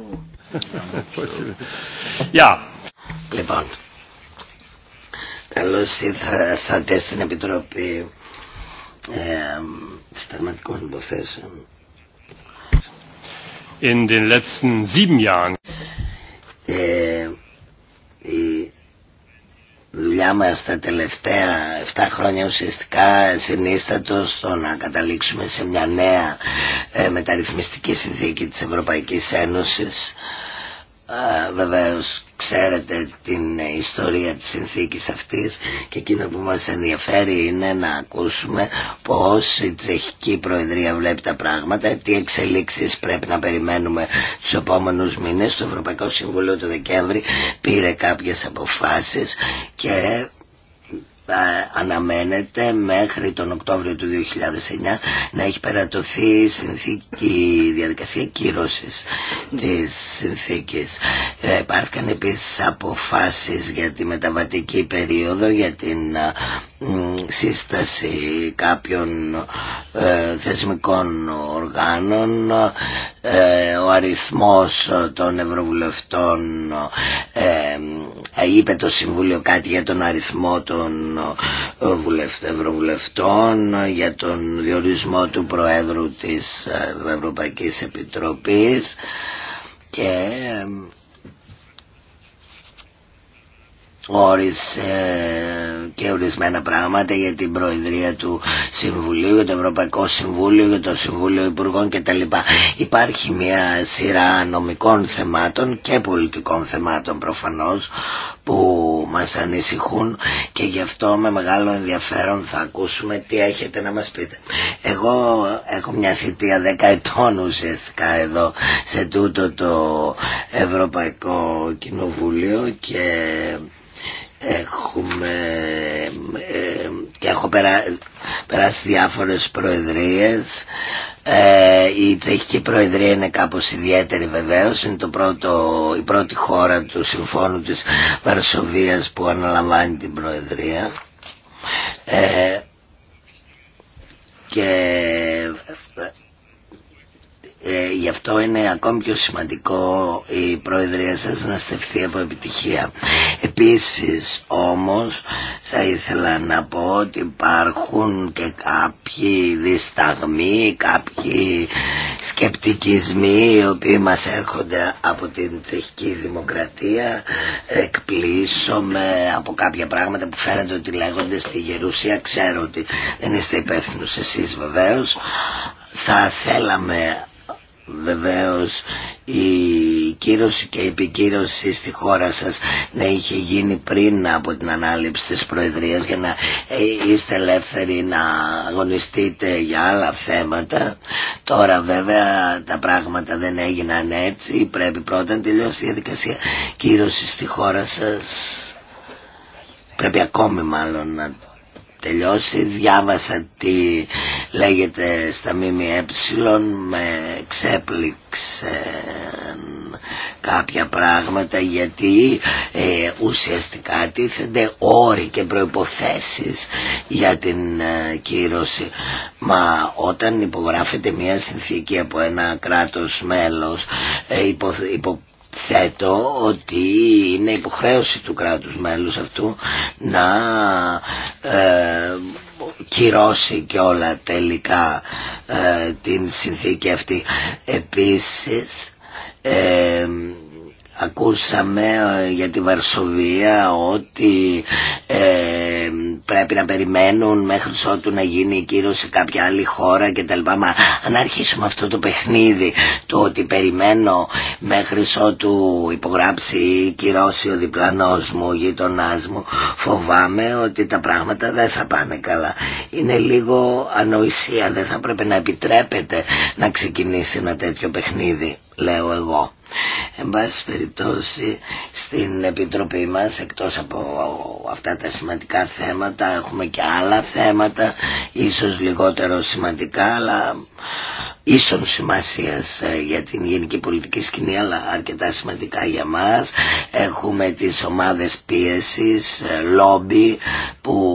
Γεια. Λοιπόν, καλώ ήρθατε στην Επιτροπή ε, Συνταγματικών Υποθέσεων. In den letzten sieben Jahren. μας τα τελευταία 7 χρόνια ουσιαστικά συνίστατο στο να καταλήξουμε σε μια νέα ε, μεταρρυθμιστική συνθήκη της Ευρωπαϊκής Ένωσης βεβαίως ξέρετε την ιστορία της συνθήκης αυτής και εκείνο που μας ενδιαφέρει είναι να ακούσουμε πως η τσεχική προεδρία βλέπει τα πράγματα τι εξελίξεις πρέπει να περιμένουμε του επόμενους μήνες το Ευρωπαϊκό Συμβουλίο το Δεκέμβρη πήρε κάποιες αποφάσεις και ε, αναμένεται μέχρι τον Οκτώβριο του 2009 να έχει περατωθεί η, συνθήκη, διαδικασία κύρωσης της συνθήκης. Υπάρχουν ε, επίσης αποφάσεις για τη μεταβατική περίοδο, για την ε, σύσταση κάποιων θεσμικών οργάνων ο αριθμός των ευρωβουλευτών είπε το Συμβούλιο κάτι για τον αριθμό των ευρωβουλευτών για τον διορισμό του Προέδρου της ε, Ευρωπαϊκής Επιτροπής και όρισε και ορισμένα πράγματα για την Προεδρία του Συμβουλίου, για το Ευρωπαϊκό Συμβούλιο, για το Συμβούλιο Υπουργών κτλ. Υπάρχει μια σειρά νομικών θεμάτων και πολιτικών θεμάτων προφανώς που μας ανησυχούν και γι' αυτό με μεγάλο ενδιαφέρον θα ακούσουμε τι έχετε να μας πείτε. Εγώ έχω μια θητεία 10 ετών ουσιαστικά εδώ σε τούτο το Ευρωπαϊκό Κοινοβούλιο και έχουμε ε, και έχω περα, περάσει διάφορες προεδρίες ε, η Τσεχική Προεδρία είναι κάπως ιδιαίτερη βεβαίως είναι το πρώτο, η πρώτη χώρα του Συμφώνου της Βαρσοβίας που αναλαμβάνει την Προεδρία ε, και ε, γι' αυτό είναι ακόμη πιο σημαντικό η Προεδρία σας να στεφθεί από επιτυχία. Επίσης όμως θα ήθελα να πω ότι υπάρχουν και κάποιοι δισταγμοί, κάποιοι σκεπτικισμοί οι οποίοι μας έρχονται από την τεχική δημοκρατία εκπλήσωμε από κάποια πράγματα που φαίνεται ότι λέγονται στη Γερουσία ξέρω ότι δεν είστε υπεύθυνους εσείς βεβαίως θα θέλαμε βεβαίως η κύρωση και η επικύρωση στη χώρα σας να είχε γίνει πριν από την ανάληψη της Προεδρίας για να ε, είστε ελεύθεροι να αγωνιστείτε για άλλα θέματα τώρα βέβαια τα πράγματα δεν έγιναν έτσι πρέπει πρώτα να τελειώσει η διαδικασία κύρωση στη χώρα σας πρέπει ακόμη μάλλον να τελειώσει διάβασα τι λέγεται στα ΜΜΕ με ξέπληξε κάποια πράγματα γιατί ε, ουσιαστικά τίθενται όροι και προϋποθέσεις για την ε, κύρωση μα όταν υπογράφεται μια συνθήκη από ένα κράτος μέλος ε, υπο, θέτω ότι είναι υποχρέωση του κράτους μέλους αυτού να ε, κυρώσει και όλα τελικά ε, την συνθήκη αυτή. Επίσης ε, Ακούσαμε ε, για τη Βαρσοβία ότι ε, πρέπει να περιμένουν μέχρι ότου να γίνει η κύρωση κάποια άλλη χώρα κτλ. Μα αν αρχίσουμε αυτό το παιχνίδι, το ότι περιμένω μέχρι ότου υπογράψει ή κυρώσει ο διπλανός μου, ο τον μου, φοβάμαι ότι τα πράγματα δεν θα πάνε καλά. Είναι λίγο ανοησία, δεν θα πρέπει να επιτρέπεται να ξεκινήσει ένα τέτοιο παιχνίδι, λέω εγώ. Εν πάση περιπτώσει στην Επιτροπή μας εκτός από αυτά τα σημαντικά θέματα έχουμε και άλλα θέματα ίσως λιγότερο σημαντικά αλλά ίσον σημασία ε, για την γενική πολιτική σκηνή αλλά αρκετά σημαντικά για μας έχουμε τις ομάδες πίεσης, ε, λόμπι που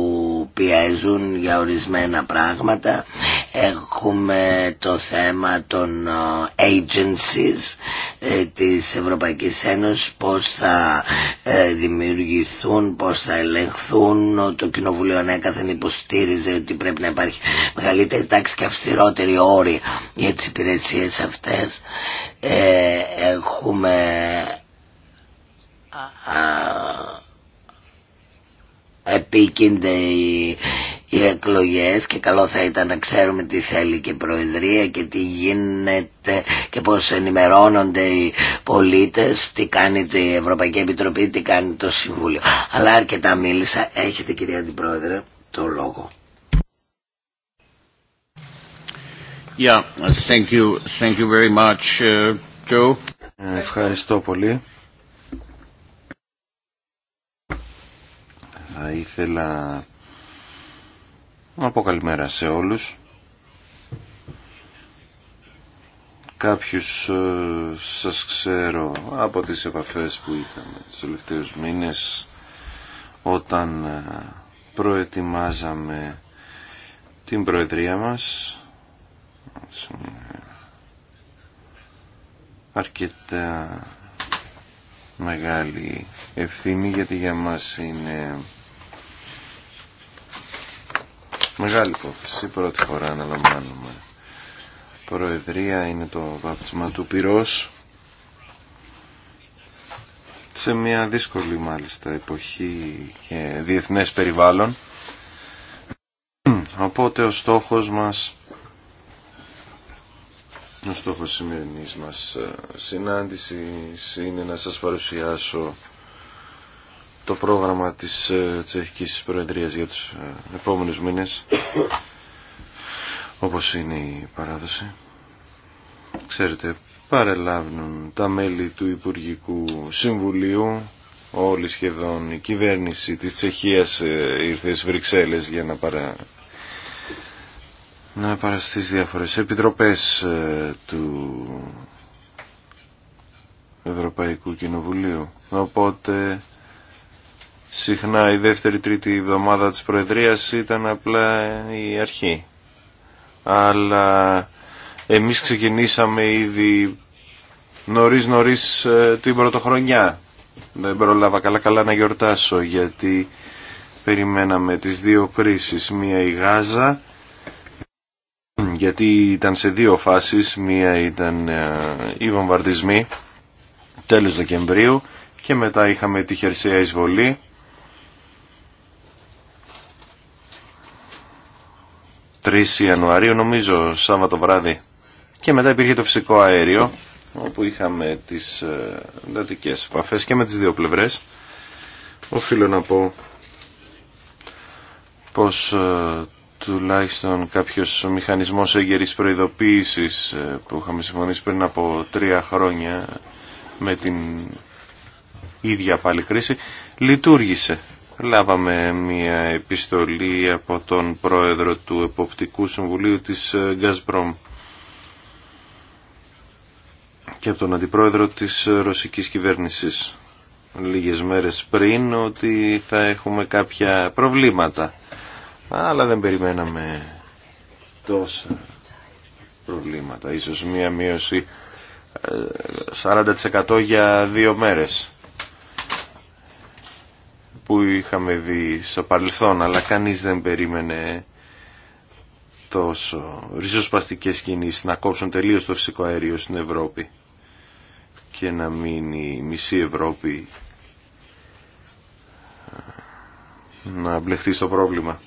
πιέζουν για ορισμένα πράγματα. Έχουμε το θέμα των agencies ε, της Ευρωπαϊκής Ένωσης, πώς θα ε, δημιουργηθούν, πώς θα ελεγχθούν. Το Κοινοβουλίο ανέκαθεν υποστήριζε ότι πρέπει να υπάρχει μεγαλύτερη τάξη και αυστηρότερη όρη για τις υπηρεσίες αυτές. Ε, έχουμε επίκυνται οι, οι εκλογές και καλό θα ήταν να ξέρουμε τι θέλει και η Προεδρία και τι γίνεται και πώς ενημερώνονται οι πολίτες, τι κάνει η Ευρωπαϊκή Επιτροπή, τι κάνει το Συμβούλιο. Αλλά αρκετά μίλησα. Έχετε κυρία Αντιπρόεδρε το λόγο. Yeah, thank you, thank you very much, uh, Joe. Ευχαριστώ πολύ. Θα ήθελα να πω καλημέρα σε όλους. Κάποιους ε, σας ξέρω από τις επαφές που είχαμε τις τελευταίους μήνες όταν ε, προετοιμάζαμε την Προεδρία μας αρκετά μεγάλη ευθύνη γιατί για μας είναι Μεγάλη υπόθεση, πρώτη φορά αναλαμβάνουμε. Προεδρία είναι το βάπτισμα του πυρός. Σε μια δύσκολη μάλιστα εποχή και διεθνές περιβάλλον. Οπότε ο στόχος μας, ο στόχος σημερινής μας ε, συνάντησης είναι να σας παρουσιάσω το πρόγραμμα της ε, Τσεχικής Προεδρίας για τους ε, επόμενους μήνες όπως είναι η παράδοση ξέρετε παρελάβουν τα μέλη του Υπουργικού Συμβουλίου όλοι σχεδόν η κυβέρνηση της Τσεχίας ε, ήρθε στις Βρυξέλλες για να παρα... να παραστείς διάφορες επιτροπές του Ευρωπαϊκού Κοινοβουλίου οπότε συχνά η δεύτερη τρίτη εβδομάδα της Προεδρίας ήταν απλά η αρχή. Αλλά εμείς ξεκινήσαμε ήδη νωρίς νωρίς ε, την πρωτοχρονιά. Δεν προλάβα καλά καλά να γιορτάσω γιατί περιμέναμε τις δύο κρίσεις. Μία η Γάζα γιατί ήταν σε δύο φάσεις. Μία ήταν ε, οι βομβαρδισμοί τέλος Δεκεμβρίου και μετά είχαμε τη χερσαία εισβολή 3 Ιανουαρίου νομίζω Σάββατο βράδυ και μετά υπήρχε το φυσικό αέριο όπου είχαμε τις δατικές ε, επαφές και με τις δύο πλευρές οφείλω να πω πως ε, τουλάχιστον κάποιος μηχανισμός έγκαιρης προειδοποίησης ε, που είχαμε συμφωνήσει πριν από τρία χρόνια με την ίδια πάλι κρίση λειτουργήσε Λάβαμε μια επιστολή από τον πρόεδρο του Εποπτικού Συμβουλίου της Γκασπρομ ε, και από τον αντιπρόεδρο της ε, ρωσικής κυβέρνησης λίγες μέρες πριν ότι θα έχουμε κάποια προβλήματα. Αλλά δεν περιμέναμε τόσα προβλήματα. Ίσως μία μείωση 40% ε, για δύο μέρες που είχαμε δει στο παρελθόν, αλλά κανείς δεν περίμενε τόσο ριζοσπαστικές κινήσεις να κόψουν τελείως το φυσικό αέριο στην Ευρώπη και να μείνει μισή Ευρώπη ε, να μπλεχτεί στο πρόβλημα.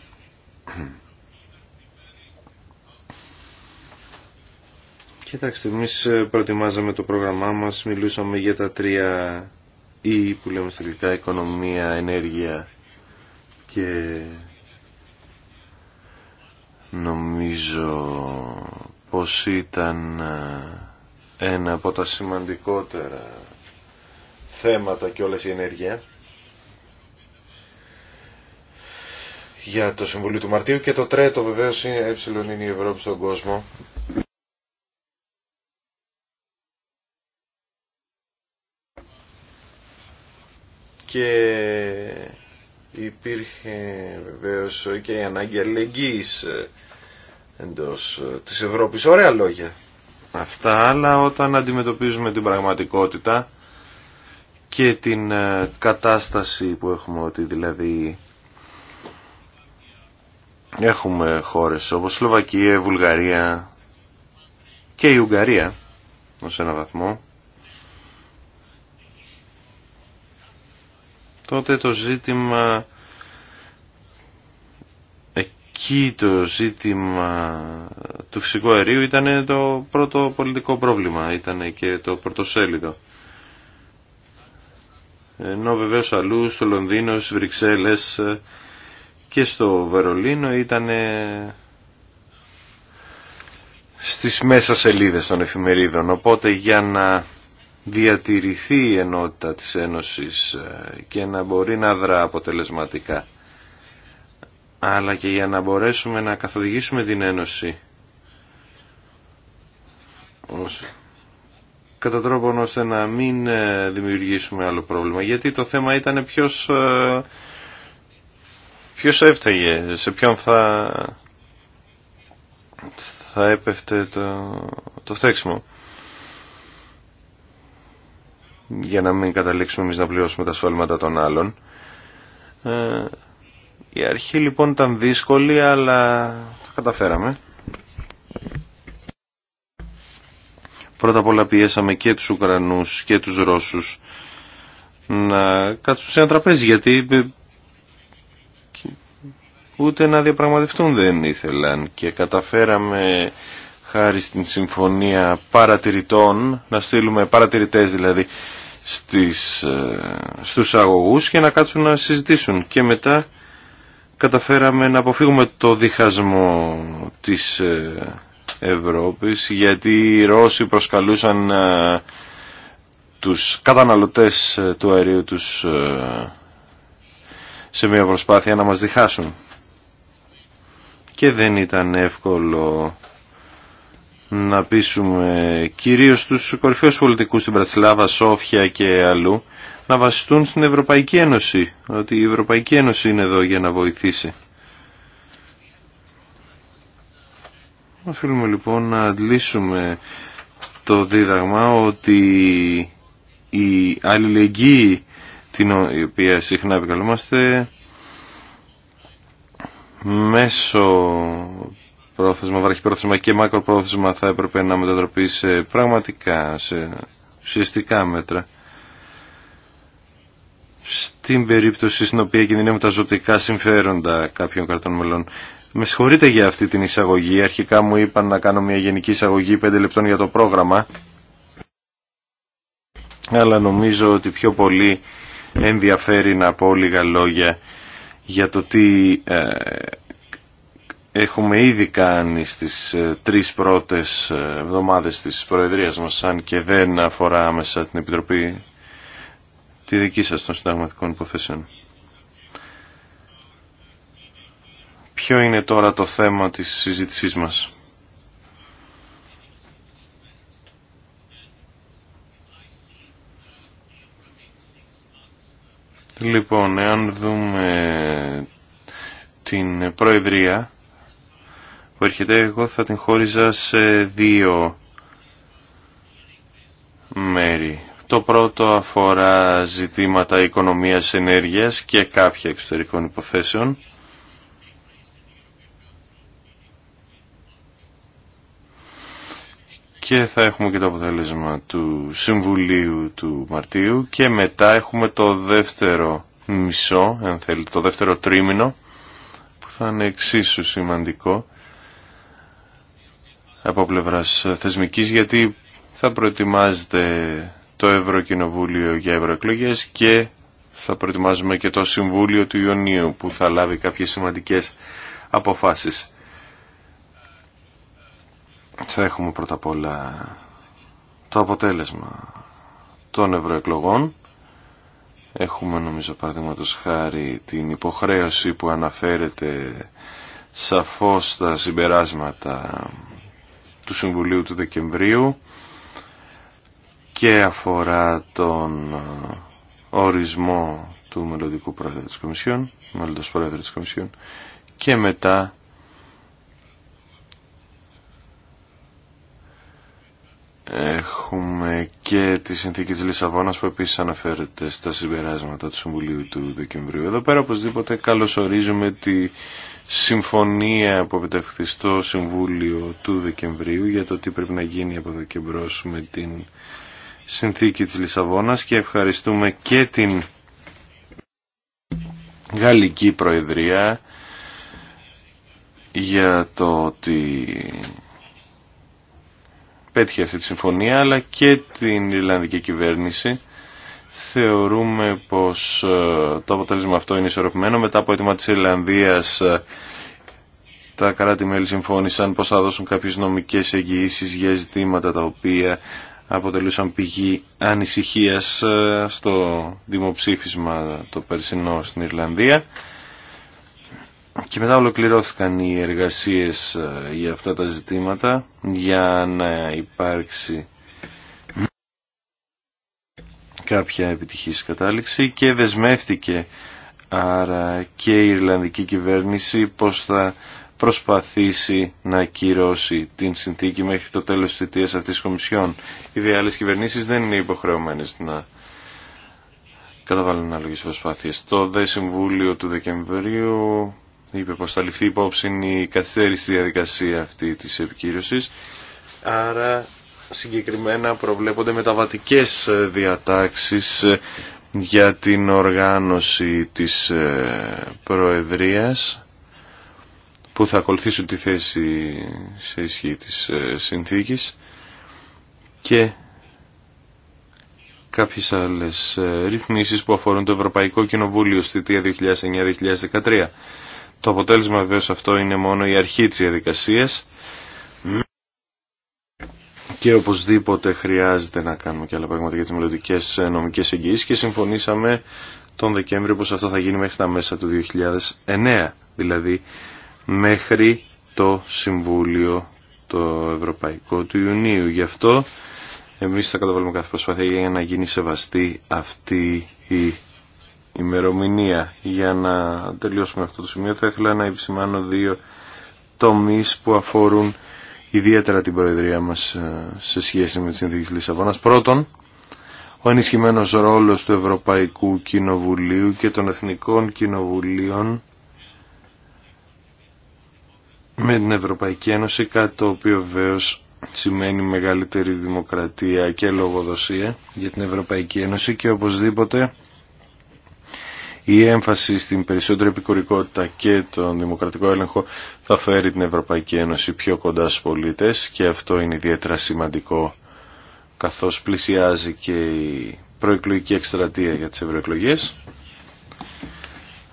Κοιτάξτε, εμεί ε, προετοιμάζαμε το πρόγραμμά μας, μιλούσαμε για τα τρία ή που λέμε στα αγγλικά οικονομία, ενέργεια και νομίζω πως ήταν ένα από τα σημαντικότερα θέματα και όλες η ενέργεια για το Συμβουλίο του Μαρτίου και το τρέτο βεβαίως είναι είναι η Ευρώπη στον κόσμο και υπήρχε βεβαίως και η ανάγκη αλληλεγγύης εντός της Ευρώπης. Ωραία λόγια αυτά, αλλά όταν αντιμετωπίζουμε την πραγματικότητα και την ε, κατάσταση που έχουμε ότι δηλαδή έχουμε χώρες όπως Σλοβακία, Βουλγαρία και η Ουγγαρία ως ένα βαθμό τότε το ζήτημα εκεί το ζήτημα του φυσικού αερίου ήταν το πρώτο πολιτικό πρόβλημα, ήταν και το πρωτοσέλιδο. Ενώ βεβαίω αλλού στο Λονδίνο, στις Βρυξέλλες και στο Βερολίνο ήταν στις μέσα σελίδες των εφημερίδων. Οπότε για να διατηρηθεί η ενότητα της Ένωσης ε, και να μπορεί να δρά αποτελεσματικά αλλά και για να μπορέσουμε να καθοδηγήσουμε την Ένωση κατά τρόπον ώστε να μην ε, δημιουργήσουμε άλλο πρόβλημα γιατί το θέμα ήταν ποιος ε, ποιος έφταιγε σε ποιον θα θα έπεφτε το, το φταίξιμο για να μην καταλήξουμε εμείς να πληρώσουμε τα σφάλματα των άλλων. Ε, η αρχή λοιπόν ήταν δύσκολη, αλλά τα καταφέραμε. Πρώτα απ' όλα πιέσαμε και τους Ουκρανούς και τους Ρώσους να κάτσουν σε ένα τραπέζι, γιατί ε, ούτε να διαπραγματευτούν δεν ήθελαν και καταφέραμε χάρη στην συμφωνία παρατηρητών, να στείλουμε παρατηρητές δηλαδή στις, ε, στους αγωγούς και να κάτσουν να συζητήσουν και μετά καταφέραμε να αποφύγουμε το διχασμό της ε, Ευρώπης γιατί οι Ρώσοι προσκαλούσαν ε, τους καταναλωτές του αερίου τους σε μια προσπάθεια να μας διχάσουν και δεν ήταν εύκολο να πείσουμε κυρίως τους κορυφαίους πολιτικούς στην Πρατσλάβα, Σόφια και αλλού να βασιστούν στην Ευρωπαϊκή Ένωση, ότι η Ευρωπαϊκή Ένωση είναι εδώ για να βοηθήσει. Οφείλουμε λοιπόν να αντλήσουμε το δίδαγμα ότι η αλληλεγγύη την οποία συχνά επικαλούμαστε μέσω πρόθεσμα, βραχυπρόθεσμα και μακροπρόθεσμα θα έπρεπε να μετατραπεί σε πραγματικά, σε ουσιαστικά μέτρα. Στην περίπτωση στην οποία κινδυνεύουν τα ζωτικά συμφέροντα κάποιων κρατών μελών. Με συγχωρείτε για αυτή την εισαγωγή. Αρχικά μου είπαν να κάνω μια γενική εισαγωγή 5 λεπτών για το πρόγραμμα. Αλλά νομίζω ότι πιο πολύ ενδιαφέρει να πω λίγα λόγια για το τι ε, έχουμε ήδη κάνει στις ε, τρεις πρώτες ε, εβδομάδες της Προεδρίας μας, αν και δεν αφορά άμεσα την Επιτροπή τη δική σας των συνταγματικών υποθέσεων. Ποιο είναι τώρα το θέμα της συζήτησής μας. Λοιπόν, εάν δούμε την Προεδρία που έρχεται εγώ θα την χώριζα σε δύο μέρη. Το πρώτο αφορά ζητήματα οικονομίας ενέργειας και κάποια εξωτερικών υποθέσεων. και θα έχουμε και το αποτέλεσμα του Συμβουλίου του Μαρτίου και μετά έχουμε το δεύτερο μισό, αν θέλετε, το δεύτερο τρίμηνο που θα είναι εξίσου σημαντικό από πλευράς θεσμικής γιατί θα προετοιμάζεται το Ευρωκοινοβούλιο για ευρωεκλογέ και θα προετοιμάζουμε και το Συμβούλιο του Ιωνίου που θα λάβει κάποιες σημαντικές αποφάσεις. Θα έχουμε πρώτα απ' όλα το αποτέλεσμα των ευρωεκλογών. Έχουμε νομίζω παραδείγματο χάρη την υποχρέωση που αναφέρεται σαφώς στα συμπεράσματα του Συμβουλίου του Δεκεμβρίου και αφορά τον ε, ορισμό του μελλοντικού πρόεδρου της Κομισιόν, μελλοντός πρόεδρου της και μετά έχουμε και τη συνθήκη της Λισαβόνας που επίσης αναφέρεται στα συμπεράσματα του Συμβουλίου του Δεκεμβρίου. Εδώ πέρα οπωσδήποτε καλωσορίζουμε τη συμφωνία που επιτευχθεί στο Συμβούλιο του Δεκεμβρίου για το τι πρέπει να γίνει από εδώ με την συνθήκη της Λισαβόνας και ευχαριστούμε και την Γαλλική Προεδρία για το ότι πέτυχε αυτή τη συμφωνία αλλά και την Ιρλανδική κυβέρνηση Θεωρούμε πως ε, το αποτέλεσμα αυτό είναι ισορροπημένο. Μετά από έτοιμα της Ιρλανδίας ε, τα κράτη-μέλη συμφώνησαν πως θα δώσουν κάποιες νομικές εγγυήσεις για ζητήματα τα οποία αποτελούσαν πηγή ανησυχίας ε, στο δημοψήφισμα το περσινό στην Ιρλανδία. Και μετά ολοκληρώθηκαν οι εργασίες για αυτά τα ζητήματα για να υπάρξει κάποια επιτυχής κατάληξη και δεσμεύτηκε άρα και η Ιρλανδική κυβέρνηση πως θα προσπαθήσει να ακυρώσει την συνθήκη μέχρι το τέλος της θητείας αυτής της Κομισιόν. Οι διάλλες κυβερνήσεις δεν είναι υποχρεωμένες να καταβάλουν ανάλογες προσπάθειες. Το ΔΕ Συμβούλιο του Δεκεμβρίου είπε πως θα ληφθεί υπόψη η καθυστέρηση διαδικασία αυτή της επικύρωσης. Άρα συγκεκριμένα προβλέπονται μεταβατικές ε, διατάξεις ε, για την οργάνωση της ε, Προεδρίας που θα ακολουθήσουν τη θέση σε ισχύ της συνθήκης και κάποιες άλλες ρυθμίσεις που αφορούν το Ευρωπαϊκό Κοινοβούλιο στη 2009-2013. Το αποτέλεσμα βεβαίως αυτό είναι μόνο η αρχή της διαδικασίας και οπωσδήποτε χρειάζεται να κάνουμε και άλλα πράγματα για τι μελλοντικέ ε, νομικέ εγγυήσεις και συμφωνήσαμε τον Δεκέμβριο πω αυτό θα γίνει μέχρι τα μέσα του 2009, δηλαδή μέχρι το Συμβούλιο το Ευρωπαϊκό του Ιουνίου. Γι' αυτό εμεί θα καταβάλουμε κάθε προσπάθεια για να γίνει σεβαστή αυτή η ημερομηνία. Για να τελειώσουμε αυτό το σημείο θα ήθελα να επισημάνω δύο τομείς που αφορούν ιδιαίτερα την Προεδρία μας ε, σε σχέση με τις συνθήκες Λισαβόνας. Πρώτον, ο ενισχυμένος ρόλος του Ευρωπαϊκού Κοινοβουλίου και των Εθνικών Κοινοβουλίων με την Ευρωπαϊκή Ένωση, κάτι το οποίο βεβαίω σημαίνει μεγαλύτερη δημοκρατία και λογοδοσία για την Ευρωπαϊκή Ένωση και οπωσδήποτε η έμφαση στην περισσότερη επικουρικότητα και τον δημοκρατικό έλεγχο θα φέρει την Ευρωπαϊκή Ένωση πιο κοντά στους πολίτες και αυτό είναι ιδιαίτερα σημαντικό καθώς πλησιάζει και η προεκλογική εκστρατεία για τις ευρωεκλογέ.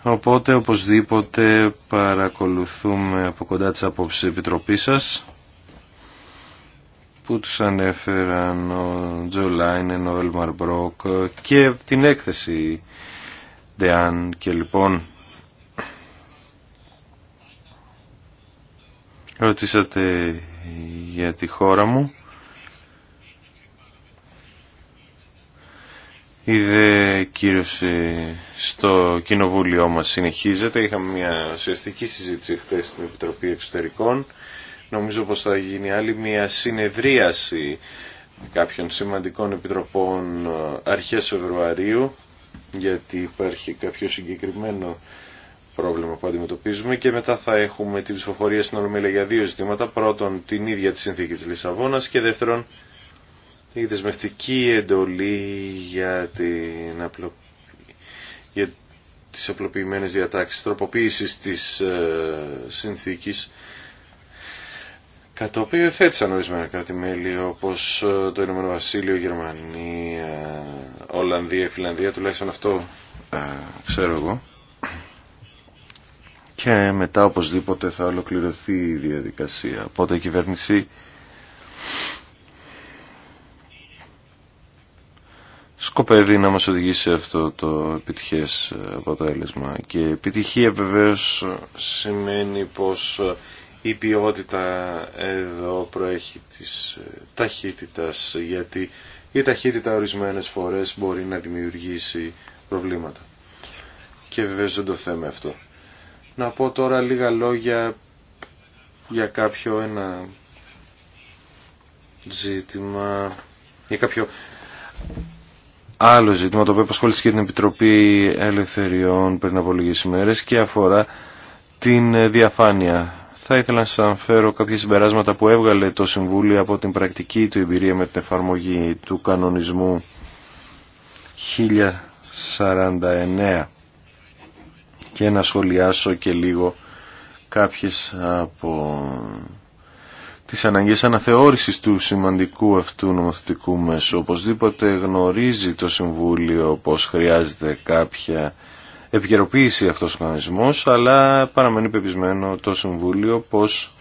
Οπότε οπωσδήποτε παρακολουθούμε από κοντά τις απόψεις της Επιτροπής σας που τους ανέφεραν ο Τζο Λάινεν, ο Έλμαρ Μπρόκ και την έκθεση Δεάν και λοιπόν ρωτήσατε για τη χώρα μου, Είδε δε στο κοινοβούλιο μας συνεχίζεται. Είχαμε μια ουσιαστική συζήτηση χθε στην Επιτροπή Εξωτερικών. Νομίζω πως θα γίνει άλλη μια συνεδρίαση κάποιων σημαντικών επιτροπών ε, αρχές Φεβρουαρίου γιατί υπάρχει κάποιο συγκεκριμένο πρόβλημα που αντιμετωπίζουμε και μετά θα έχουμε την ψηφοφορία στην Ολομέλεια για δύο ζητήματα. Πρώτον, την ίδια τη συνθήκη της Λισαβόνας και δεύτερον, η δεσμευτική εντολή για, την απλο... για τις απλοποιημένες διατάξεις τροποποίησης της ε, συνθήκης κατά το οποίο θέτησαν ορισμένα κράτη-μέλη όπως ε, το Ηνωμένο Βασίλειο, Γερμανία, Ολλανδία, Φιλανδία, τουλάχιστον αυτό ε, ξέρω εγώ. Και μετά οπωσδήποτε θα ολοκληρωθεί η διαδικασία. Οπότε η κυβέρνηση σκοπεύει να μας οδηγήσει αυτό το επιτυχές αποτέλεσμα. Και επιτυχία βεβαίως σημαίνει πως η ποιότητα εδώ προέχει της ε, ταχύτητας γιατί η ταχύτητα ορισμένες φορές μπορεί να δημιουργήσει προβλήματα. Και βεβαίως δεν το θέμα αυτό. Να πω τώρα λίγα λόγια για κάποιο ένα ζήτημα, για κάποιο άλλο ζήτημα το οποίο απασχόλησε και την Επιτροπή Ελευθεριών πριν από λίγες ημέρες και αφορά την διαφάνεια θα ήθελα να σας αναφέρω κάποια συμπεράσματα που έβγαλε το Συμβούλιο από την πρακτική του εμπειρία με την εφαρμογή του κανονισμού 1049 και να σχολιάσω και λίγο κάποιες από τις αναγκές αναθεώρησης του σημαντικού αυτού νομοθετικού μέσου. Οπωσδήποτε γνωρίζει το Συμβούλιο πως χρειάζεται κάποια επικαιροποίησει αυτός ο κανονισμός, αλλά παραμένει πεπισμένο το Συμβούλιο πως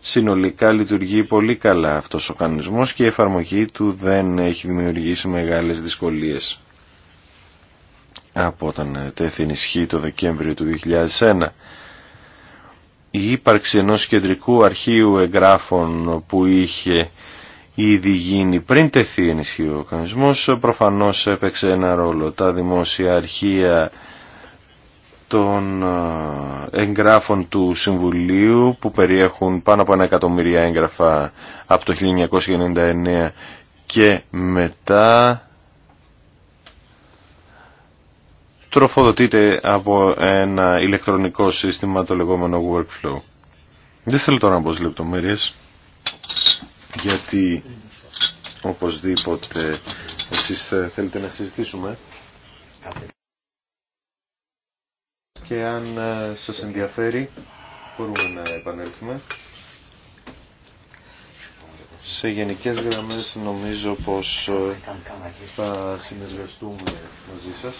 συνολικά λειτουργεί πολύ καλά αυτός ο κανονισμός και η εφαρμογή του δεν έχει δημιουργήσει μεγάλες δυσκολίες από όταν τέθη ενισχύ το Δεκέμβριο του 2001. Η ύπαρξη ενός κεντρικού αρχείου εγγράφων που είχε ήδη γίνει πριν τεθεί ενισχύ ο κανονισμός προφανώς έπαιξε ένα ρόλο. Τα δημόσια αρχεία των ε, εγγράφων του Συμβουλίου που περιέχουν πάνω από ένα εκατομμύρια έγγραφα από το 1999 και μετά τροφοδοτείται από ένα ηλεκτρονικό σύστημα το λεγόμενο workflow. Δεν θέλω τώρα να πω λεπτομέρειες γιατί οπωσδήποτε εσείς ε, θέλετε να συζητήσουμε και αν ε, σας ενδιαφέρει μπορούμε να επανέλθουμε. Σε γενικές γραμμές νομίζω πως ε, θα συνεργαστούμε μαζί σας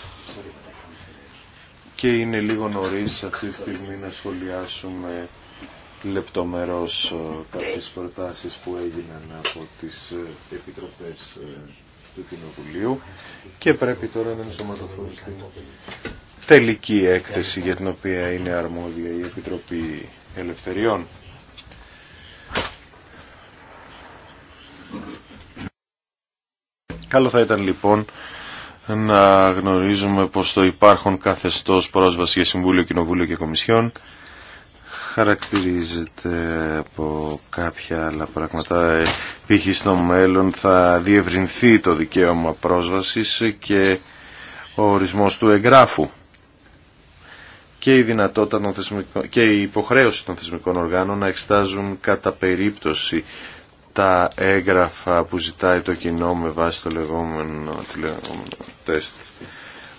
και είναι λίγο νωρίς αυτή τη στιγμή να σχολιάσουμε λεπτομερώς ε, κάποιες προτάσεις που έγιναν από τις επιτροπές του Κοινοβουλίου και πρέπει τώρα να ενσωματωθούν στην τελική έκθεση για την οποία είναι αρμόδια η Επιτροπή Ελευθεριών. Καλό θα ήταν λοιπόν να γνωρίζουμε πως το υπάρχον καθεστώς πρόσβαση για Συμβούλιο, Κοινοβούλιο και Κομισιόν χαρακτηρίζεται από κάποια άλλα πράγματα. Ε, π.χ. στο μέλλον θα διευρυνθεί το δικαίωμα πρόσβασης και ο ορισμός του εγγράφου και η, δυνατότητα των και η υποχρέωση των θεσμικών οργάνων να εξτάζουν κατά περίπτωση τα έγγραφα που ζητάει το κοινό με βάση το λεγόμενο, το λεγόμενο τεστ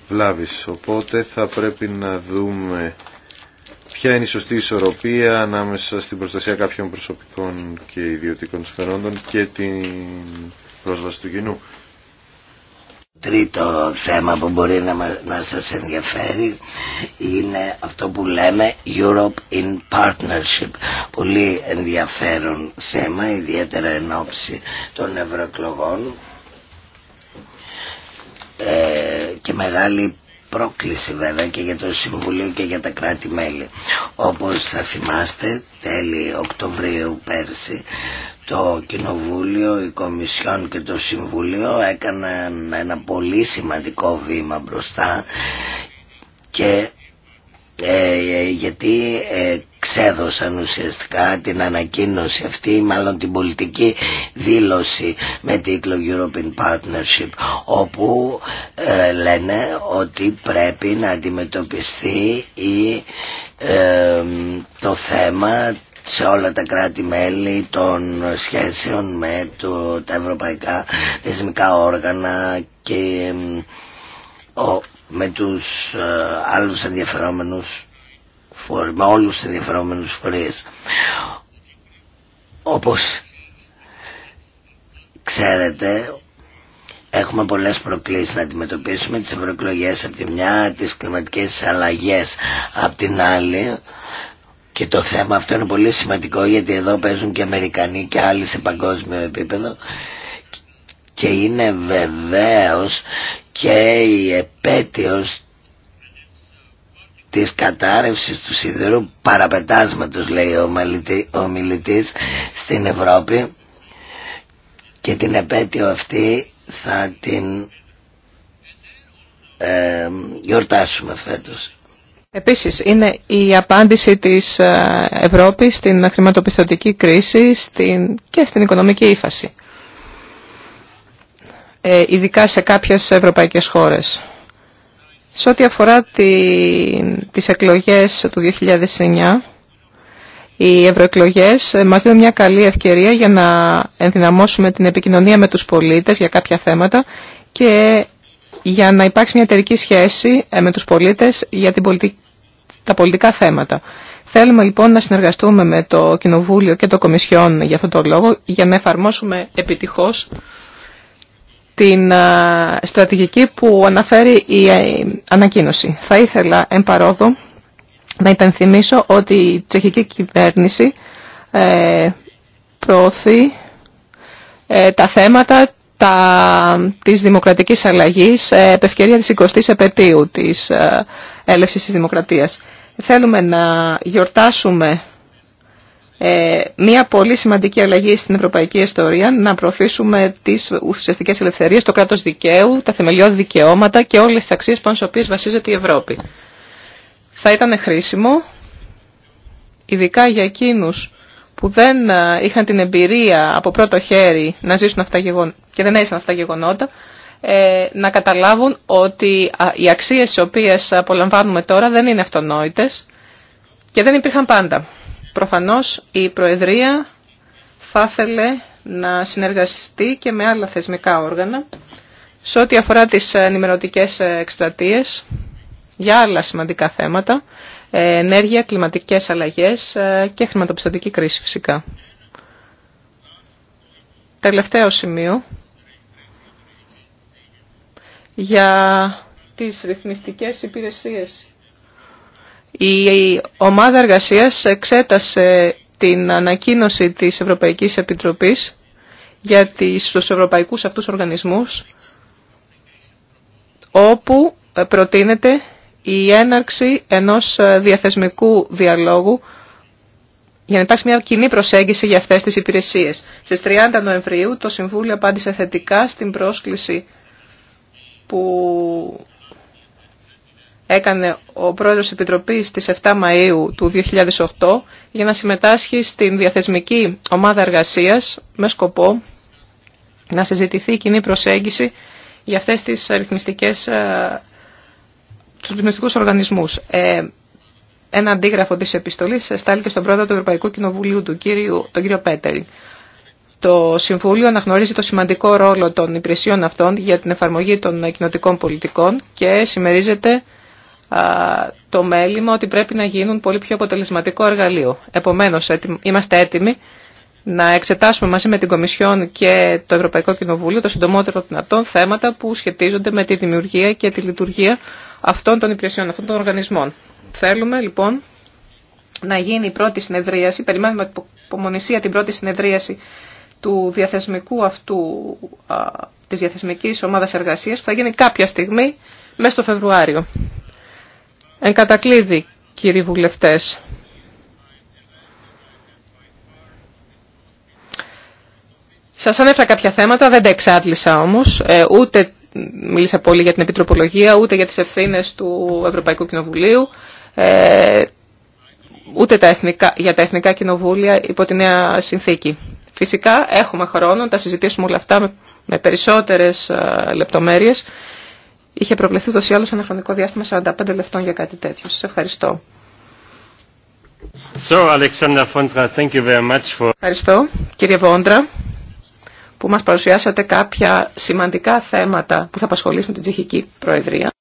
βλάβης. Οπότε θα πρέπει να δούμε ποια είναι η σωστή ισορροπία ανάμεσα στην προστασία κάποιων προσωπικών και ιδιωτικών σφαιρόντων και την πρόσβαση του κοινού τρίτο θέμα που μπορεί να, να σας ενδιαφέρει είναι αυτό που λέμε Europe in Partnership πολύ ενδιαφέρον θέμα ιδιαίτερα εν ώψη των ευρωεκλογών ε, και μεγάλη πρόκληση βέβαια και για το Συμβουλίο και για τα κράτη-μέλη. Όπως θα θυμάστε τέλη Οκτωβρίου πέρσι το Κοινοβούλιο, η Κομισιόν και το Συμβουλίο έκαναν ένα πολύ σημαντικό βήμα μπροστά και ε, ε, γιατί ε, ξέδωσαν ουσιαστικά την ανακοίνωση αυτή, μάλλον την πολιτική δήλωση με τίτλο European Partnership, όπου λένε ότι πρέπει να αντιμετωπιστεί η, το θέμα σε όλα τα κράτη-μέλη των σχέσεων με το, τα ευρωπαϊκά θεσμικά όργανα και με τους ε, άλλους ενδιαφερόμενους φορείς, με όλους τους ενδιαφερόμενους φορείς. Όπως ξέρετε έχουμε πολλές προκλήσεις να αντιμετωπίσουμε τις ευρωεκλογέ από τη μια, τις κλιματικές αλλαγές από την άλλη και το θέμα αυτό είναι πολύ σημαντικό γιατί εδώ παίζουν και Αμερικανοί και άλλοι σε παγκόσμιο επίπεδο και είναι βεβαίως και η επέτειος της κατάρρευσης του σιδηρού παραπετάσματος λέει ο, μιλητή, στην Ευρώπη και την επέτειο αυτή θα την ε, γιορτάσουμε φέτος. Επίσης είναι η απάντηση της ε, Ευρώπης στην χρηματοπιστωτική κρίση στην, και στην οικονομική ύφαση. Ε, ειδικά σε κάποιες ευρωπαϊκές χώρες. Σε ό,τι αφορά τη, τις εκλογές του 2009, οι ευρωεκλογέ μας δίνουν μια καλή ευκαιρία για να ενδυναμώσουμε την επικοινωνία με τους πολίτες για κάποια θέματα και για να υπάρξει μια εταιρική σχέση ε, με τους πολίτες για τα πολιτικά θέματα. Θέλουμε λοιπόν να συνεργαστούμε με το Κοινοβούλιο και το Κομισιόν για αυτόν τον λόγο για να εφαρμόσουμε επιτυχώς την ε, στρατηγική που αναφέρει η ε, ανακοίνωση. Θα ήθελα εν παρόδο να υπενθυμίσω ότι η τσεχική κυβέρνηση ε, προωθεί τα θέματα τα, της δημοκρατικής αλλαγής επ' ευκαιρία της 20ης επαιτίου της έλευσης της δημοκρατίας. Θέλουμε να γιορτάσουμε ε, μια πολύ σημαντική αλλαγή στην ευρωπαϊκή ιστορία, να προωθήσουμε τις ουσιαστικές ελευθερίες, το κράτος δικαίου, τα θεμελιώδη δικαιώματα και όλες τις αξίες πάνω στις οποίες βασίζεται η Ευρώπη. Θα ήταν χρήσιμο, ειδικά για εκείνους που δεν ε, είχαν την εμπειρία από πρώτο χέρι να ζήσουν αυτά γεγονότα και δεν έζησαν αυτά γεγονότα, ε, να καταλάβουν ότι οι αξίες τις οποίες απολαμβάνουμε τώρα δεν είναι αυτονόητες και δεν υπήρχαν πάντα. Προφανώς η Προεδρία θα ήθελε να συνεργαστεί και με άλλα θεσμικά όργανα σε ό,τι αφορά τις ενημερωτικές εκστρατείες για άλλα σημαντικά θέματα, ενέργεια, κλιματικές αλλαγές ε, και χρηματοπιστωτική κρίση φυσικά. Τελευταίο σημείο για τις ρυθμιστικές υπηρεσίες η ομάδα εργασίας εξέτασε την ανακοίνωση της Ευρωπαϊκής Επιτροπής για τους ευρωπαϊκούς αυτούς οργανισμούς, όπου προτείνεται η έναρξη ενός διαθεσμικού διαλόγου για να υπάρξει μια κοινή προσέγγιση για αυτές τις υπηρεσίες. Στις 30 Νοεμβρίου το Συμβούλιο απάντησε θετικά στην πρόσκληση που έκανε ο πρόεδρος της Επιτροπής στις 7 Μαΐου του 2008 για να συμμετάσχει στην διαθεσμική ομάδα εργασίας με σκοπό να συζητηθεί η κοινή προσέγγιση για αυτές τις ρυθμιστικές, ε, τους ρυθμιστικούς οργανισμούς. Ε, ένα αντίγραφο της επιστολής στάληκε στον πρόεδρο του Ευρωπαϊκού Κοινοβουλίου του κύριου, τον κύριο Πέτερη. Το Συμβούλιο αναγνωρίζει το σημαντικό ρόλο των υπηρεσιών αυτών για την εφαρμογή των κοινοτικών πολιτικών και συμμερίζεται το μέλημα ότι πρέπει να γίνουν πολύ πιο αποτελεσματικό εργαλείο. Επομένως, είμαστε έτοιμοι να εξετάσουμε μαζί με την Κομισιόν και το Ευρωπαϊκό Κοινοβούλιο το συντομότερο δυνατόν θέματα που σχετίζονται με τη δημιουργία και τη λειτουργία αυτών των υπηρεσιών, αυτών των οργανισμών. Θέλουμε λοιπόν να γίνει η πρώτη συνεδρίαση, περιμένουμε με υπομονησία την πρώτη συνεδρίαση του διαθεσμικού αυτού, α, της διαθεσμικής ομάδας εργασίας που θα γίνει κάποια στιγμή μέσα στο Φεβρουάριο. Εν κατακλείδη, κύριοι βουλευτές, σας ανέφερα κάποια θέματα, δεν τα εξάντλησα όμως, ε, ούτε μίλησα πολύ για την επιτροπολογία, ούτε για τις ευθύνες του Ευρωπαϊκού Κοινοβουλίου, ε, ούτε για τα εθνικά κοινοβούλια υπό τη νέα συνθήκη. Φυσικά έχουμε χρόνο, τα συζητήσουμε όλα αυτά με περισσότερες ε, λεπτομέρειες είχε προβλεφθεί ούτω ή ένα χρονικό διάστημα 45 λεπτών για κάτι τέτοιο. Σα ευχαριστώ. So, Alexander thank you very much for... Ευχαριστώ, κύριε Βόντρα, που μας παρουσιάσατε κάποια σημαντικά θέματα που θα απασχολήσουν την Τσεχική Προεδρία.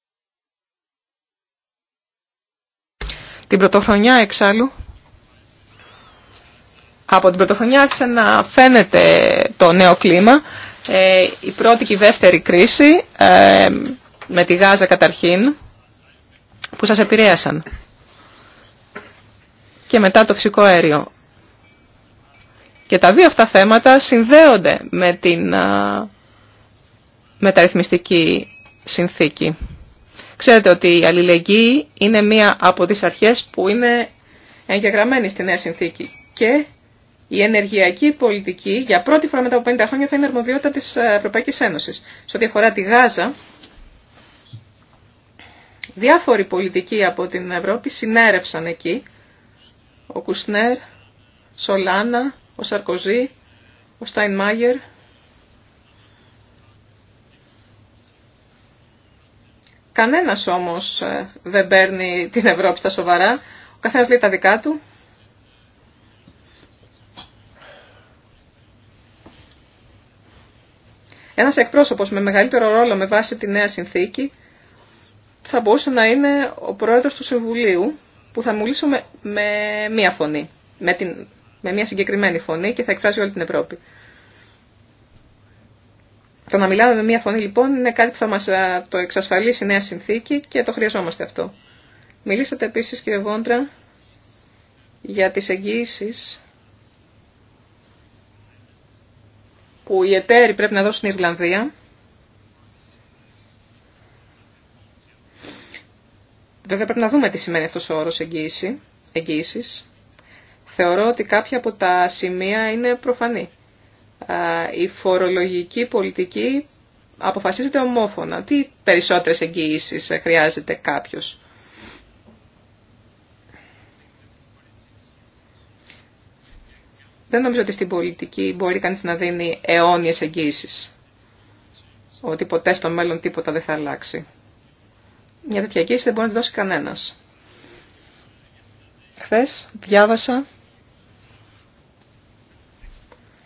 Την πρωτοχρονιά εξάλλου, από την πρωτοχρονιά άρχισε να φαίνεται το νέο κλίμα. Ε, η πρώτη και η δεύτερη κρίση ε, με τη Γάζα καταρχήν, που σας επηρέασαν. Και μετά το φυσικό αέριο. Και τα δύο αυτά θέματα συνδέονται με την μεταρρυθμιστική συνθήκη. Ξέρετε ότι η αλληλεγγύη είναι μία από τις αρχές που είναι εγγεγραμμένη στη νέα συνθήκη. Και η ενεργειακή πολιτική για πρώτη φορά μετά από 50 χρόνια θα είναι αρμοδιότητα της Ευρωπαϊκής Ένωσης. Σε ό,τι αφορά τη Γάζα, Διάφοροι πολιτικοί από την Ευρώπη συνέρευσαν εκεί. Ο Κουσνέρ, Σολάνα, ο Σαρκοζή, ο Στάινμάγερ. Κανένας όμως ε, δεν παίρνει την Ευρώπη στα σοβαρά. Ο καθένας λέει τα δικά του. Ένας εκπρόσωπος με μεγαλύτερο ρόλο με βάση τη νέα συνθήκη θα μπορούσε να είναι ο πρόεδρος του Συμβουλίου που θα μιλήσω με, μία φωνή, με, μία συγκεκριμένη φωνή και θα εκφράζει όλη την Ευρώπη. Το να μιλάμε με μία φωνή λοιπόν είναι κάτι που θα μας το εξασφαλίσει η νέα συνθήκη και το χρειαζόμαστε αυτό. Μιλήσατε επίσης κύριε Βόντρα για τις εγγύησει που οι εταίροι πρέπει να δώσουν στην Ιρλανδία Βέβαια πρέπει να δούμε τι σημαίνει αυτός ο όρος εγγύηση, εγγύησης. Θεωρώ ότι κάποια από τα σημεία είναι προφανή. Η φορολογική πολιτική αποφασίζεται ομόφωνα. Τι περισσότερες εγγυήσεις χρειάζεται κάποιος. Δεν νομίζω ότι στην πολιτική μπορεί κανείς να δίνει αιώνιες εγγύησεις. Ότι ποτέ στο μέλλον τίποτα δεν θα αλλάξει μια τέτοια εγγύηση δεν μπορεί να τη δώσει κανένας. Χθε, διάβασα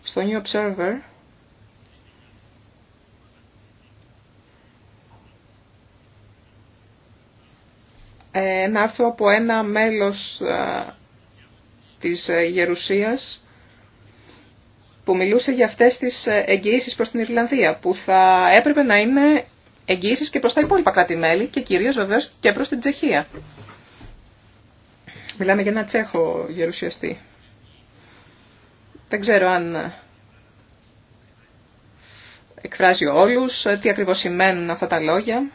στο New Observer ένα άρθρο από ένα μέλος ε, της ε, Γερουσίας που μιλούσε για αυτές τις ε, εγγυήσεις προς την Ιρλανδία που θα έπρεπε να είναι εγγύησεις και προς τα υπόλοιπα κράτη-μέλη και κυρίως βεβαίως και προς την Τσεχία. Μιλάμε για ένα Τσέχο γερουσιαστή. Δεν ξέρω αν εκφράζει όλους, τι ακριβώς σημαίνουν αυτά τα λόγια.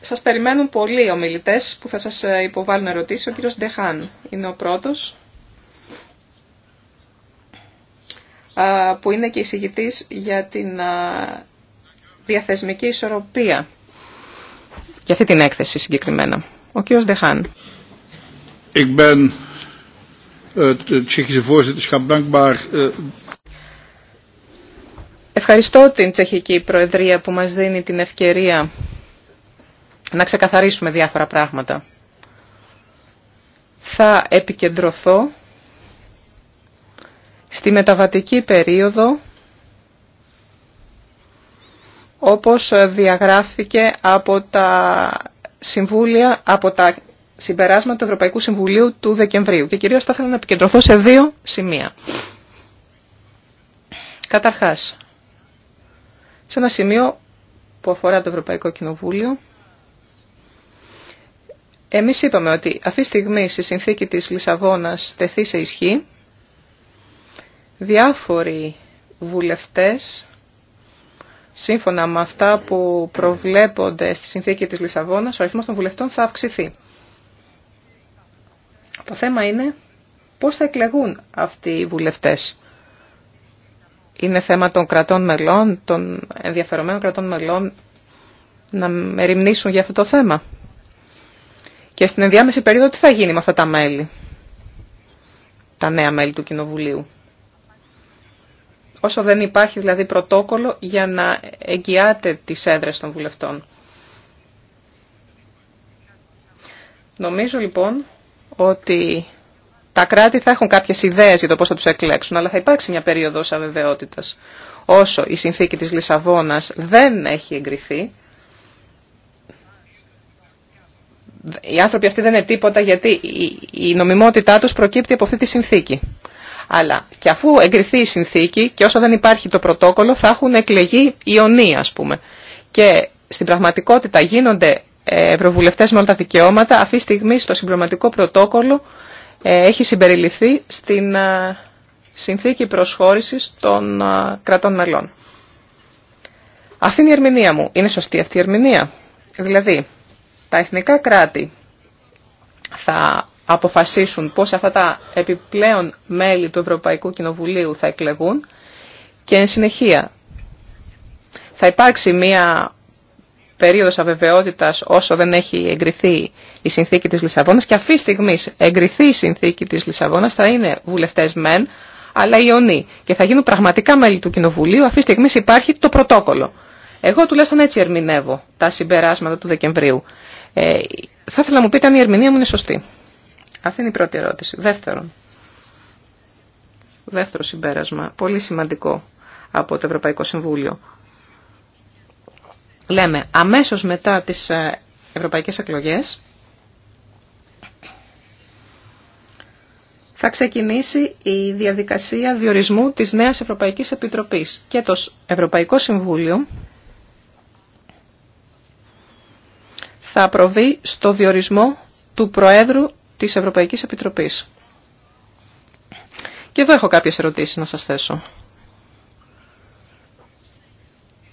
Σας περιμένουν πολλοί ομιλητές που θα σας υποβάλουν ερωτήσεις. Ο κύριος Ντεχάν είναι ο πρώτος, που είναι και εισηγητής για την διαθεσμική ισορροπία για αυτή την έκθεση συγκεκριμένα. Ο κύριος Ντεχάν. Ε, eh, Ευχαριστώ την Τσεχική Προεδρία που μας δίνει την ευκαιρία να ξεκαθαρίσουμε διάφορα πράγματα. Θα επικεντρωθώ στη μεταβατική περίοδο όπως ε, διαγράφηκε από τα, συμβούλια, από τα συμπεράσματα του Ευρωπαϊκού Συμβουλίου του Δεκεμβρίου. Και κυρίως θα ήθελα να επικεντρωθώ σε δύο σημεία. Καταρχάς, σε ένα σημείο που αφορά το Ευρωπαϊκό Κοινοβούλιο, εμείς είπαμε ότι αυτή τη στιγμή στη συνθήκη της Λισαβόνας τεθεί σε ισχύ, διάφοροι βουλευτές σύμφωνα με αυτά που προβλέπονται στη συνθήκη της Λισαβόνας, ο αριθμός των βουλευτών θα αυξηθεί. Το θέμα είναι πώς θα εκλεγούν αυτοί οι βουλευτές. Είναι θέμα των κρατών μελών, των ενδιαφερομένων κρατών μελών να μεριμνήσουν για αυτό το θέμα. Και στην ενδιάμεση περίοδο τι θα γίνει με αυτά τα μέλη, τα νέα μέλη του Κοινοβουλίου όσο δεν υπάρχει δηλαδή πρωτόκολλο για να εγγυάται τις έδρες των βουλευτών. Νομίζω λοιπόν ότι τα κράτη θα έχουν κάποιες ιδέες για το πώς θα τους εκλέξουν, αλλά θα υπάρξει μια περίοδος αβεβαιότητας. Όσο η συνθήκη της Λισαβόνας δεν έχει εγκριθεί, οι άνθρωποι αυτοί δεν είναι τίποτα γιατί η νομιμότητά τους προκύπτει από αυτή τη συνθήκη. Αλλά και αφού εγκριθεί η συνθήκη και όσο δεν υπάρχει το πρωτόκολλο θα έχουν εκλεγεί ιονοί ας πούμε. Και στην πραγματικότητα γίνονται ε, ευρωβουλευτές με όλα τα δικαιώματα. Αυτή τη στιγμή στο συμπληρωματικό πρωτόκολλο ε, έχει συμπεριληφθεί στην ε, συνθήκη προσχώρησης των κρατών μελών. Αυτή είναι η ερμηνεία μου. Είναι σωστή αυτή η ερμηνεία. Δηλαδή, τα εθνικά κράτη θα αποφασίσουν πώς αυτά τα επιπλέον μέλη του Ευρωπαϊκού Κοινοβουλίου θα εκλεγούν και εν συνεχεία θα υπάρξει μία περίοδος αβεβαιότητας όσο δεν έχει εγκριθεί η συνθήκη της Λισαβόνας και αυτή τη στιγμή εγκριθεί η συνθήκη της Λισαβόνας θα είναι βουλευτές μεν αλλά ιονοί και θα γίνουν πραγματικά μέλη του Κοινοβουλίου αυτή τη στιγμή υπάρχει το πρωτόκολλο. Εγώ τουλάχιστον έτσι ερμηνεύω τα συμπεράσματα του Δεκεμβρίου. Ε, θα ήθελα να μου πείτε αν η ερμηνεία μου είναι σωστή. Αυτή είναι η πρώτη ερώτηση. Δεύτερον, δεύτερο συμπέρασμα, πολύ σημαντικό από το Ευρωπαϊκό Συμβούλιο. Λέμε, αμέσως μετά τις ε, ευρωπαϊκές εκλογές θα ξεκινήσει η διαδικασία διορισμού της νέας Ευρωπαϊκής Επιτροπής και το Ευρωπαϊκό Συμβούλιο θα προβεί στο διορισμό του Προέδρου της Ευρωπαϊκής Επιτροπής. Και εδώ έχω κάποιες ερωτήσεις να σας θέσω.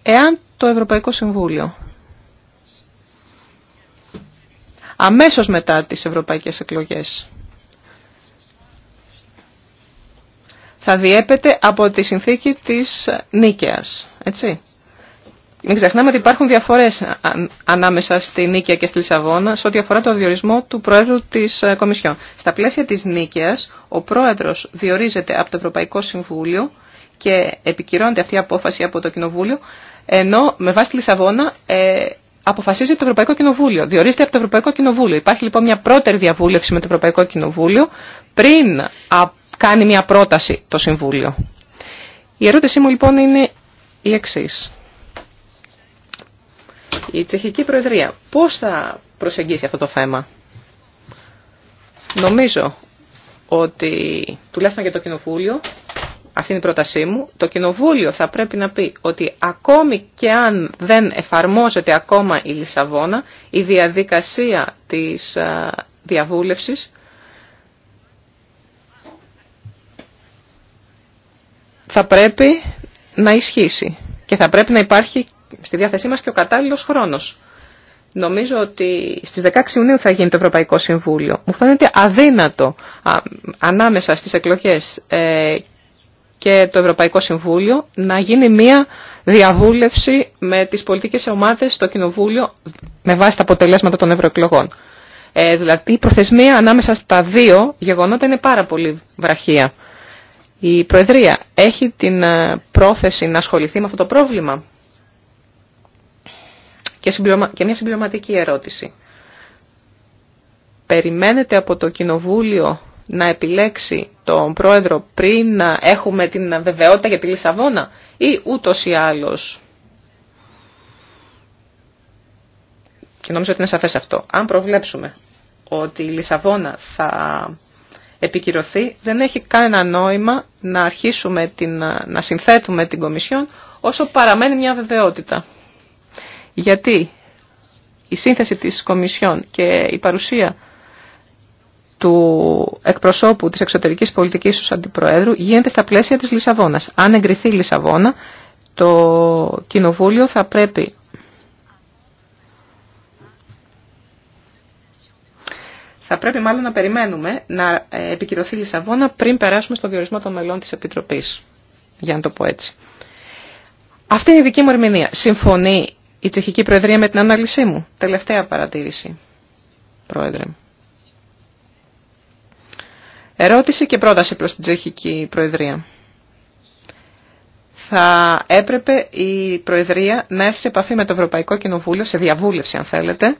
Εάν το Ευρωπαϊκό Συμβούλιο αμέσως μετά τις ευρωπαϊκές εκλογές θα διέπεται από τη συνθήκη της Νίκαιας, έτσι. Μην ξεχνάμε ότι υπάρχουν διαφορέ ανάμεσα στη Νίκαια και στη Λισαβόνα σε ό,τι αφορά το διορισμό του Προέδρου τη ε, Κομισιόν. Στα πλαίσια τη Νίκαια, ο Πρόεδρο διορίζεται από το Ευρωπαϊκό Συμβούλιο και επικυρώνεται αυτή η απόφαση από το Κοινοβούλιο, ενώ με βάση τη Λισαβόνα ε, αποφασίζει το Ευρωπαϊκό Κοινοβούλιο. Διορίζεται από το Ευρωπαϊκό Κοινοβούλιο. Υπάρχει λοιπόν μια πρώτερη διαβούλευση με το Ευρωπαϊκό Κοινοβούλιο πριν κάνει μια πρόταση το Συμβούλιο. Η ερώτησή μου λοιπόν είναι η εξής. Η Τσεχική Προεδρία πώς θα προσεγγίσει αυτό το θέμα. Νομίζω ότι τουλάχιστον για το Κοινοβούλιο, αυτή είναι η πρότασή μου, το Κοινοβούλιο θα πρέπει να πει ότι ακόμη και αν δεν εφαρμόζεται ακόμα η Λισαβόνα, η διαδικασία της διαβούλευσης θα πρέπει να ισχύσει και θα πρέπει να υπάρχει στη διάθεσή μας και ο κατάλληλος χρόνος. Νομίζω ότι στις 16 Ιουνίου θα γίνει το Ευρωπαϊκό Συμβούλιο. Μου φαίνεται αδύνατο ανάμεσα στις εκλογές ε, και το Ευρωπαϊκό Συμβούλιο να γίνει μία διαβούλευση με τις πολιτικές ομάδες στο Κοινοβούλιο με βάση τα αποτελέσματα των ευρωεκλογών. Ε, δηλαδή η προθεσμία ανάμεσα στα δύο γεγονότα είναι πάρα πολύ βραχία. Η Προεδρία έχει την ε, πρόθεση να ασχοληθεί με αυτό το πρόβλημα. Και, και μια συμπληρωματική ερώτηση. Περιμένετε από το Κοινοβούλιο να επιλέξει τον πρόεδρο πριν να έχουμε την βεβαιότητα για τη Λισαβόνα ή ούτως ή άλλως. Και νομίζω ότι είναι σαφές αυτό. Αν προβλέψουμε ότι η Λισαβόνα θα επικυρωθεί, δεν έχει κανένα νόημα να αρχίσουμε την, να συνθέτουμε την Κομισιόν όσο παραμένει μια βεβαιότητα. Γιατί η σύνθεση της Κομισιόν και η παρουσία του εκπροσώπου της εξωτερικής πολιτικής του αντιπροέδρου γίνεται στα πλαίσια της Λισαβόνας. Αν εγκριθεί η Λισαβόνα, το Κοινοβούλιο θα πρέπει Θα πρέπει μάλλον να περιμένουμε να ε, επικυρωθεί η Λισαβόνα πριν περάσουμε στο διορισμό των μελών της Επιτροπής, για να το πω έτσι. Αυτή είναι η δική μου ερμηνεία. Συμφωνεί η Τσεχική Προεδρία με την ανάλυση μου. Τελευταία παρατήρηση, Πρόεδρε. Ερώτηση και πρόταση προς την Τσεχική Προεδρία. Θα έπρεπε η Προεδρία να έρθει σε επαφή με το Ευρωπαϊκό Κοινοβούλιο, σε διαβούλευση αν θέλετε,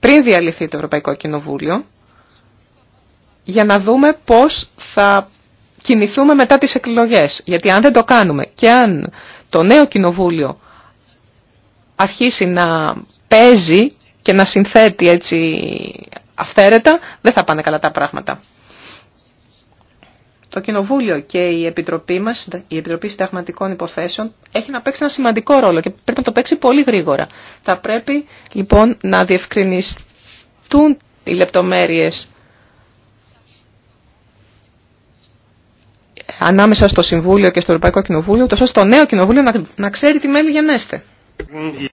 πριν διαλυθεί το Ευρωπαϊκό Κοινοβούλιο, για να δούμε πώς θα κινηθούμε μετά τις εκλογές. Γιατί αν δεν το κάνουμε και αν το νέο κοινοβούλιο αρχίσει να παίζει και να συνθέτει έτσι αυθαίρετα, δεν θα πάνε καλά τα πράγματα. Το Κοινοβούλιο και η Επιτροπή μας, η Επιτροπή Συνταγματικών Υποθέσεων, έχει να παίξει ένα σημαντικό ρόλο και πρέπει να το παίξει πολύ γρήγορα. Θα πρέπει λοιπόν να διευκρινιστούν οι λεπτομέρειες ανάμεσα στο Συμβούλιο και στο Ευρωπαϊκό Κοινοβούλιο, τόσο στο νέο Κοινοβούλιο να, να ξέρει τι μέλη γενέστε.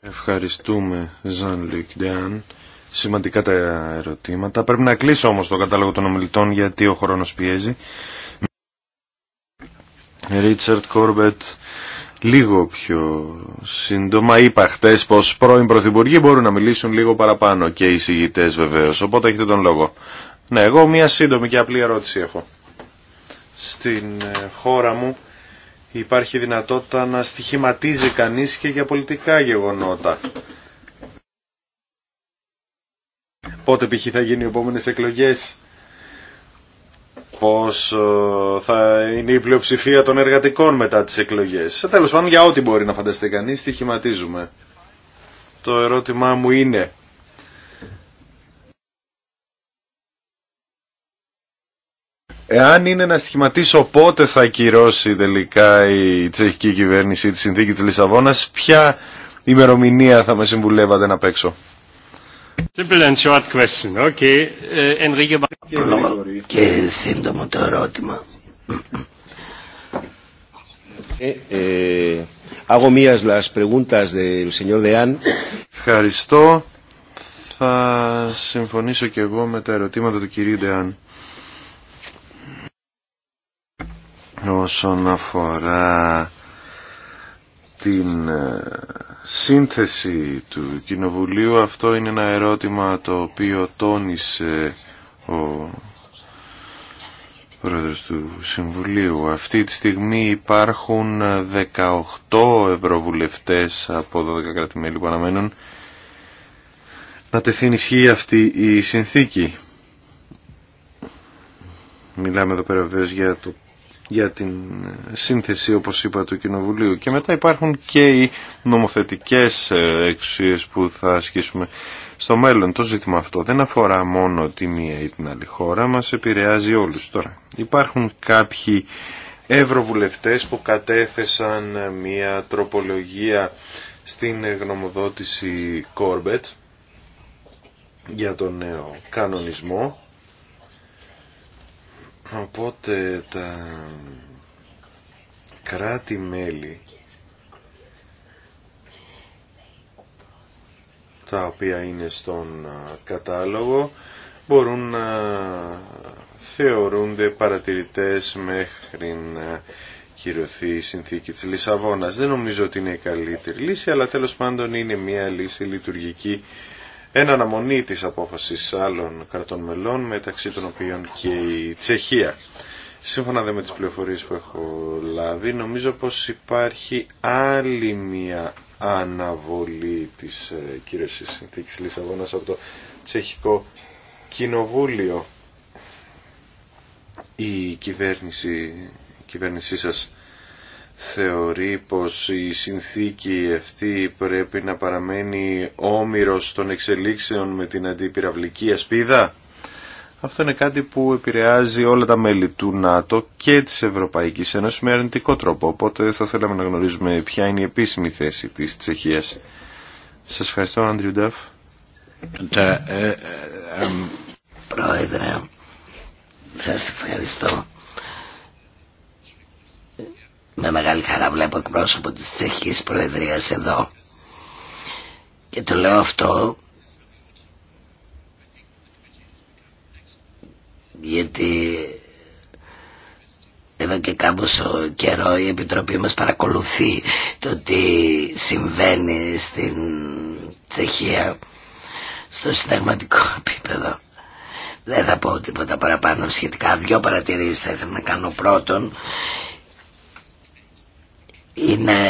Ευχαριστούμε, Ζαν Ντεάν. Σημαντικά τα ερωτήματα. Πρέπει να κλείσω όμως το κατάλογο των ομιλητών γιατί ο χρόνος πιέζει. Ρίτσαρτ Κόρμπετ, λίγο πιο σύντομα. Είπα χτε πω πρώην πρωθυπουργοί μπορούν να μιλήσουν λίγο παραπάνω και οι συγητές βεβαίω. Οπότε έχετε τον λόγο. Ναι, εγώ μια σύντομη και απλή ερώτηση έχω στην ε, χώρα μου υπάρχει δυνατότητα να στοιχηματίζει κανείς και για πολιτικά γεγονότα. Πότε π.χ. θα γίνουν οι επόμενες εκλογές, πώς ε, θα είναι η πλειοψηφία των εργατικών μετά τις εκλογές. Σε τέλος πάντων για ό,τι μπορεί να φανταστεί κανείς στοιχηματίζουμε. Το ερώτημά μου είναι Εάν είναι να στοιχηματίσω πότε θα ακυρώσει τελικά η τσεχική κυβέρνηση τη συνθήκη της Λισαβόνας, ποια ημερομηνία θα με συμβουλεύατε να παίξω. Simple and short question. Okay. Uh, Enrique... Και σύντομο το ερώτημα. Ε, ε, Ευχαριστώ. Θα συμφωνήσω και εγώ με τα ερωτήματα του κυρίου Ντεάν. όσον αφορά την ε, σύνθεση του Κοινοβουλίου αυτό είναι ένα ερώτημα το οποίο τόνισε ο Πρόεδρος του Συμβουλίου. Αυτή τη στιγμή υπάρχουν 18 ευρωβουλευτές από 12 κρατημέλη που αναμένουν να τεθεί ισχύ αυτή η συνθήκη. Μιλάμε εδώ πέρα βεβαίως για το για την σύνθεση όπως είπα του Κοινοβουλίου και μετά υπάρχουν και οι νομοθετικές ε, εξουσίες που θα ασκήσουμε στο μέλλον. Το ζήτημα αυτό δεν αφορά μόνο τη μία ή την άλλη χώρα, μας επηρεάζει όλους τώρα. Υπάρχουν κάποιοι ευρωβουλευτές που κατέθεσαν ε, μία τροπολογία στην ε, γνωμοδότηση Κόρμπετ για τον νέο κανονισμό Οπότε τα κράτη-μέλη τα οποία είναι στον κατάλογο μπορούν να θεωρούνται παρατηρητές μέχρι να κυρωθεί η συνθήκη της Λισαβόνας. Δεν νομίζω ότι είναι η καλύτερη λύση, αλλά τέλος πάντων είναι μια λύση λειτουργική εν αναμονή της απόφασης άλλων κρατών μελών μεταξύ των οποίων και η Τσεχία. Σύμφωνα δε με τις πληροφορίες που έχω λάβει νομίζω πως υπάρχει άλλη μια αναβολή της ε, κύριας συνθήκης Λισαβόνας από το τσεχικό κοινοβούλιο. Η κυβέρνηση η κυβέρνησή σας θεωρεί πως η συνθήκη αυτή πρέπει να παραμένει όμοιρος των εξελίξεων με την αντιπυραυλική ασπίδα. Αυτό είναι κάτι που επηρεάζει όλα τα μέλη του ΝΑΤΟ και της Ευρωπαϊκής Ένωσης με αρνητικό τρόπο, οπότε θα θέλαμε να γνωρίζουμε ποια είναι η επίσημη θέση της Τσεχίας. Σας ευχαριστώ, Άντριου Νταφ. Πρόεδρε, σας ευχαριστώ. Με μεγάλη χαρά βλέπω εκπρόσωπο της Τσεχής Προεδρίας εδώ. Και το λέω αυτό γιατί εδώ και κάμποσο καιρό η Επιτροπή μας παρακολουθεί το τι συμβαίνει στην Τσεχία στο συνταγματικό επίπεδο. Δεν θα πω τίποτα παραπάνω σχετικά. Δυο παρατηρήσεις θα ήθελα να κάνω πρώτον. Είναι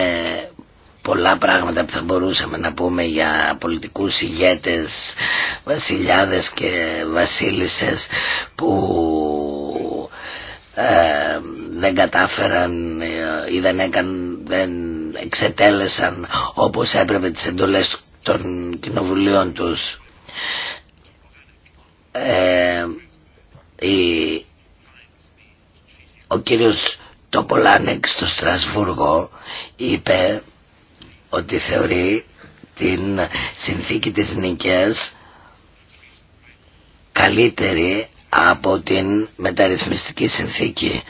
πολλά πράγματα που θα μπορούσαμε να πούμε για πολιτικούς ηγέτες, βασιλιάδες και βασίλισσες που ε, δεν κατάφεραν ε, ή δεν, έκαν, δεν εξετέλεσαν όπως έπρεπε τις εντολές των κοινοβουλίων τους. Ε, ο κύριος το Πολάνεκ στο Στρασβούργο είπε ότι θεωρεί την συνθήκη της νίκης καλύτερη από την μεταρρυθμιστική συνθήκη.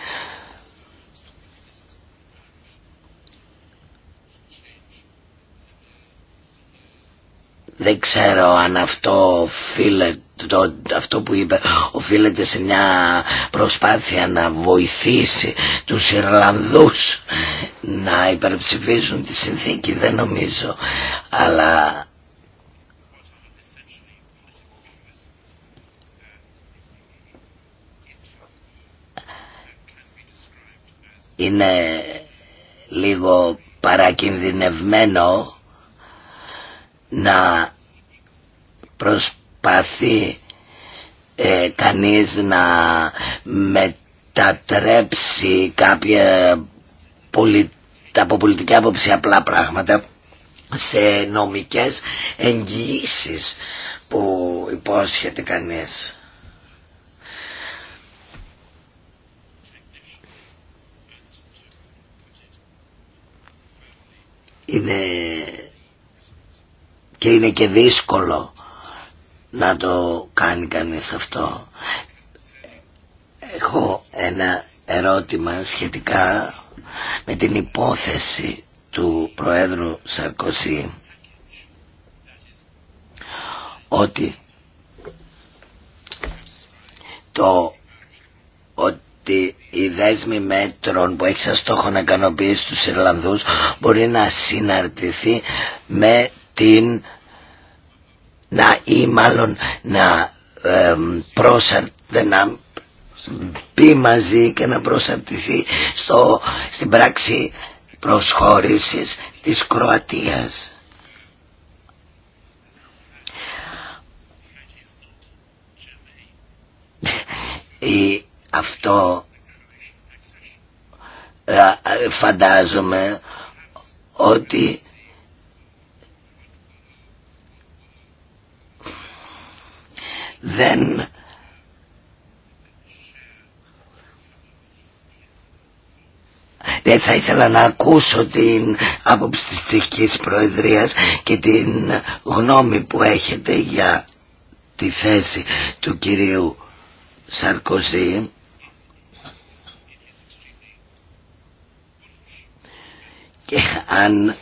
Δεν ξέρω αν αυτό φίλε το, αυτό που είπε οφείλεται σε μια προσπάθεια να βοηθήσει τους Ιρλανδούς να υπερψηφίζουν τη συνθήκη δεν νομίζω αλλά είναι λίγο παρακινδυνευμένο να προσπαθήσει προσπαθεί ε, κανείς να μετατρέψει κάποια από πολιτική άποψη απλά πράγματα σε νομικές εγγυήσει που υπόσχεται κανείς. Είναι και είναι και δύσκολο να το κάνει κανείς αυτό. Έχω ένα ερώτημα σχετικά με την υπόθεση του Προέδρου Σαρκοσί ότι το ότι η δέσμη μέτρων που έχει σαν στόχο να ικανοποιήσει τους Ιρλανδούς μπορεί να συναρτηθεί με την να ή μάλλον να ε, να μαζί και να προσαρτηθεί στο, στην πράξη προσχώρησης της Κροατίας. Ή αυτό ε, φαντάζομαι ότι δεν Δεν θα ήθελα να ακούσω την άποψη της Τσεχικής Προεδρίας και την γνώμη που έχετε για τη θέση του κυρίου Σαρκοζή. Και αν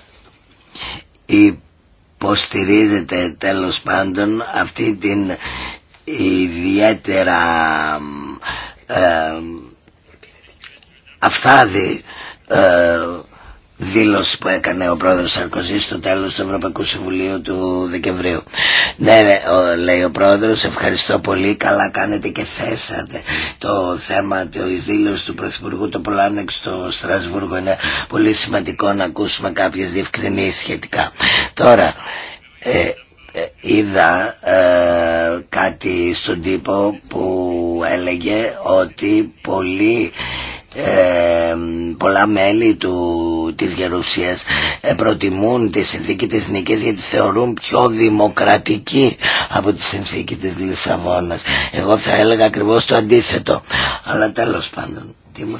υποστηρίζετε τέλος πάντων αυτή την ιδιαίτερα ε, αυθάδη ε, δήλωση που έκανε ο πρόεδρος Σαρκοζή στο τέλος του Ευρωπαϊκού Συμβουλίου του Δεκεμβρίου. Ναι, λέει ο πρόεδρος, ευχαριστώ πολύ, καλά κάνετε και θέσατε το θέμα της δήλωση του Πρωθυπουργού το Πολάνεξ στο Στρασβούργο. Είναι πολύ σημαντικό να ακούσουμε κάποιες διευκρινήσεις σχετικά. Τώρα, ε, ε, είδα ε, κάτι στον τύπο που έλεγε ότι ε, πολλά μέλη του, της Γερουσίας ε, προτιμούν τη συνθήκη της νίκης γιατί θεωρούν πιο δημοκρατική από τη συνθήκη της Λισαβόνας εγώ θα έλεγα ακριβώς το αντίθετο αλλά τέλος πάντων τι μου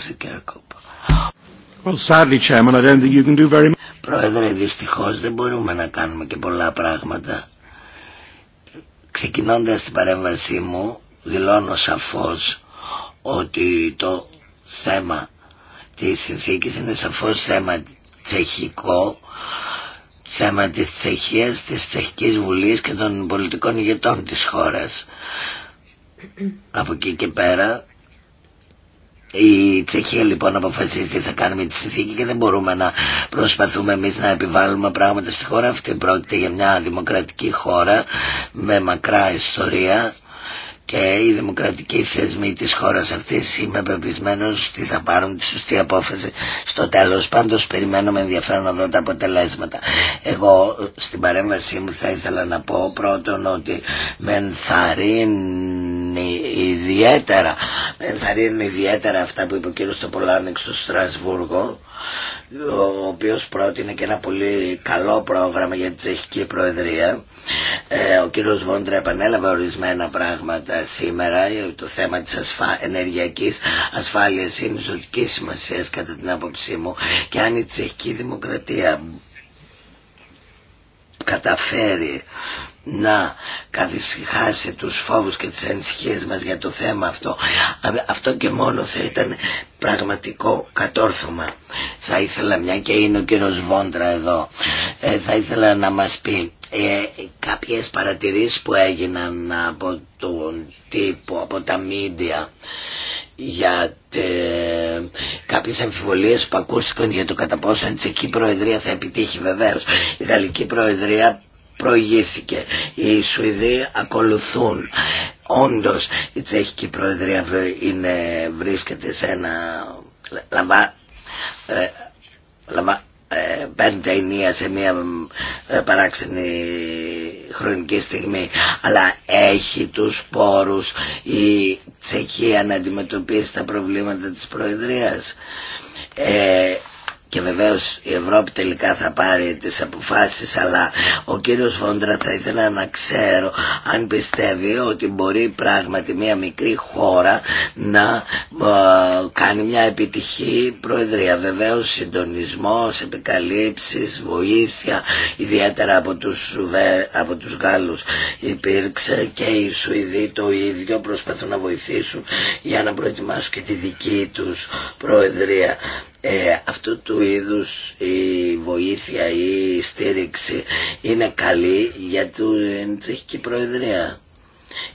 well, sadly, Πρόεδρε δυστυχώς δεν μπορούμε να κάνουμε και πολλά πράγματα Ξεκινώντας την παρέμβασή μου δηλώνω σαφώς ότι το θέμα της συνθήκης είναι σαφώς θέμα τσεχικό, θέμα της Τσεχίας, της Τσεχικής Βουλής και των πολιτικών ηγετών της χώρας. Από εκεί και πέρα η Τσεχία λοιπόν αποφασίζει τι θα κάνουμε τη συνθήκη και δεν μπορούμε να προσπαθούμε εμεί να επιβάλλουμε πράγματα στη χώρα αυτή. Πρόκειται για μια δημοκρατική χώρα με μακρά ιστορία και οι δημοκρατικοί θεσμοί της χώρας αυτής είμαι πεπισμένος ότι θα πάρουν τη σωστή απόφαση στο τέλος πάντως περιμένω με ενδιαφέρον να δω τα αποτελέσματα εγώ στην παρέμβασή μου θα ήθελα να πω πρώτον ότι με ενθαρρύνει ιδιαίτερα με ενθαρρύνει ιδιαίτερα αυτά που είπε ο κύριος Τοπολάνεξ στο Στρασβούργο ο οποίος πρότεινε και ένα πολύ καλό πρόγραμμα για την τσεχική προεδρία. Ε, ο κύριος Βόντρα επανέλαβε ορισμένα πράγματα σήμερα. Το θέμα της ασφα... ενεργειακής ασφάλειας είναι ζωτική σημασία κατά την άποψή μου και αν η τσεχική δημοκρατία καταφέρει να καθησυχάσει τους φόβους και τις ανησυχίες μας για το θέμα αυτό. Αυτό και μόνο θα ήταν πραγματικό κατόρθωμα. Θα ήθελα, μια και είναι ο κύριος Βόντρα εδώ, ε, θα ήθελα να μας πει ε, κάποιες παρατηρήσεις που έγιναν από τον τύπο, από τα μίντια για τε, κάποιες αμφιβολίες που ακούστηκαν για το κατά πόσο η Τσεκή Προεδρία θα επιτύχει βεβαίως. Η Γαλλική Προεδρία προηγήθηκε. Οι Σουηδοί ακολουθούν. Όντως η Τσέχικη Προεδρία είναι, βρίσκεται σε ένα λαβά, ε, ε ενία σε μια ε, παράξενη χρονική στιγμή αλλά έχει τους πόρους η Τσεχία να αντιμετωπίσει τα προβλήματα της Προεδρίας ε, και βεβαίως η Ευρώπη τελικά θα πάρει τις αποφάσεις αλλά ο κύριος Φόντρα θα ήθελα να ξέρω αν πιστεύει ότι μπορεί πράγματι μια μικρή χώρα να κάνει μια επιτυχή προεδρία βεβαίως συντονισμός, επικαλύψεις, βοήθεια ιδιαίτερα από τους, από τους Γάλλους υπήρξε και οι Σουηδοί το ίδιο προσπαθούν να βοηθήσουν για να προετοιμάσουν και τη δική τους προεδρία ε, αυτού του είδους η βοήθεια ή η στήριξη είναι καλή για την τσεχική προεδρία.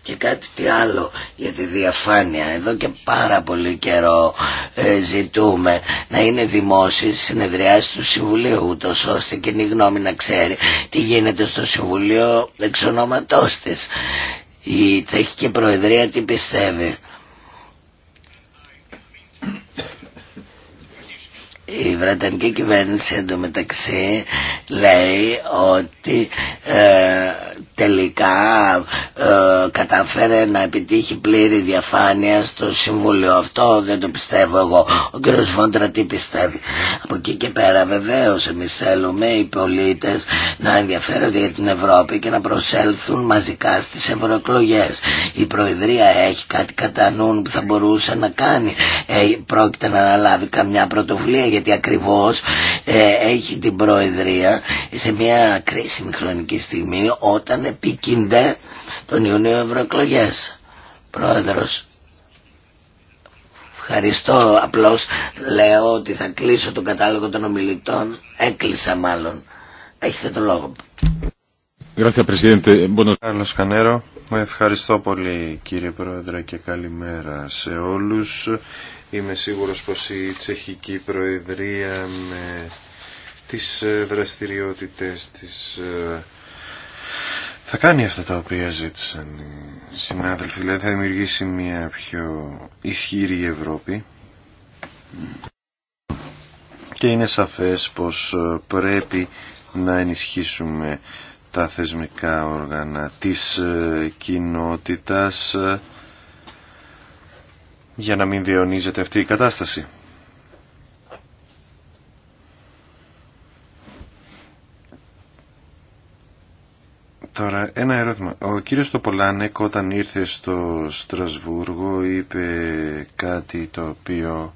Και κάτι τι άλλο για τη διαφάνεια. Εδώ και πάρα πολύ καιρό ε, ζητούμε να είναι δημόσιες συνεδριάσεις του Συμβουλίου ούτως ώστε η γνώμη να ξέρει τι γίνεται στο Συμβουλίο εξ ονόματός της. Η Τσεχική Προεδρία τι πιστεύει η Βρετανική κυβέρνηση εντωμεταξύ λέει ότι ε, τελικά ε, κατάφερε να επιτύχει πλήρη διαφάνεια στο Συμβούλιο. Αυτό δεν το πιστεύω εγώ. Ο κ. Βόντρα τι πιστεύει. Από εκεί και πέρα βεβαίω εμεί θέλουμε οι πολίτες να ενδιαφέρονται για την Ευρώπη και να προσέλθουν μαζικά στις ευρωεκλογέ. Η Προεδρία έχει κάτι κατά νου που θα μπορούσε να κάνει. Ε, πρόκειται να αναλάβει καμιά πρωτοβουλία γιατί ακριβώς ε, έχει την Προεδρία σε μια κρίσιμη χρονική στιγμή όταν επίκυνται τον Ιουνίου ευρωεκλογέ. Πρόεδρος, ευχαριστώ απλώς λέω ότι θα κλείσω τον κατάλογο των ομιλητών. Έκλεισα μάλλον. Έχετε το λόγο. Κάρλος Κανέρο, ευχαριστώ πολύ κύριε Πρόεδρε και καλημέρα σε όλους. Είμαι σίγουρος πως η Τσεχική Προεδρία με τις ε, δραστηριότητες της ε, θα κάνει αυτά τα οποία ζήτησαν οι συνάδελφοι, δηλαδή θα δημιουργήσει μια πιο ισχυρή Ευρώπη και είναι σαφές πως ε, πρέπει να ενισχύσουμε τα θεσμικά όργανα της ε, κοινότητας ε, για να μην διαιωνίζεται αυτή η κατάσταση. Τώρα ένα ερώτημα. Ο κύριος Τοπολάνεκ όταν ήρθε στο Στρασβούργο είπε κάτι το οποίο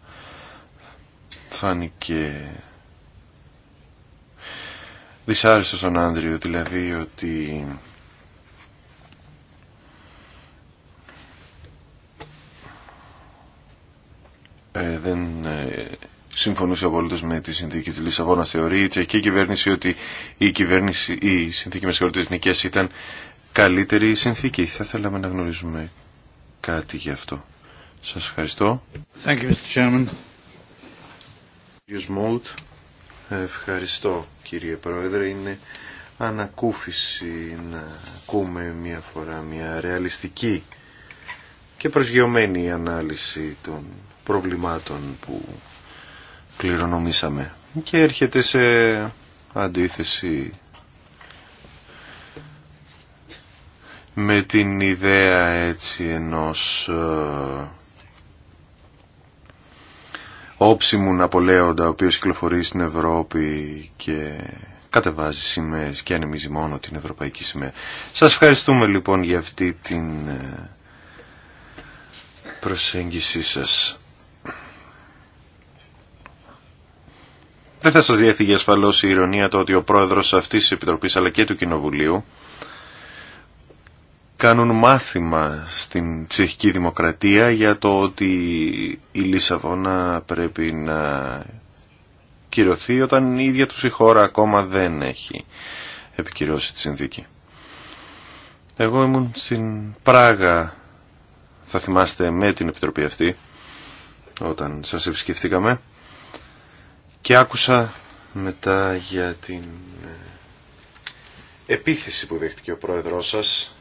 φάνηκε δυσάρεστο στον Άνδριο, δηλαδή ότι ε, δεν ε, συμφωνούσε απολύτως με τη συνθήκη της Λισαβόνας. Θεωρεί η τσεχική κυβέρνηση ότι η, κυβέρνηση, η συνθήκη με ήταν καλύτερη συνθήκη. Θα θέλαμε να γνωρίζουμε κάτι γι' αυτό. Σας ευχαριστώ. Ευχαριστώ κύριε Πρόεδρε. Είναι ανακούφιση να ακούμε μια φορά μια ρεαλιστική και προσγειωμένη ανάλυση των προβλημάτων που κληρονομήσαμε και έρχεται σε αντίθεση με την ιδέα έτσι ενός ε, όψιμου Ναπολέοντα ο οποίος κυκλοφορεί στην Ευρώπη και κατεβάζει σημαίες και ανεμίζει μόνο την ευρωπαϊκή σημαία. Σας ευχαριστούμε λοιπόν για αυτή την ε, προσέγγιση σας. Δεν θα σας διέφυγε ασφαλώς η ηρωνία το ότι ο πρόεδρος αυτής της Επιτροπής αλλά και του Κοινοβουλίου κάνουν μάθημα στην τσεχική δημοκρατία για το ότι η Λισαβόνα πρέπει να κυρωθεί όταν η ίδια τους η χώρα ακόμα δεν έχει επικυρώσει τη συνθήκη. Εγώ ήμουν στην Πράγα, θα θυμάστε με την Επιτροπή αυτή, όταν σας επισκεφτήκαμε. Και άκουσα μετά για την ε, επίθεση που δέχτηκε ο πρόεδρός σας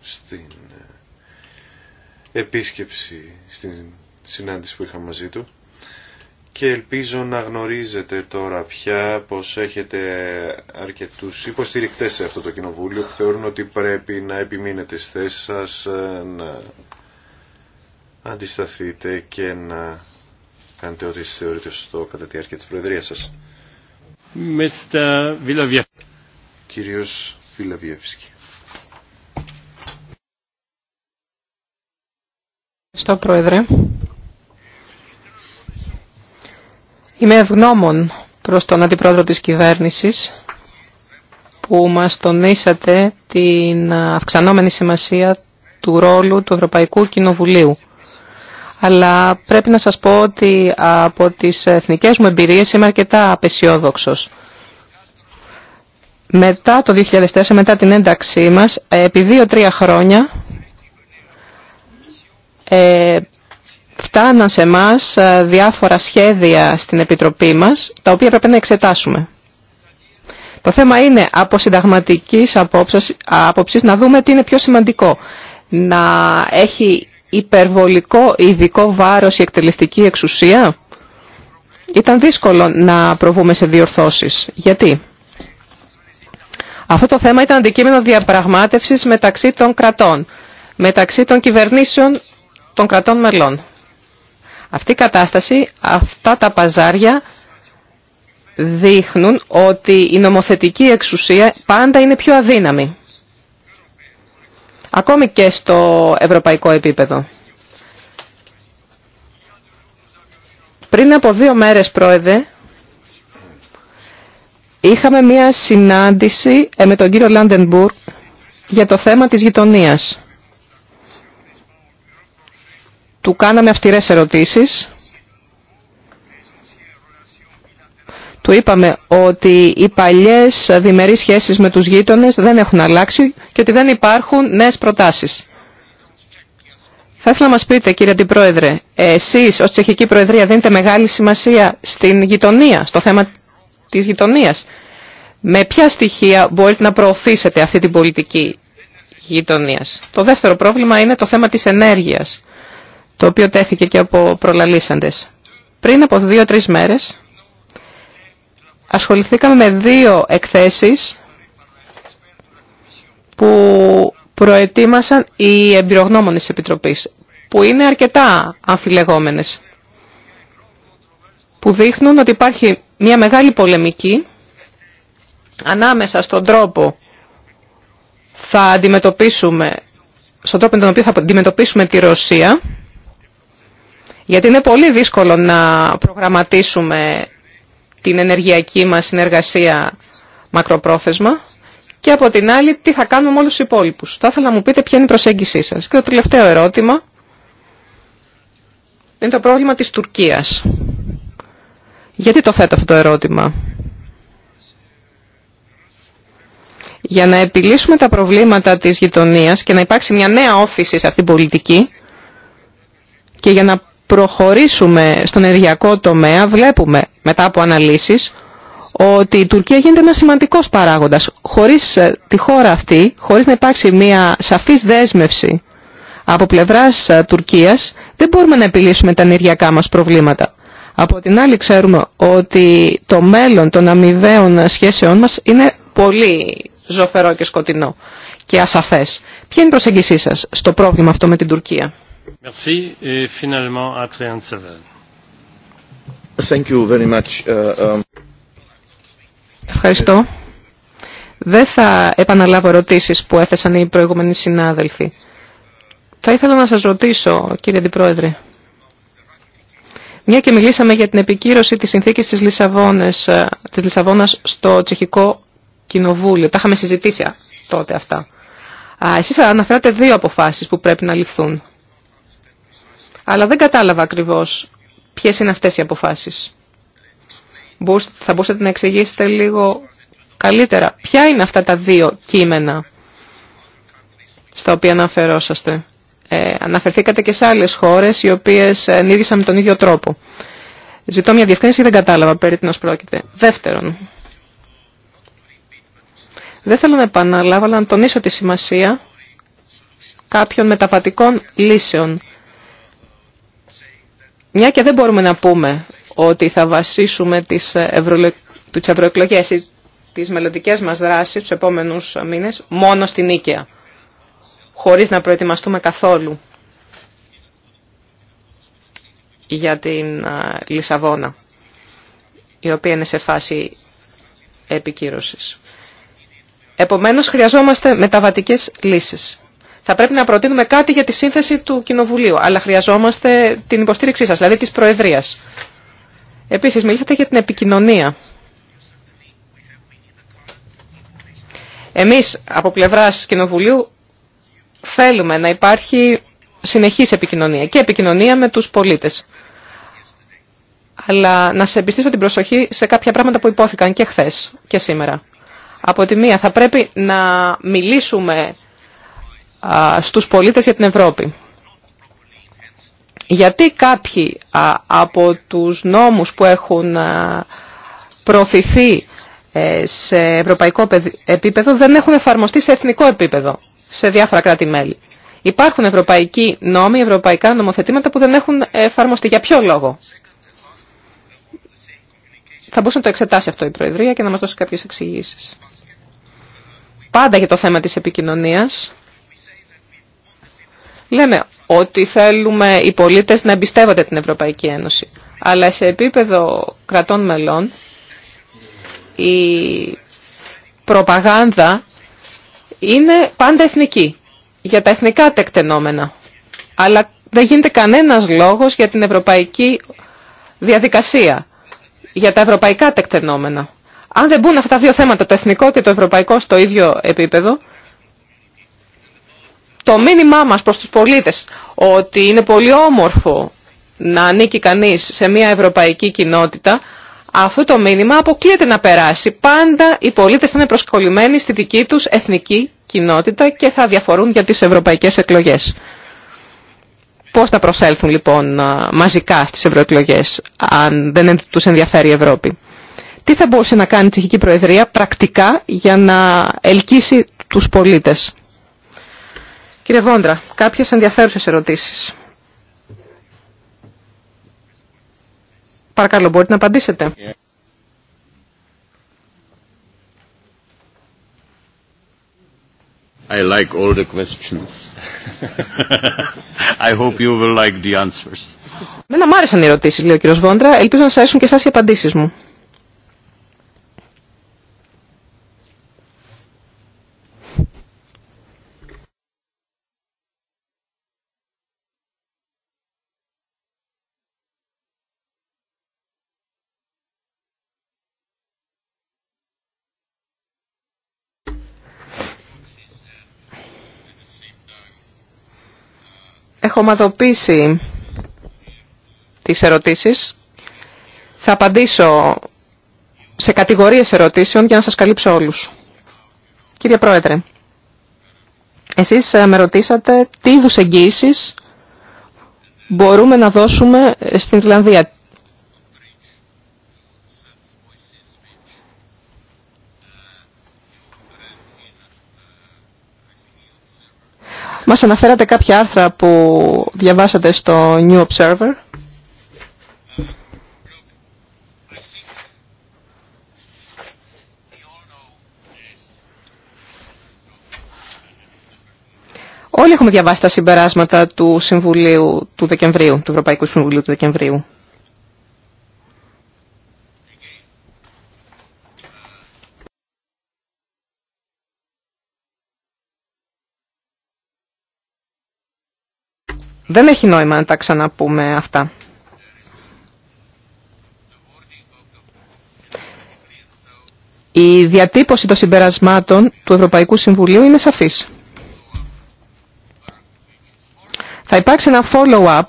στην ε, επίσκεψη, στην συνάντηση που είχα μαζί του και ελπίζω να γνωρίζετε τώρα πια πως έχετε αρκετούς υποστηρικτές σε αυτό το κοινοβούλιο που θεωρούν ότι πρέπει να επιμείνετε στις θέσεις σας, ε, αντισταθείτε και να κάνετε ό,τι θεωρείτε σωστό κατά τη διάρκεια της Προεδρίας σας. Mr. Κύριος Βιλαβιεύσκη. Ευχαριστώ Πρόεδρε. Είμαι ευγνώμων προς τον Αντιπρόεδρο της Κυβέρνησης που μας τονίσατε την αυξανόμενη σημασία του ρόλου του Ευρωπαϊκού Κοινοβουλίου αλλά πρέπει να σας πω ότι από τις εθνικές μου εμπειρίες είμαι αρκετά απεσιόδοξος. Μετά το 2004, μετά την ένταξή μας, ε, επί δύο-τρία χρόνια ε, φτάναν σε εμά διάφορα σχέδια στην Επιτροπή μας, τα οποία πρέπει να εξετάσουμε. Το θέμα είναι από συνταγματικής απόψης, να δούμε τι είναι πιο σημαντικό. Να έχει υπερβολικό ειδικό βάρος η εκτελεστική εξουσία. Ήταν δύσκολο να προβούμε σε διορθώσεις. Γιατί? Αυτό το θέμα ήταν αντικείμενο διαπραγμάτευσης μεταξύ των κρατών, μεταξύ των κυβερνήσεων των κρατών μελών. Αυτή η κατάσταση, αυτά τα παζάρια δείχνουν ότι η νομοθετική εξουσία πάντα είναι πιο αδύναμη ακόμη και στο ευρωπαϊκό επίπεδο. Πριν από δύο μέρες, Πρόεδρε, είχαμε μία συνάντηση ε, με τον κύριο Λάντενμπουργκ για το θέμα της γειτονίας. Του κάναμε αυστηρές ερωτήσεις του είπαμε ότι οι παλιές διμερείς σχέσεις με τους γείτονες δεν έχουν αλλάξει και ότι δεν υπάρχουν νέες προτάσεις. Θα ήθελα να μας πείτε κύριε Αντιπρόεδρε, εσείς ως Τσεχική Προεδρία δίνετε μεγάλη σημασία στην γειτονία, στο θέμα της γειτονίας. Με ποια στοιχεία μπορείτε να προωθήσετε αυτή την πολιτική γειτονίας. Το δεύτερο πρόβλημα είναι το θέμα της ενέργειας, το οποίο τέθηκε και από προλαλήσαντες. Πριν από δύο-τρεις μέρες, ασχοληθήκαμε με δύο εκθέσεις που προετοίμασαν οι εμπειρογνώμονες της Επιτροπής, που είναι αρκετά αμφιλεγόμενες, που δείχνουν ότι υπάρχει μια μεγάλη πολεμική ανάμεσα στον τρόπο θα αντιμετωπίσουμε, στον τρόπο με τον οποίο θα αντιμετωπίσουμε τη Ρωσία, γιατί είναι πολύ δύσκολο να προγραμματίσουμε την ενεργειακή μας συνεργασία μακροπρόθεσμα και από την άλλη τι θα κάνουμε με όλους τους υπόλοιπους. Θα ήθελα να μου πείτε ποια είναι η προσέγγισή σας. Και το τελευταίο ερώτημα είναι το πρόβλημα της Τουρκίας. Γιατί το θέτω αυτό το ερώτημα. Για να επιλύσουμε τα προβλήματα της γειτονίας και να υπάρξει μια νέα όφηση σε αυτήν την πολιτική και για να προχωρήσουμε στον ενεργειακό τομέα, βλέπουμε μετά από αναλύσεις ότι η Τουρκία γίνεται ένα σημαντικός παράγοντας. Χωρίς ε, τη χώρα αυτή, χωρίς να υπάρξει μια σαφής δέσμευση από πλευράς ε, Τουρκίας, δεν μπορούμε να επιλύσουμε τα ενεργειακά μας προβλήματα. Από την άλλη ξέρουμε ότι το μέλλον των αμοιβαίων σχέσεών μας είναι πολύ ζωφερό και σκοτεινό και ασαφές. Ποια είναι η προσέγγισή σας στο πρόβλημα αυτό με την Τουρκία. Uh, um, Ευχαριστώ. Δεν θα επαναλάβω ερωτήσεις που έθεσαν οι προηγούμενοι συνάδελφοι. Θα ήθελα να σας ρωτήσω, κύριε Αντιπρόεδρε, μια και μιλήσαμε για την επικύρωση της συνθήκης της, Λισαβόνας, ε, της Λισαβόνας στο Τσεχικό Κοινοβούλιο. Τα είχαμε συζητήσει τότε αυτά. Εσείς αναφέρατε δύο αποφάσεις που πρέπει να ληφθούν αλλά δεν κατάλαβα ακριβώς ποιες είναι αυτές οι αποφάσεις. Θα μπορούσατε να εξηγήσετε λίγο καλύτερα ποια είναι αυτά τα δύο κείμενα στα οποία αναφερόσαστε. Ε, αναφερθήκατε και σε άλλες χώρες οι οποίες ε, ενίδησαν με τον ίδιο τρόπο. Ζητώ μια διευκρίνηση, δεν κατάλαβα περί την πρόκειται. Δεύτερον, δεν θέλω να επαναλάβω, αλλά να τονίσω τη σημασία κάποιων μεταβατικών λύσεων μια και δεν μπορούμε να πούμε ότι θα βασίσουμε τις, ε, ευρωεκλογέ, τις ευρωεκλογές ή τις μελλοντικές μας δράσεις τους επόμενους μήνες μόνο στην Ίκαια, χωρίς να προετοιμαστούμε καθόλου για την ε, Λισαβόνα, η οποία είναι σε φάση επικύρωσης. Επομένως, χρειαζόμαστε μεταβατικές λύσεις. Θα πρέπει να προτείνουμε κάτι για τη σύνθεση του Κοινοβουλίου, αλλά χρειαζόμαστε την υποστήριξή σας, δηλαδή της Προεδρίας. Επίσης, μιλήσατε για την επικοινωνία. Εμείς, από πλευράς Κοινοβουλίου, θέλουμε να υπάρχει συνεχής επικοινωνία και επικοινωνία με τους πολίτες. Αλλά να σε εμπιστήσω την προσοχή σε κάποια πράγματα που υπόθηκαν και χθες και σήμερα. Από τη μία θα πρέπει να μιλήσουμε στους πολίτες για την Ευρώπη. Γιατί κάποιοι από τους νόμους που έχουν προωθηθεί ε, σε ευρωπαϊκό επίπεδο δεν έχουν εφαρμοστεί σε εθνικό επίπεδο, σε διάφορα κράτη-μέλη. Υπάρχουν ευρωπαϊκοί νόμοι, ευρωπαϊκά νομοθετήματα που δεν έχουν εφαρμοστεί. Για ποιο λόγο. Θα μπορούσε να το εξετάσει αυτό η Προεδρία και να μας δώσει κάποιες εξηγήσεις. Πάντα για το θέμα της επικοινωνίας λέμε ότι θέλουμε οι πολίτες να εμπιστεύονται την Ευρωπαϊκή Ένωση. Αλλά σε επίπεδο κρατών μελών η προπαγάνδα είναι πάντα εθνική, για τα εθνικά τεκτενόμενα. Αλλά δεν γίνεται κανένας λόγος για την ευρωπαϊκή διαδικασία, για τα ευρωπαϊκά τεκτενόμενα. Αν δεν μπουν αυτά τα δύο θέματα, το εθνικό και το ευρωπαϊκό, στο ίδιο επίπεδο, το μήνυμά μας προς τους πολίτες ότι είναι πολύ όμορφο να ανήκει κανείς σε μια ευρωπαϊκή κοινότητα, αυτό το μήνυμα αποκλείεται να περάσει. Πάντα οι πολίτες θα είναι προσκολλημένοι στη δική τους εθνική κοινότητα και θα διαφορούν για τις ευρωπαϊκές εκλογές. Πώς θα προσέλθουν λοιπόν μαζικά στις ευρωεκλογές αν δεν τους ενδιαφέρει η Ευρώπη. Τι θα μπορούσε να κάνει η Τσεχική Προεδρία πρακτικά για να ελκύσει τους πολίτες. Κύριε Βόντρα, κάποιες ενδιαφέρουσες ερωτήσεις. Παρακαλώ, μπορείτε να απαντήσετε. I like all the questions. I hope you will like the answers. Μένα άρεσαν οι ερωτήσεις, λέει ο κύριος Βόντρα. Ελπίζω να σας αρέσουν και εσάς οι απαντήσεις μου. έχω ομαδοποιήσει τις ερωτήσεις. Θα απαντήσω σε κατηγορίες ερωτήσεων για να σας καλύψω όλους. Κύριε Πρόεδρε, εσείς ε, με ρωτήσατε τι είδους εγγύησεις μπορούμε να δώσουμε στην Ιρλανδία. Μας αναφέρατε κάποια άρθρα που διαβάσατε στο New Observer. Όλοι έχουμε διαβάσει τα συμπεράσματα του Συμβουλίου του Δεκεμβρίου, του Ευρωπαϊκού Συμβουλίου του Δεκεμβρίου. Δεν έχει νόημα να τα ξαναπούμε αυτά. Η διατύπωση των συμπερασμάτων του Ευρωπαϊκού Συμβουλίου είναι σαφής. Θα υπάρξει ένα follow-up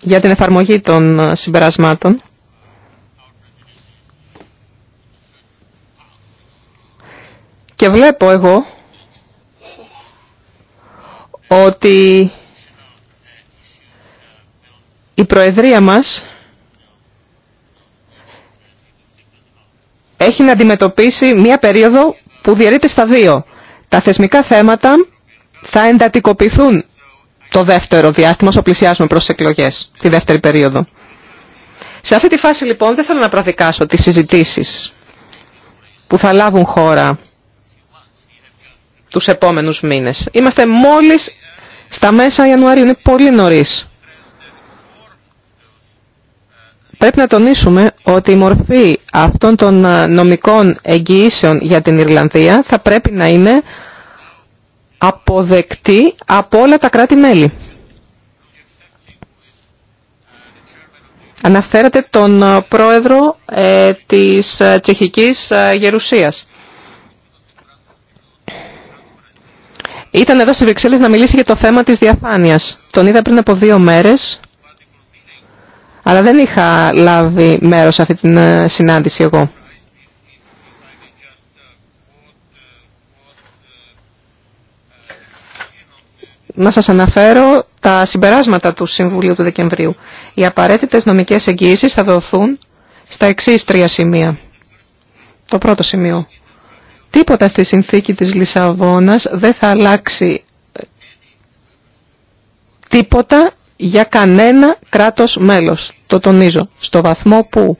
για την εφαρμογή των συμπερασμάτων. Και βλέπω εγώ ότι η Προεδρία μας έχει να αντιμετωπίσει μία περίοδο που διαιρείται στα δύο. Τα θεσμικά θέματα θα εντατικοποιηθούν το δεύτερο διάστημα όσο πλησιάζουμε προς τις εκλογές, τη δεύτερη περίοδο. Σε αυτή τη φάση λοιπόν δεν θέλω να προδικάσω τις συζητήσεις που θα λάβουν χώρα τους επόμενους μήνες. Είμαστε μόλις στα μέσα Ιανουαρίου, είναι πολύ νωρίς. Πρέπει να τονίσουμε ότι η μορφή αυτών των ε, νομικών εγγυήσεων για την Ιρλανδία θα πρέπει να είναι αποδεκτή από όλα τα κράτη-μέλη. Αναφέρατε τον ε, πρόεδρο ε, της Τσεχικής Γερουσίας. Ήταν εδώ στις Βρυξέλλες να μιλήσει για το θέμα της διαφάνειας. Τον είδα πριν από δύο μέρες αλλά δεν είχα λάβει μέρος σε αυτή την ε, συνάντηση εγώ. Να σας αναφέρω τα συμπεράσματα του Συμβουλίου του Δεκεμβρίου. Οι απαραίτητες νομικές εγγύησεις θα δοθούν στα εξής τρία σημεία. Το πρώτο σημείο. Τίποτα στη συνθήκη της Λισαβόνας δεν θα αλλάξει ε, τίποτα για κανένα κράτος μέλος. Το τονίζω. Στο βαθμό που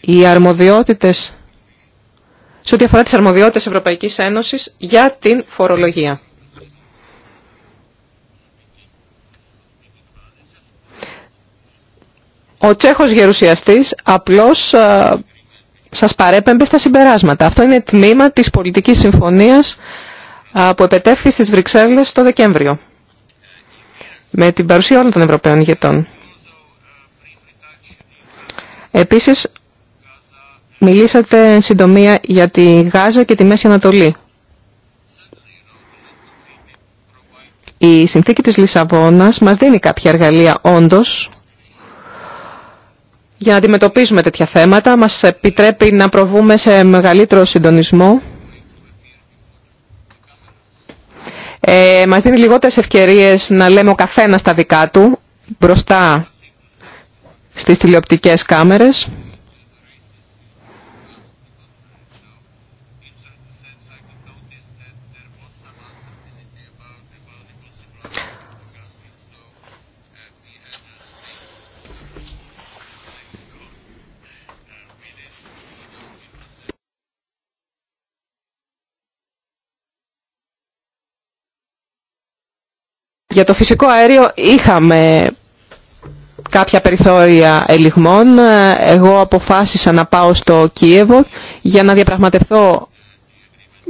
οι αρμοδιότητες, σε ό,τι αφορά τις αρμοδιότητες Ευρωπαϊκής Ένωσης για την φορολογία. Ο Τσέχος γερουσιαστής απλώς α, ε, σας παρέπεμπε στα συμπεράσματα. Αυτό είναι τμήμα της πολιτικής συμφωνίας ε, που επετέφθη στις Βρυξέλλες το Δεκέμβριο με την παρουσία όλων των Ευρωπαίων ηγετών. Επίσης, μιλήσατε εν συντομία για τη Γάζα και τη Μέση Ανατολή. Η συνθήκη της Λισαβόνας μας δίνει κάποια εργαλεία όντως για να αντιμετωπίζουμε τέτοια θέματα. Μας επιτρέπει να προβούμε σε μεγαλύτερο συντονισμό ε, μας δίνει λιγότερες ευκαιρίες να λέμε ο καθένας τα δικά του μπροστά στις τηλεοπτικές κάμερες. για το φυσικό αέριο είχαμε κάποια περιθώρια ελιγμών. Εγώ αποφάσισα να πάω στο Κίεβο για να διαπραγματευτώ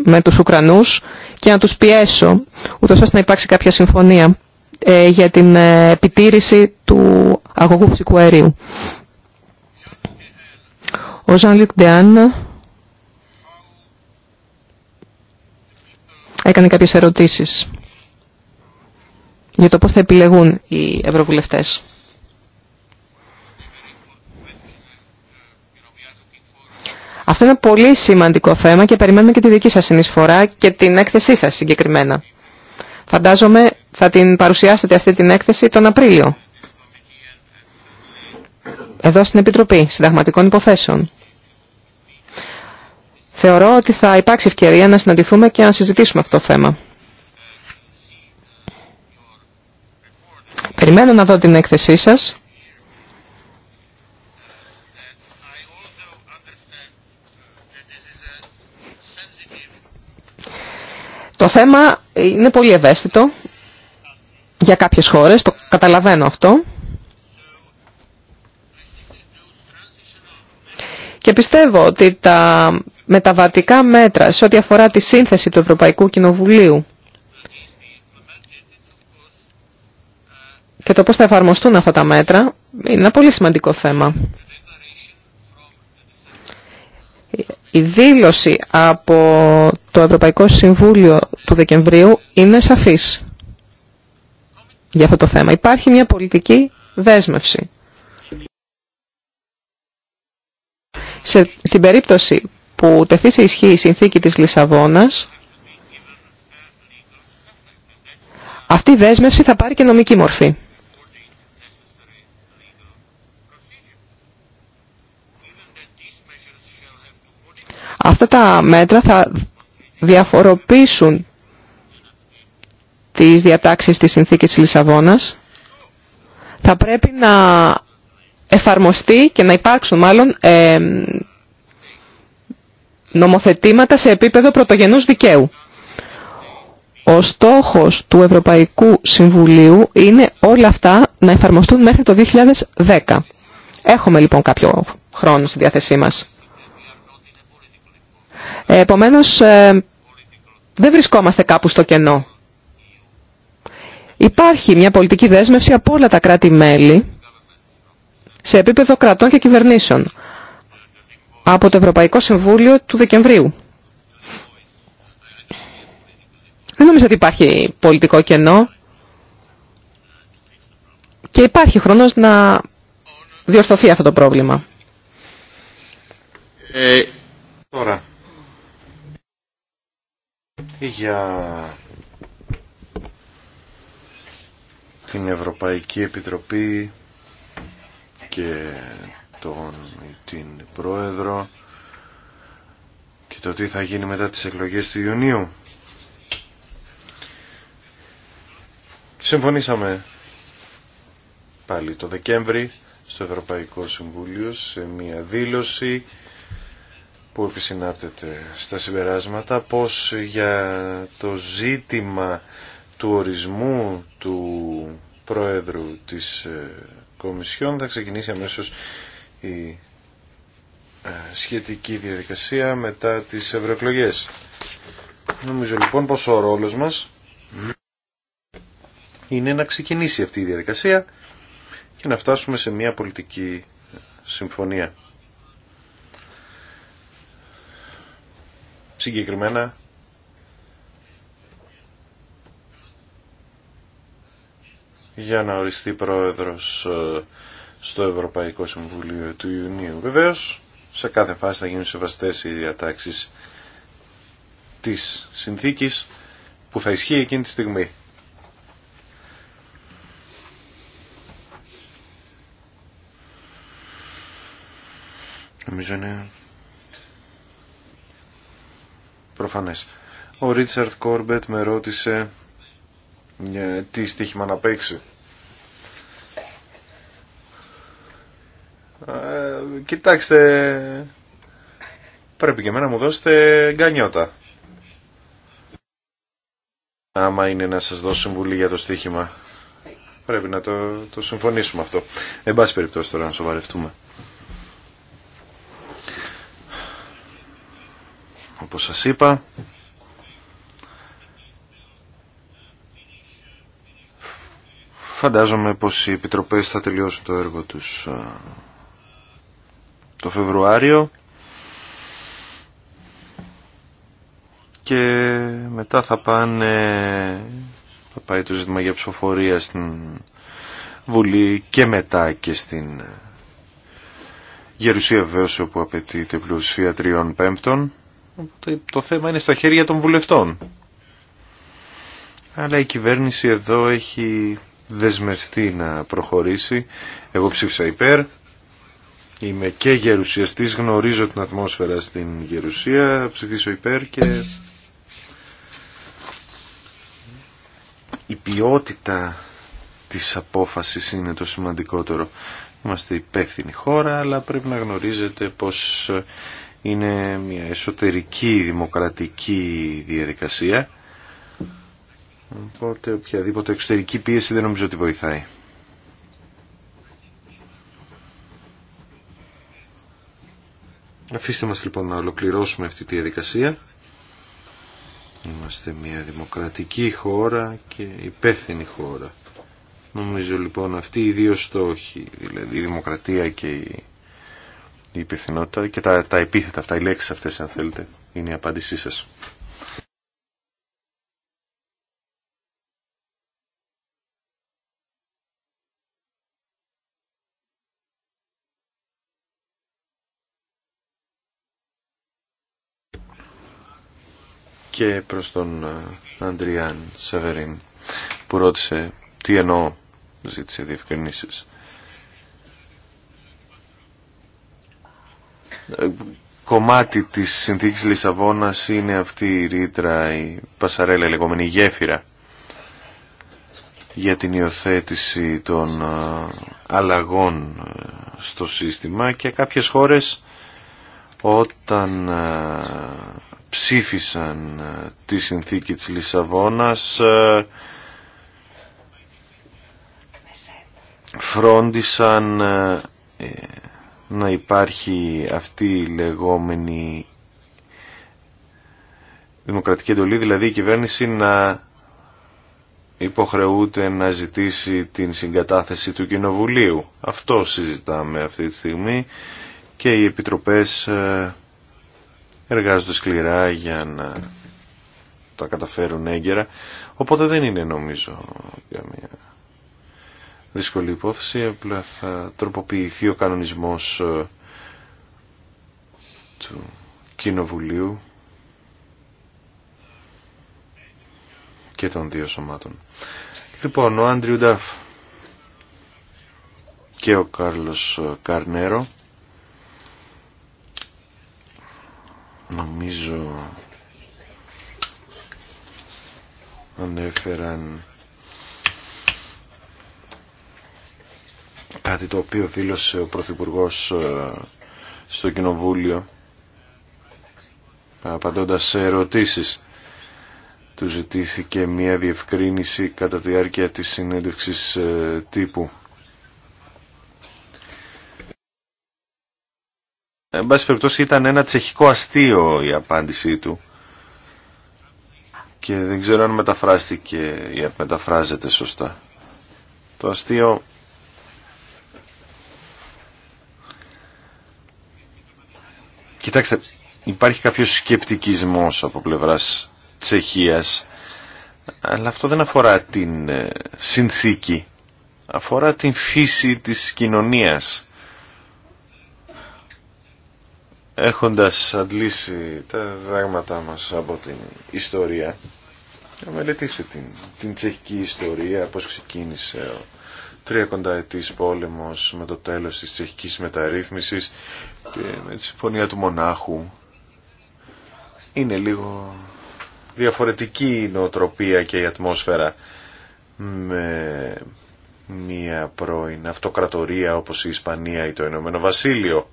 με τους Ουκρανούς και να τους πιέσω, ούτως ώστε να υπάρξει κάποια συμφωνία ε, για την ε, επιτήρηση του αγωγού φυσικού αερίου. Ο Ζαν Λιουκ Ντεάν έκανε κάποιες ερωτήσεις για το πώς θα επιλεγούν οι ευρωβουλευτές. Αυτό είναι πολύ σημαντικό θέμα και περιμένουμε και τη δική σας συνεισφορά και την έκθεσή σας συγκεκριμένα. Φαντάζομαι θα την παρουσιάσετε αυτή την έκθεση τον Απρίλιο. Εδώ στην Επιτροπή Συνταγματικών Υποθέσεων. Θεωρώ ότι θα υπάρξει ευκαιρία να συναντηθούμε και να συζητήσουμε αυτό το θέμα. Περιμένω να δω την έκθεσή σας. Το θέμα είναι πολύ ευαίσθητο για κάποιες χώρες, το καταλαβαίνω αυτό. Και πιστεύω ότι τα μεταβατικά μέτρα σε ό,τι αφορά τη σύνθεση του Ευρωπαϊκού Κοινοβουλίου και το πώς θα εφαρμοστούν αυτά τα μέτρα είναι ένα πολύ σημαντικό θέμα. Η δήλωση από το Ευρωπαϊκό Συμβούλιο του Δεκεμβρίου είναι σαφής για αυτό το θέμα. Υπάρχει μια πολιτική δέσμευση. Σε περίπτωση που τεθεί σε ισχύ η συνθήκη της Λισαβόνας, αυτή η δέσμευση θα πάρει και νομική μορφή. Αυτά τα μέτρα θα διαφοροποιήσουν τις διατάξεις της συνθήκης της Λισαβόνας. Θα πρέπει να εφαρμοστεί και να υπάρξουν μάλλον ε, νομοθετήματα σε επίπεδο πρωτογενούς δικαίου. Ο στόχος του Ευρωπαϊκού Συμβουλίου είναι όλα αυτά να εφαρμοστούν μέχρι το 2010. Έχουμε λοιπόν κάποιο χρόνο στη διάθεσή μας. Επομένως, ε, δεν βρισκόμαστε κάπου στο κενό. Υπάρχει μια πολιτική δέσμευση από όλα τα κράτη-μέλη σε επίπεδο κρατών και κυβερνήσεων από το Ευρωπαϊκό Συμβούλιο του Δεκεμβρίου. Δεν νομίζω ότι υπάρχει πολιτικό κενό και υπάρχει χρόνος να διορθωθεί αυτό το πρόβλημα. Ε, τώρα, για την Ευρωπαϊκή Επιτροπή και τον, την Πρόεδρο και το τι θα γίνει μετά τις εκλογές του Ιουνίου. Συμφωνήσαμε πάλι το Δεκέμβρη στο Ευρωπαϊκό Συμβούλιο σε μια δήλωση που επισυνάπτεται στα συμπεράσματα πως για το ζήτημα του ορισμού του Πρόεδρου της ε, Κομισιόν θα ξεκινήσει αμέσως η ε, σχετική διαδικασία μετά τις ευρωεκλογέ. Νομίζω λοιπόν πως ο ρόλος μας είναι να ξεκινήσει αυτή η διαδικασία και να φτάσουμε σε μια πολιτική ε, συμφωνία. συγκεκριμένα για να οριστεί πρόεδρος ε, στο Ευρωπαϊκό Συμβουλίο του Ιουνίου. Βεβαίως, σε κάθε φάση θα γίνουν σεβαστές οι διατάξεις της συνθήκης που θα ισχύει εκείνη τη στιγμή. Νομίζω είναι προφανές. Ο Ρίτσαρτ Κόρμπετ με ρώτησε ε, τι στοίχημα να παίξει. Ε, κοιτάξτε, πρέπει και εμένα να μου δώσετε γκανιώτα. Άμα είναι να σας δώσω συμβουλή για το στοίχημα. Πρέπει να το, το συμφωνήσουμε αυτό. Εν πάση περιπτώσει τώρα να σοβαρευτούμε. όπως σας είπα. Φαντάζομαι πως οι επιτροπές θα τελειώσουν το έργο τους ε, το Φεβρουάριο και μετά θα πάνε θα πάει το ζήτημα για ψηφοφορία στην Βουλή και μετά και στην ε, Γερουσία βεβαίως που απαιτείται πλουσία τριών πέμπτων το θέμα είναι στα χέρια των βουλευτών. Αλλά η κυβέρνηση εδώ έχει δεσμευτεί να προχωρήσει. Εγώ ψήφισα υπέρ. Είμαι και γερουσιαστής, γνωρίζω την ατμόσφαιρα στην γερουσία, ψηφίσω υπέρ και η ποιότητα της απόφασης είναι το σημαντικότερο. Είμαστε υπεύθυνη χώρα, αλλά πρέπει να γνωρίζετε πως είναι μια εσωτερική δημοκρατική διαδικασία οπότε οποιαδήποτε εξωτερική πίεση δεν νομίζω ότι βοηθάει. Αφήστε μας λοιπόν να ολοκληρώσουμε αυτή τη διαδικασία. Είμαστε μια δημοκρατική χώρα και υπεύθυνη χώρα. Νομίζω λοιπόν αυτοί οι δύο στόχοι, δηλαδή η δημοκρατία και η η υπευθυνότητα και τα, τα επίθετα αυτά, οι λέξεις αυτές αν θέλετε, είναι η απάντησή σας. και προς τον ε, Αντριάν Σεβερίν που ρώτησε τι εννοώ, ζήτησε διευκρινήσεις. κομμάτι της συνθήκης Λισαβόνας είναι αυτή η ρήτρα, η πασαρέλα, η λεγόμενη γέφυρα για την υιοθέτηση των ε, αλλαγών ε, στο σύστημα και κάποιες χώρες όταν ε, ψήφισαν τη συνθήκη της Λισαβόνας φρόντισαν να υπάρχει αυτή η λεγόμενη δημοκρατική εντολή, δηλαδή η κυβέρνηση να υποχρεούται να ζητήσει την συγκατάθεση του Κοινοβουλίου. Αυτό συζητάμε αυτή τη στιγμή και οι επιτροπές ε, εργάζονται σκληρά για να τα καταφέρουν έγκαιρα, οπότε δεν είναι νομίζω καμία δύσκολη υπόθεση, απλά θα τροποποιηθεί ο κανονισμός ε, του Κοινοβουλίου και των δύο σωμάτων. Λοιπόν, ο Άντριου Νταφ και ο Κάρλος Καρνέρο νομίζω ανέφεραν κάτι το οποίο δήλωσε ο Πρωθυπουργό ε, στο Κοινοβούλιο απαντώντας σε ερωτήσεις του ζητήθηκε μια διευκρίνηση κατά τη διάρκεια της συνέντευξης ε, τύπου. Εν πάση περιπτώσει ήταν ένα τσεχικό αστείο η απάντησή του και δεν ξέρω αν μεταφράστηκε ή αν μεταφράζεται σωστά. Το αστείο Κοιτάξτε, υπάρχει κάποιο σκεπτικισμό από πλευρά Τσεχίας, αλλά αυτό δεν αφορά την ε, συνθήκη, αφορά την φύση της κοινωνίας. Έχοντας αντλήσει τα δάγματά μας από την ιστορία, να μελετήσετε την, την τσεχική ιστορία, πώς ξεκίνησε ετης πόλεμος με το τέλος της τσεχικής μεταρρύθμισης και με τη συμφωνία του μονάχου είναι λίγο διαφορετική η νοοτροπία και η ατμόσφαιρα με μια πρώην αυτοκρατορία όπως η Ισπανία ή το Ηνωμένο Βασίλειο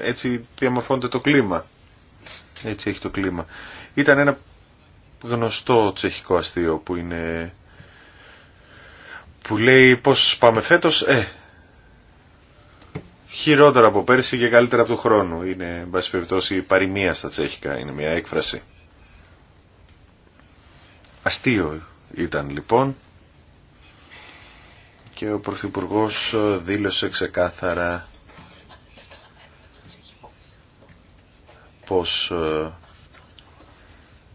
Έτσι διαμορφώνεται το κλίμα. Έτσι έχει το κλίμα. Ήταν ένα γνωστό τσεχικό αστείο που είναι... που λέει πώς πάμε φέτος, ε, χειρότερα από πέρσι και καλύτερα από του χρόνου. Είναι, εν πάση περιπτώσει, παροιμία στα τσέχικα. Είναι μια έκφραση. Αστείο ήταν λοιπόν και ο Πρωθυπουργός δήλωσε ξεκάθαρα πως ε,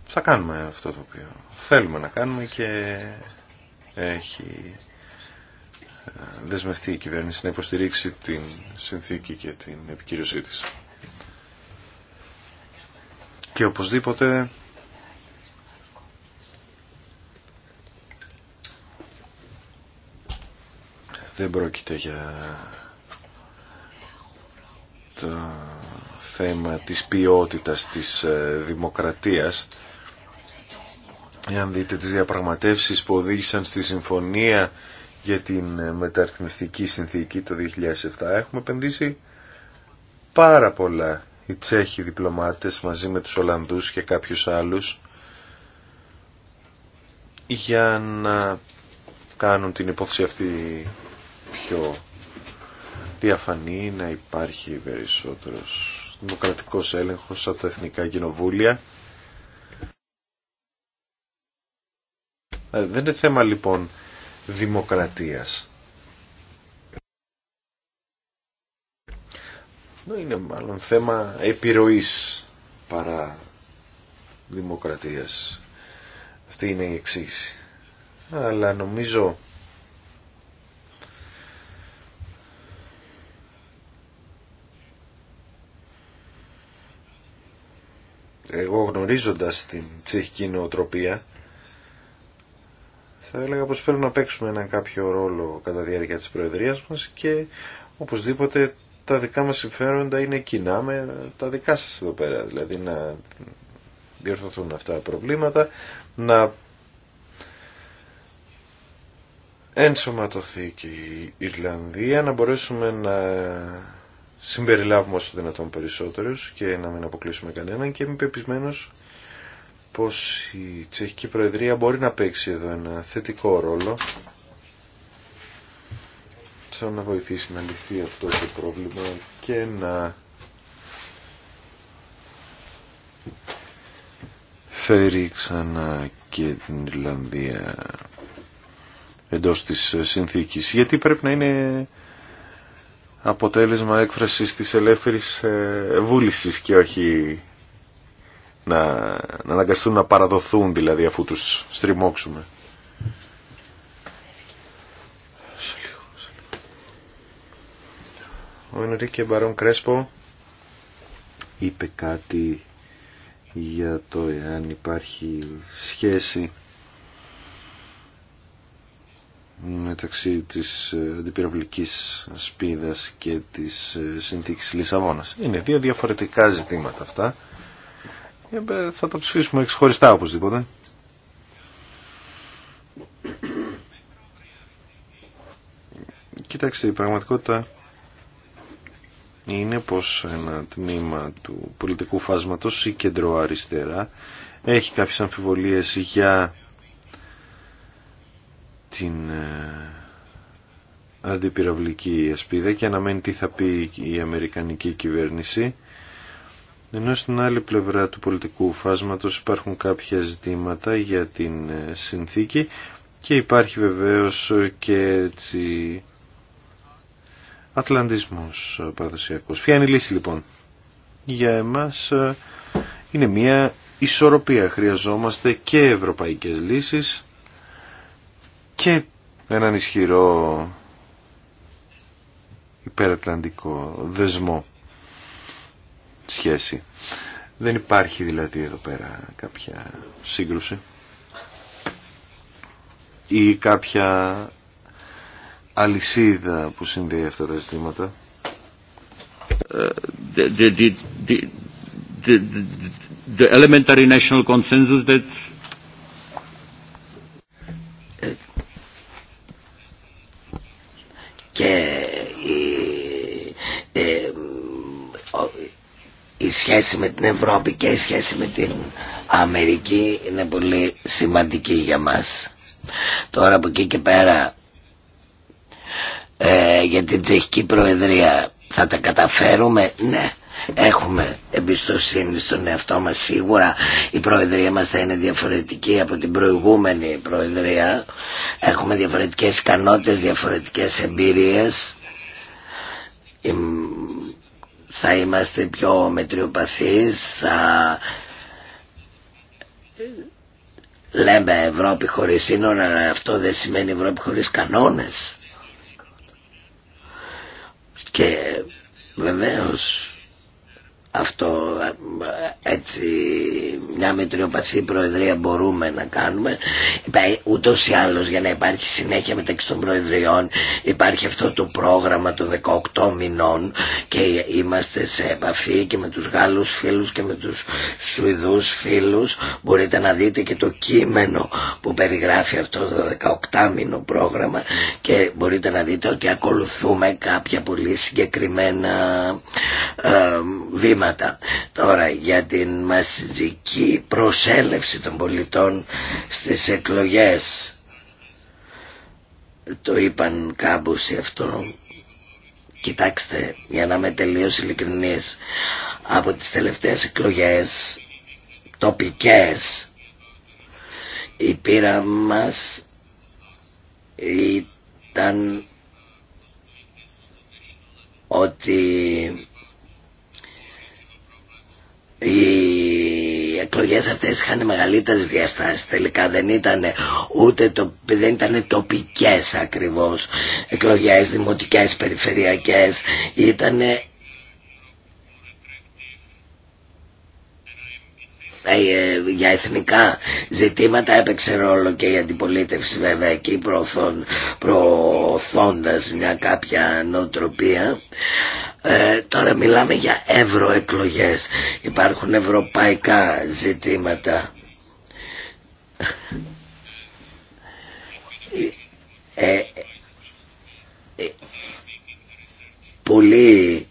θα κάνουμε αυτό το οποίο θέλουμε να κάνουμε και έχει ε, δεσμευτεί η κυβέρνηση να υποστηρίξει την συνθήκη και την επικύρωσή της. Και οπωσδήποτε δεν πρόκειται για τα θέμα της ποιότητας της ε, δημοκρατίας. Εάν δείτε τις διαπραγματεύσεις που οδήγησαν στη συμφωνία για την ε, μεταρρυθμιστική συνθήκη το 2007 έχουμε επενδύσει πάρα πολλά οι Τσέχοι διπλωμάτες μαζί με τους Ολλανδούς και κάποιους άλλους για να κάνουν την υπόθεση αυτή πιο διαφανή, να υπάρχει περισσότερος δημοκρατικός έλεγχος από τα Εθνικά Κοινοβούλια. Ε, δεν είναι θέμα λοιπόν δημοκρατίας. Είναι μάλλον θέμα επιρροής παρά δημοκρατίας. Αυτή είναι η εξήγηση. Αλλά νομίζω γνωρίζοντας την τσεχική νοοτροπία θα έλεγα πως πρέπει να παίξουμε έναν κάποιο ρόλο κατά διάρκεια της Προεδρίας μας και οπωσδήποτε τα δικά μας συμφέροντα είναι κοινά με τα δικά σας εδώ πέρα. Δηλαδή να διορθωθούν αυτά τα προβλήματα, να ενσωματωθεί και η Ιρλανδία, να μπορέσουμε να συμπεριλάβουμε όσο δυνατόν περισσότερους και να μην αποκλείσουμε κανέναν και είμαι πεπισμένος πως η Τσεχική Προεδρία μπορεί να παίξει εδώ ένα θετικό ρόλο σαν να βοηθήσει να λυθεί αυτό το πρόβλημα και να φέρει ξανά και την Ιρλανδία εντός της συνθήκης γιατί πρέπει να είναι αποτέλεσμα έκφρασης της ελεύθερης ε, βούλησης και όχι να, να αναγκαστούν να παραδοθούν δηλαδή αφού τους στριμώξουμε. Ο Ενρίκε Μπαρόν Κρέσπο είπε κάτι για το εάν υπάρχει σχέση μεταξύ της ε, αντιπυραυλικής σπίδας και της ε, συνθήκης Λισαβόνας. Είναι δύο διαφορετικά ζητήματα αυτά. Ε, θα τα ψηφίσουμε εξχωριστά οπωσδήποτε. Κοιτάξτε, η πραγματικότητα είναι πως ένα τμήμα του πολιτικού φάσματος, η κεντροαριστερά, έχει κάποιες αμφιβολίες για την ε, αντιπυραυλική ασπίδα και αναμένει τι θα πει η Αμερικανική κυβέρνηση ενώ στην άλλη πλευρά του πολιτικού φάσματος υπάρχουν κάποια ζητήματα για την ε, συνθήκη και υπάρχει βεβαίως και έτσι ατλαντισμός παραδοσιακός. Ποια είναι η λύση λοιπόν για εμάς ε, είναι μια ισορροπία. Χρειαζόμαστε και ευρωπαϊκές λύσεις και έναν ισχυρό υπερατλαντικό δεσμό σχέση. Δεν υπάρχει δηλαδή εδώ πέρα κάποια σύγκρουση ή κάποια αλυσίδα που συνδέει αυτά τα ζητήματα. Ε, the, the, the, the, elementary national consensus that και η, ε, η σχέση με την Ευρώπη και η σχέση με την Αμερική είναι πολύ σημαντική για μας. Τώρα από εκεί και πέρα ε, για την Τσεχική Προεδρία θα τα καταφέρουμε, ναι. Έχουμε εμπιστοσύνη στον εαυτό μας σίγουρα η Προεδρία μας θα είναι διαφορετική από την προηγούμενη Προεδρία έχουμε διαφορετικές ικανότητες, διαφορετικές εμπειρίες θα είμαστε πιο μετριοπαθείς λέμε Ευρώπη χωρίς σύνορα αλλά αυτό δεν σημαίνει Ευρώπη χωρίς κανόνες και βεβαίως αυτό έτσι μια μετριοπαθή προεδρία μπορούμε να κάνουμε ούτως ή άλλως για να υπάρχει συνέχεια μεταξύ των προεδριών υπάρχει αυτό το πρόγραμμα των 18 μηνών και είμαστε σε επαφή και με τους Γάλλους φίλους και με τους Σουηδούς φίλους μπορείτε να δείτε και το κείμενο που περιγράφει αυτό το 18 μηνό πρόγραμμα και μπορείτε να δείτε ότι ακολουθούμε κάποια πολύ συγκεκριμένα ε, βήματα Τώρα για την μαζική προσέλευση των πολιτών στις εκλογές. Το είπαν κάμποση αυτό. Κοιτάξτε, για να είμαι τελείως ειλικρινής, από τις τελευταίες εκλογές τοπικές η πείρα μας ήταν ότι οι εκλογές αυτές είχαν μεγαλύτερες διαστάσεις τελικά δεν ήταν ούτε το, δεν ήταν τοπικές ακριβώς εκλογές, δημοτικές, περιφερειακές ήταν Ε, ε, για εθνικά ζητήματα έπαιξε ρόλο και η αντιπολίτευση βέβαια εκεί προωθών, προωθώντας μια κάποια νοοτροπία ε, τώρα μιλάμε για ευρωεκλογές υπάρχουν ευρωπαϊκά ζητήματα ε, ε πολύ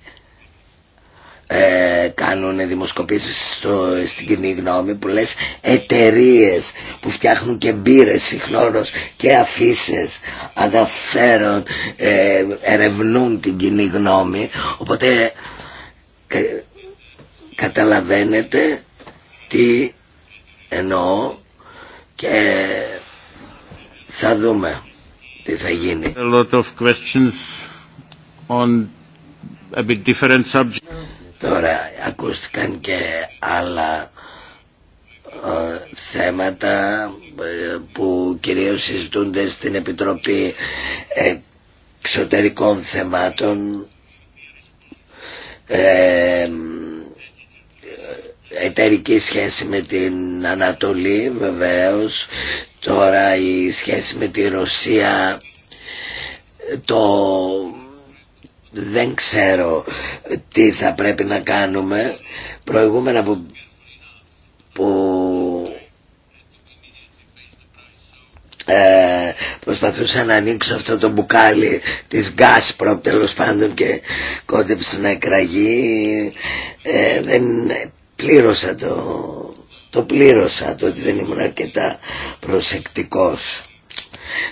ε, κάνουν δημοσκοπήσεις στο, στην κοινή γνώμη που λες εταιρείε που φτιάχνουν και μπύρες συγχλώρος και αφήσει αναφέρον ε, ερευνούν την κοινή γνώμη οπότε καταλαβαίνετε τι εννοώ και θα δούμε τι θα γίνει. of questions on a Τώρα ακούστηκαν και άλλα ε, θέματα ε, που κυρίως συζητούνται στην Επιτροπή Εξωτερικών Θεμάτων ε, ε, εταιρική σχέση με την Ανατολή βεβαίως τώρα η σχέση με τη Ρωσία το δεν ξέρω τι θα πρέπει να κάνουμε προηγούμενα που ε, προσπαθούσα να ανοίξω αυτό το μπουκάλι της Γκάσπρο τέλο πάντων και κόντεψε να εκραγεί ε, δεν πλήρωσα το το πλήρωσα το ότι δεν ήμουν αρκετά προσεκτικός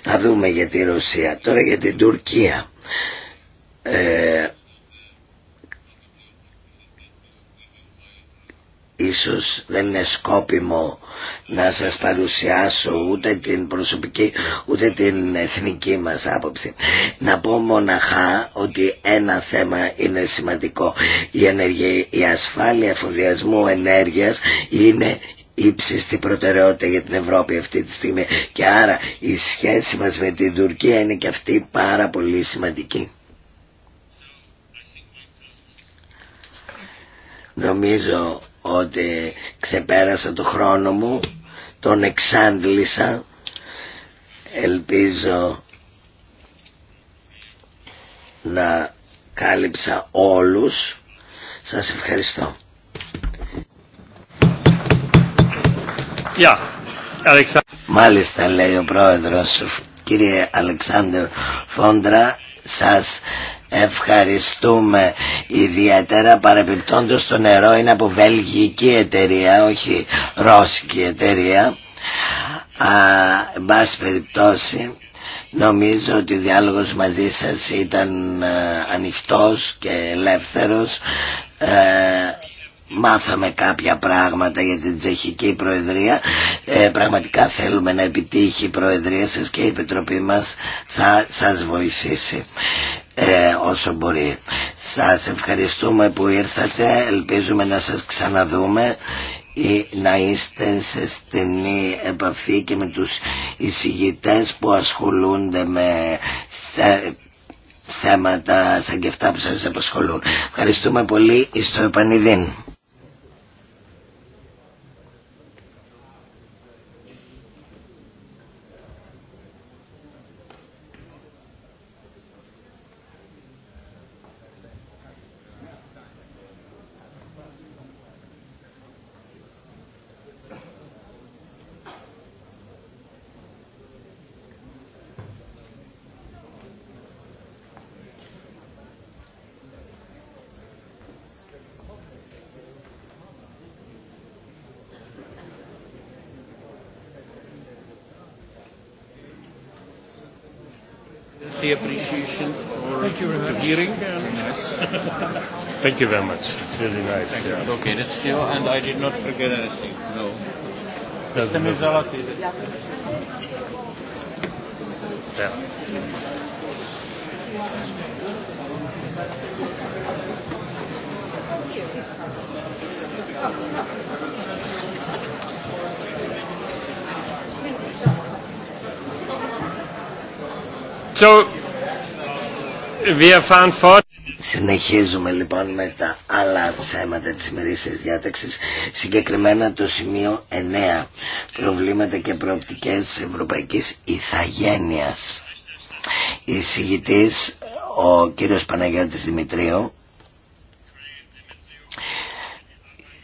Θα δούμε για τη Ρωσία τώρα για την Τουρκία ε, ίσως δεν είναι σκόπιμο να σας παρουσιάσω ούτε την προσωπική ούτε την εθνική μας άποψη. Να πω μοναχά ότι ένα θέμα είναι σημαντικό. Η, ενεργεια, η ασφάλεια εφοδιασμού ενέργειας είναι ύψιστη προτεραιότητα για την Ευρώπη αυτή τη στιγμή και άρα η σχέση μας με την Τουρκία είναι και αυτή πάρα πολύ σημαντική. Νομίζω ότι ξεπέρασα το χρόνο μου, τον εξάντλησα. Ελπίζω να κάλυψα όλους. Σας ευχαριστώ. Yeah. Μάλιστα λέει ο πρόεδρος κύριε Αλεξάνδρ Φόντρα σας ευχαριστούμε ιδιαίτερα παρεμπιπτόντως το νερό είναι από βελγική εταιρεία όχι ρώσικη εταιρεία Α, περιπτώσει νομίζω ότι ο διάλογος μαζί σας ήταν ε, ανοιχτός και ελεύθερος ε, μάθαμε κάποια πράγματα για την τσεχική προεδρία ε, πραγματικά θέλουμε να επιτύχει η προεδρία σας και η επιτροπή μας θα σας βοηθήσει ε, όσο μπορεί σας ευχαριστούμε που ήρθατε ελπίζουμε να σας ξαναδούμε ή να είστε σε στενή επαφή και με τους εισηγητές που ασχολούνται με θέματα σαν και αυτά που σας απασχολούν. Ευχαριστούμε πολύ. Στο επανειδήν. Thank you very much. It's really nice. Thank yeah. you. chill. and I did not forget anything. No. Mr. Mizalat Yeah. So, wir fahren fort. Συνεχίζουμε λοιπόν με τα άλλα θέματα της ημερήσιας διάταξης, συγκεκριμένα το σημείο 9, προβλήματα και προοπτικές της Ευρωπαϊκής Ιθαγένειας. Η συγητής, ο κύριος Παναγιώτης Δημητρίου,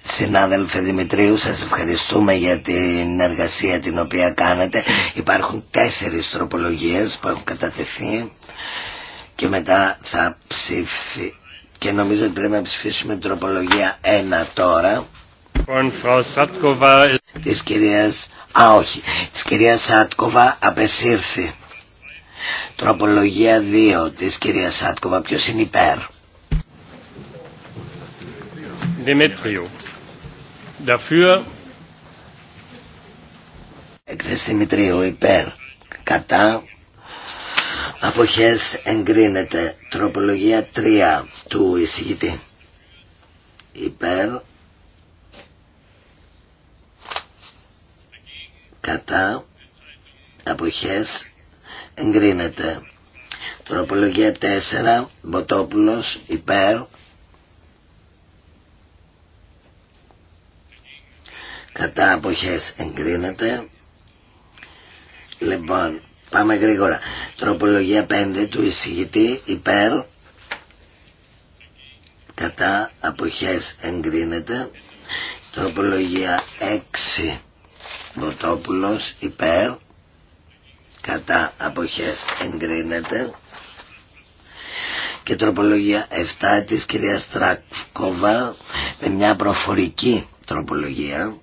Συνάδελφε Δημητρίου, σας ευχαριστούμε για την εργασία την οποία κάνετε. Υπάρχουν τέσσερις τροπολογίες που έχουν κατατεθεί και μετά θα ψηφι... και νομίζω ότι πρέπει να ψηφίσουμε τροπολογία 1 τώρα της κυρίας α όχι της κυρίας Σάτκοβα απεσύρθη τροπολογία 2 της κυρίας Σάτκοβα ποιος είναι υπέρ Δημήτριο. Dafür Εκθέση Δημητρίου υπέρ κατά Αποχές εγκρίνεται. Τροπολογία 3 του εισηγητή. Υπέρ. Κατά. Αποχές εγκρίνεται. Τροπολογία 4. Μποτόπουλος. Υπέρ. Κατά αποχές εγκρίνεται. Λοιπόν, Πάμε γρήγορα. Τροπολογία 5 του εισηγητή υπέρ κατά αποχές εγκρίνεται. Τροπολογία 6 Βοτόπουλος υπέρ κατά αποχές εγκρίνεται και τροπολογία 7 της κυρίας Τρακκόβα με μια προφορική τροπολογία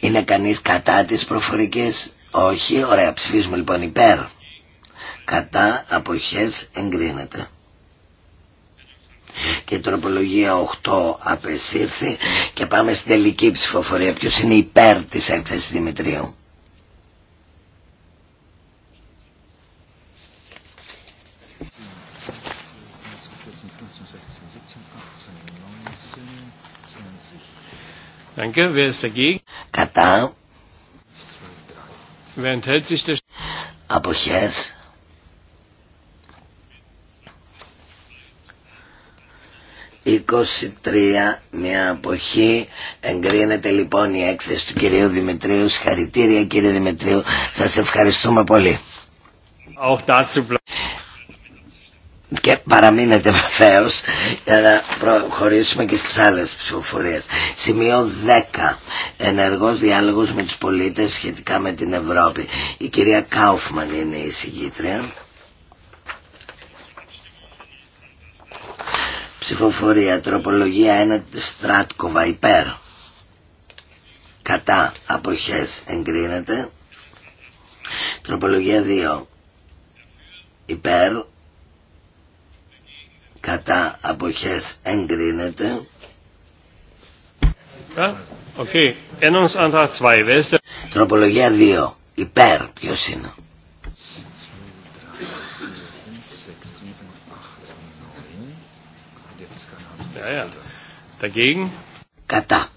είναι κανείς κατά τις προφορικές, Όχι. Ωραία. Ψηφίζουμε λοιπόν υπέρ. Κατά αποχές εγκρίνεται. Και η τροπολογία 8 απεσύρθη και πάμε στην τελική ψηφοφορία. Ποιος είναι υπέρ της έκθεσης Δημητρίου. Danke, wer ist Κατά. Αποχές. μια αποχή εγκρίνεται λοιπόν η έκθεση του κυρίου Δημητρίου. Συγχαρητήρια κύριε Δημητρίου. Σας ευχαριστούμε πολύ και παραμείνετε βεβαίω για να προχωρήσουμε και στις άλλες ψηφοφορίες. Σημείο 10. Ενεργός διάλογος με τους πολίτες σχετικά με την Ευρώπη. Η κυρία Κάουφμαν είναι η συγγήτρια. Ψηφοφορία. Τροπολογία 1 στράτκοβα υπέρ. Κατά αποχές εγκρίνεται. Τροπολογία 2 υπέρ κατά αποχές εγκρίνεται. Τροπολογία 2. Υπέρ ποιος είναι. Κατά.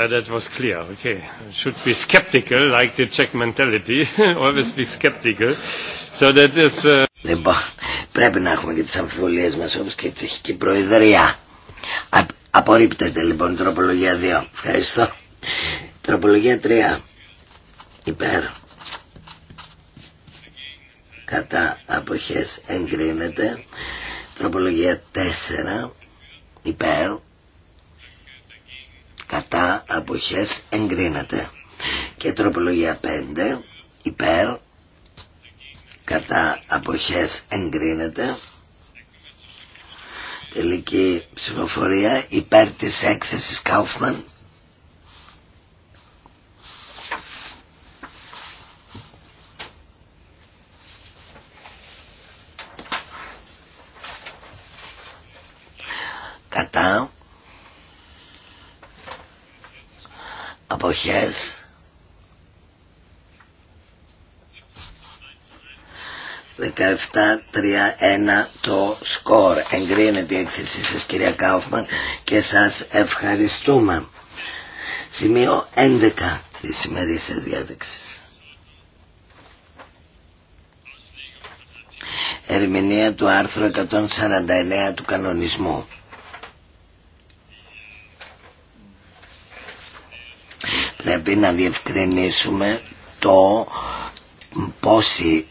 Uh, that was clear. Okay. Should be skeptical, like the Czech mentality. Always be skeptical. So that is... Uh, λοιπόν, πρέπει να έχουμε και τις αμφιβολίες μας όπως και η τσεχική προεδρία. απορρίπτεται λοιπόν τροπολογία 2. Ευχαριστώ. Τροπολογία 3. Υπέρ. Κατά αποχές εγκρίνεται. Τροπολογία 4. Υπέρ κατά αποχές εγκρίνεται και τροπολογία 5 υπέρ κατά αποχές εγκρίνεται τελική ψηφοφορία υπέρ της έκθεσης Κάουφμαν, 3 Δεκαεφτά το σκορ εγκρίνεται η έκθεσή σας κυρία Κάουφμαν και σας ευχαριστούμε σημείο 11 της σημερινής σας διάδεξης ερμηνεία του άρθρου 149 του κανονισμού πρέπει να διευκρινίσουμε το πόσοι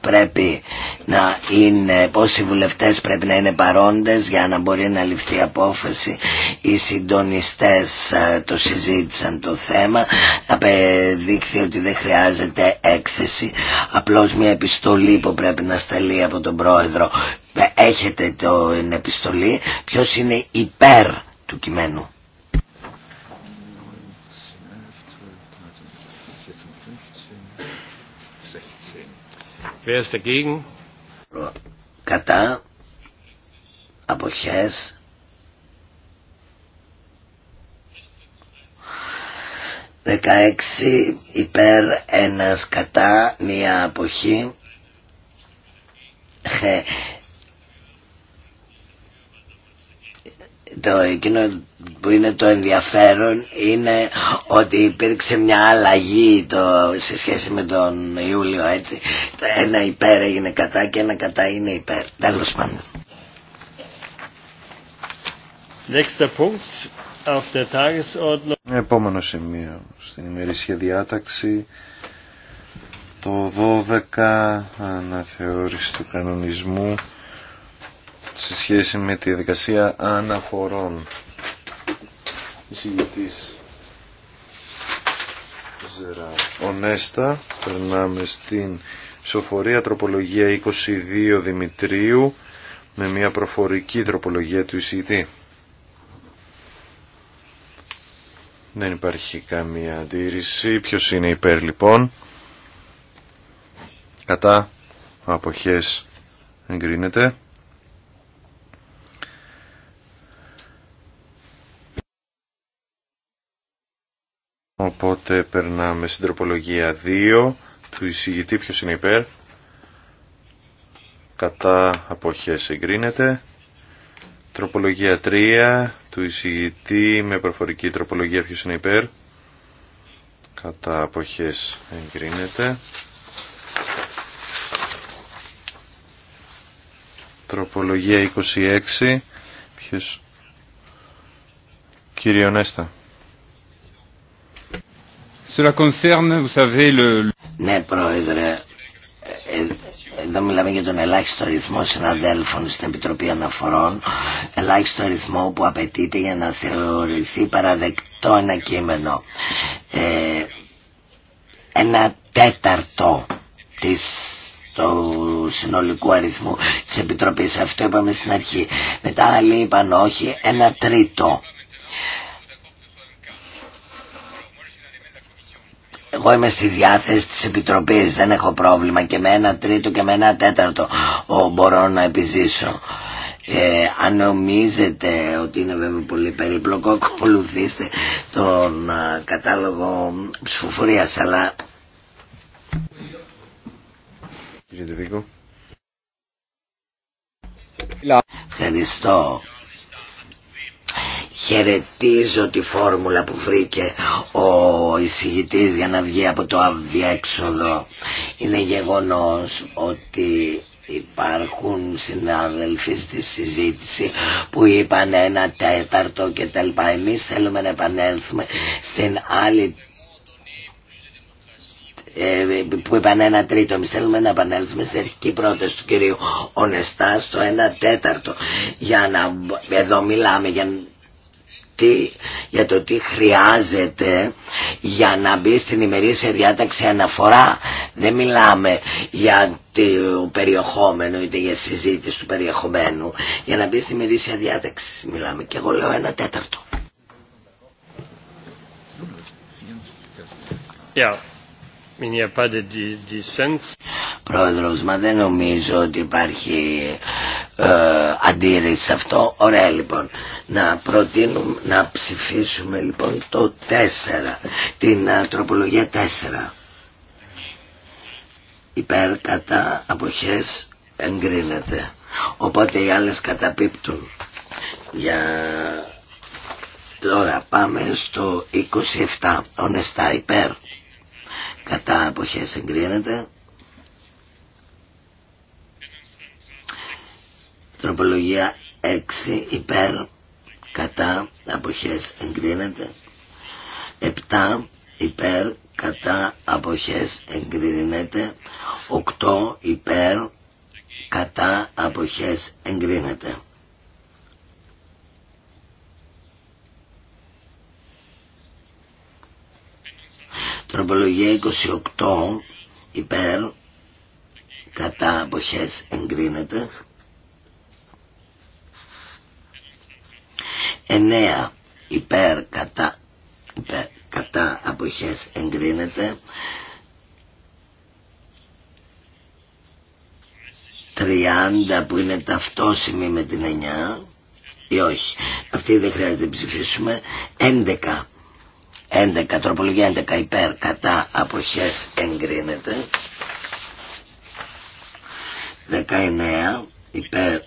πρέπει να είναι, πόσοι βουλευτές πρέπει να είναι παρόντες για να μπορεί να ληφθεί απόφαση. Οι συντονιστές ε, το συζήτησαν το θέμα, απεδείχθη ότι δεν χρειάζεται έκθεση, απλώς μια επιστολή που πρέπει να σταλεί από τον πρόεδρο. Ε, έχετε την επιστολή, ποιος είναι υπέρ του κειμένου. Wer ist dagegen? Κατά. Αποχές. Δεκαέξι υπέρ ένας κατά μία αποχή. Το εκείνο που είναι το ενδιαφέρον είναι ότι υπήρξε μια αλλαγή το, σε σχέση με τον Ιούλιο έτσι ένα υπέρ έγινε κατά και ένα κατά είναι υπέρ τέλος πάντων Επόμενο σημείο στην ημερήσια διάταξη το 12 αναθεώρηση του κανονισμού σε σχέση με τη διαδικασία αναφορών Ζερά Ονέστα. Περνάμε στην Σοφορία, τροπολογία 22 Δημητρίου με μια προφορική τροπολογία του εισηγητή. Δεν υπάρχει καμία αντίρρηση. Ποιος είναι υπέρ λοιπόν. Κατά αποχές εγκρίνεται. Οπότε περνάμε στην τροπολογία 2 του εισηγητή ποιο είναι υπέρ. Κατά αποχές εγκρίνεται. Τροπολογία 3 του εισηγητή με προφορική τροπολογία ποιο είναι υπέρ. Κατά αποχές εγκρίνεται. Τροπολογία 26. Ποιος... Κύριε Ονέστα. Cela concerne, vous savez, le... Ναι, Πρόεδρε, ε, εδώ μιλάμε για τον ελάχιστο αριθμό συναδέλφων στην Επιτροπή Αναφορών, ελάχιστο αριθμό που απαιτείται για να θεωρηθεί παραδεκτό ένα κείμενο. Ε, ένα τέταρτο της του συνολικού αριθμού της Επιτροπής. Αυτό είπαμε στην αρχή. Μετά άλλοι είπαν όχι, ένα τρίτο. Εγώ είμαι στη διάθεση της Επιτροπής, δεν έχω πρόβλημα και με ένα τρίτο και με ένα τέταρτο μπορώ να επιζήσω. Ε, αν νομίζετε ότι είναι βέβαια πολύ περίπλοκο ακολουθήστε τον κατάλογο ψηφοφορίας αλλά Ευχαριστώ χαιρετίζω τη φόρμουλα που βρήκε ο εισηγητής για να βγει από το αδιέξοδο. Είναι γεγονός ότι υπάρχουν συνάδελφοι στη συζήτηση που είπαν ένα τέταρτο και τα λοιπά. Εμείς θέλουμε να επανέλθουμε στην άλλη ε, που είπαν ένα τρίτο εμείς θέλουμε να επανέλθουμε στην αρχική πρόταση του κυρίου Ονεστά στο ένα τέταρτο για να εδώ μιλάμε για τι, για το τι χρειάζεται για να μπει στην ημερήσια διάταξη αναφορά. Δεν μιλάμε για το περιεχόμενο είτε για συζήτηση του περιεχομένου. Για να μπει στην ημερήσια διάταξη μιλάμε και εγώ λέω ένα τέταρτο. Πρόεδρος, μα δεν νομίζω ότι υπάρχει ε, αντίρρηση σε αυτό. Ωραία λοιπόν, να προτείνουμε, να ψηφίσουμε λοιπόν το 4, την ανθρωπολογία ε, 4. Υπέρ κατά αποχές εγκρίνεται. Οπότε οι άλλες καταπίπτουν. Για... Τώρα πάμε στο 27, ονεστά υπέρ κατά αποχές εγκρίνεται τροπολογία 6 υπέρ κατά αποχές εγκρίνεται 7 υπέρ κατά αποχές εγκρίνεται 8 υπέρ κατά αποχές εγκρίνεται Τροπολογία 28 υπέρ κατά αποχές εγκρίνεται. 9 υπέρ κατά, υπέρ κατά αποχές εγκρίνεται. 30 που είναι ταυτόσιμη με την 9 ή όχι. Αυτή δεν χρειάζεται να ψηφίσουμε. 11 11, τροπολογία 11 υπέρ κατά αποχές εγκρίνεται 19 υπέρ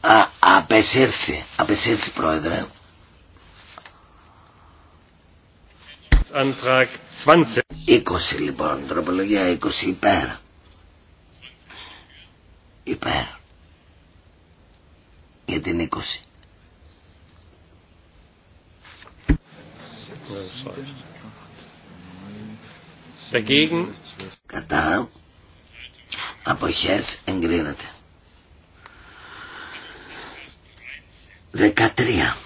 Α, απεσύρθη απεσύρθη πρόεδρε Antrag 20. 20 λοιπόν, τροπολογία 20 υπέρ. Υπέρ. Για την 20. Dagegen. Κατά. Αποχές εγκρίνεται. 13.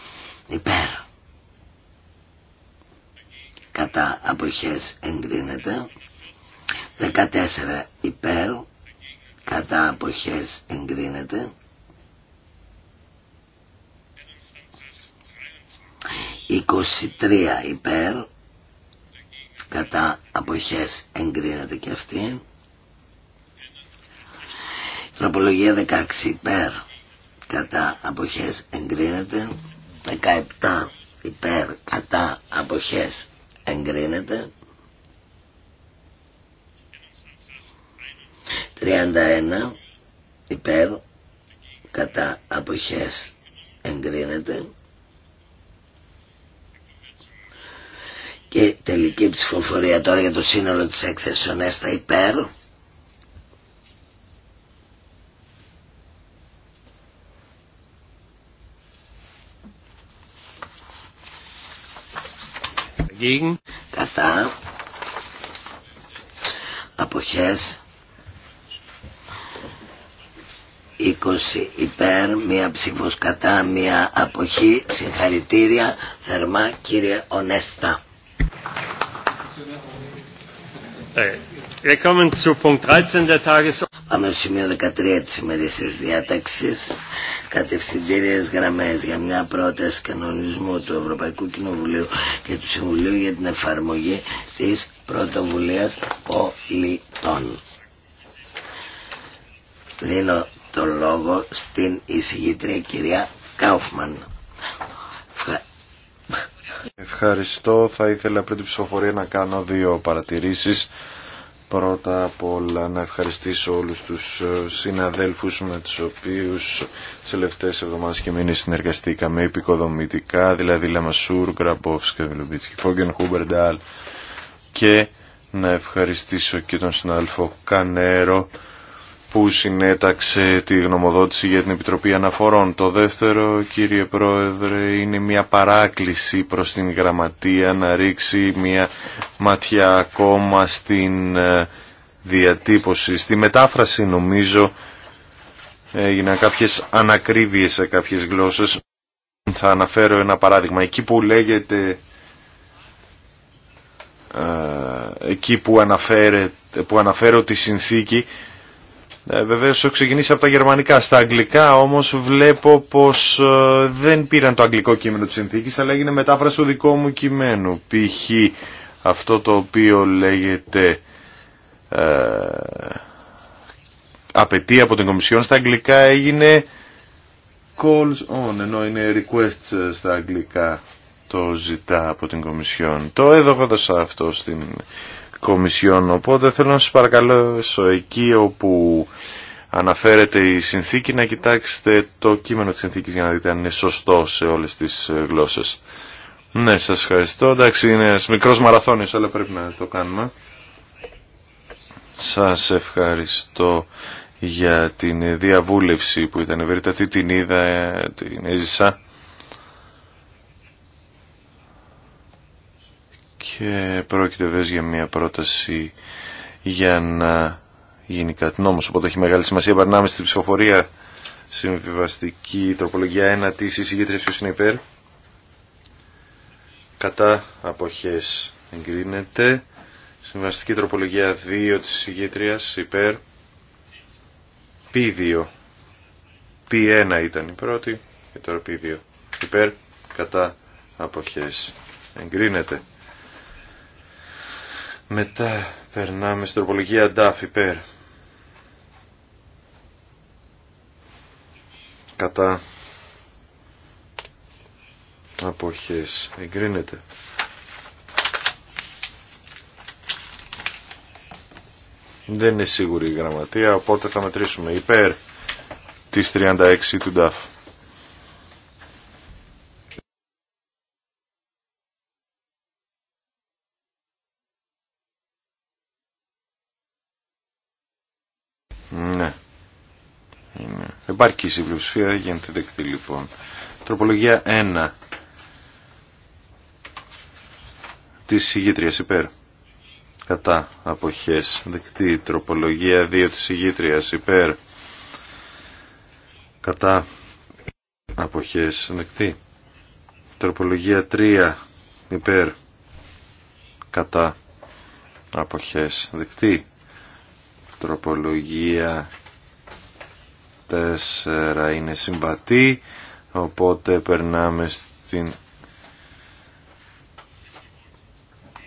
Υπέρ. Κατά αποχές εγκρίνεται. 14. Υπέρ. Κατά αποχές εγκρίνεται. 23 υπέρ κατά αποχές εγκρίνεται και αυτή τροπολογία 16 υπέρ κατά αποχές εγκρίνεται 17 υπέρ κατά αποχές εγκρίνεται 31 υπέρ κατά αποχές εγκρίνεται Και τελική ψηφοφορία τώρα για το σύνολο της έκθεσης Ονέστα υπέρ. Κατά Αποχές 20 υπέρ Μία ψήφος κατά Μία αποχή Συγχαρητήρια Θερμά κύριε Ονέστα ε, ε, Πάμε στο σημείο 13 της ημερήσιας διάταξη κατευθυντήριες γραμμές για μια πρόταση κανονισμού του Ευρωπαϊκού Κοινοβουλίου και του Συμβουλίου για την εφαρμογή της πρωτοβουλία πολιτών. Δίνω το λόγο στην εισηγήτρια κυρία Κάουφμαν. Ευχαριστώ. Θα ήθελα πριν την ψηφοφορία να κάνω δύο παρατηρήσεις. Πρώτα απ' όλα να ευχαριστήσω όλους τους ε, συναδέλφους με τους οποίους τις τελευταίες εβδομάδες και μήνες συνεργαστήκαμε επικοδομητικά, δηλαδή Λαμασούρ, Γκραμπόφσκα, Βιλουμπίτσκι, Φόγγεν, Χούμπερντάλ και να ευχαριστήσω και τον συναδελφό Κανέρο που συνέταξε τη γνωμοδότηση για την Επιτροπή Αναφορών. Το δεύτερο, κύριε Πρόεδρε, είναι μια παράκληση προς την Γραμματεία να ρίξει μια ματιά ακόμα στην ε, διατύπωση. Στη μετάφραση νομίζω έγιναν κάποιες ανακρίβειες σε κάποιες γλώσσες. Θα αναφέρω ένα παράδειγμα. Εκεί που λέγεται ε, εκεί που, που αναφέρω τη συνθήκη ε, βεβαίως έχω ξεκινήσει από τα γερμανικά. Στα αγγλικά όμως βλέπω πως ε, δεν πήραν το αγγλικό κείμενο της συνθήκης αλλά έγινε μετάφραση του δικό μου κειμένου. Π.χ. αυτό το οποίο λέγεται ε, απαιτεί από την Κομισιόν στα αγγλικά έγινε calls on ενώ είναι requests ε, στα αγγλικά το ζητά από την Κομισιόν. Το σε αυτό στην Κομισιόν. Οπότε θέλω να σας παρακαλώ εκεί όπου αναφέρεται η συνθήκη να κοιτάξετε το κείμενο της συνθήκης για να δείτε αν είναι σωστό σε όλες τις ε, γλώσσες. Ναι, σας ευχαριστώ. Εντάξει, είναι ένας μικρός μαραθώνιος, αλλά πρέπει να το κάνουμε. Σας ευχαριστώ για την διαβούλευση που ήταν ευρύτατη, την είδα, ε, την έζησα. και πρόκειται βέβαια για μια πρόταση για να γίνει κάτι νόμος, οπότε έχει μεγάλη σημασία. Περνάμε στην ψηφοφορία συμβιβαστική τροπολογία 1 της εισηγήτριας που είναι υπέρ. Κατά αποχές εγκρίνεται. Συμβαστική τροπολογία 2 της εισηγήτριας π 2 π P1 ήταν η πρώτη και τωρα π P2. Υπέρ κατά αποχές εγκρίνεται. Μετά περνάμε στην τροπολογία DAF υπέρ. Κατά αποχές εγκρίνεται. Δεν είναι σίγουρη η γραμματεία, οπότε θα μετρήσουμε υπέρ της 36 του DAF. υπάρχει η πλειοψηφία για να λοιπόν. Τροπολογία 1 Τη ηγήτρια υπέρ. Κατά αποχέ. δεκτή. Τροπολογία 2 τη ηγήτρια υπέρ. Κατά αποχέ. δεκτή. Τροπολογία 3 υπέρ. Κατά αποχέ. δεκτή. Τροπολογία 4 είναι συμβατή, οπότε περνάμε στην...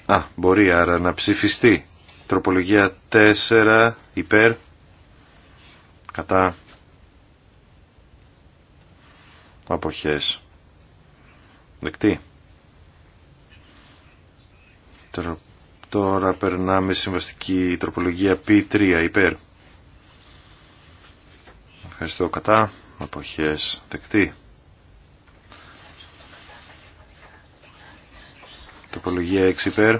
Α, μπορεί άρα να ψηφιστεί. Τροπολογία 4 υπέρ, κατά αποχές. Δεκτή. Τώρα περνάμε συμβαστική τροπολογία P3 υπέρ. Ευχαριστώ κατά. Αποχές δεκτή. Τοπολογία 6 υπέρ.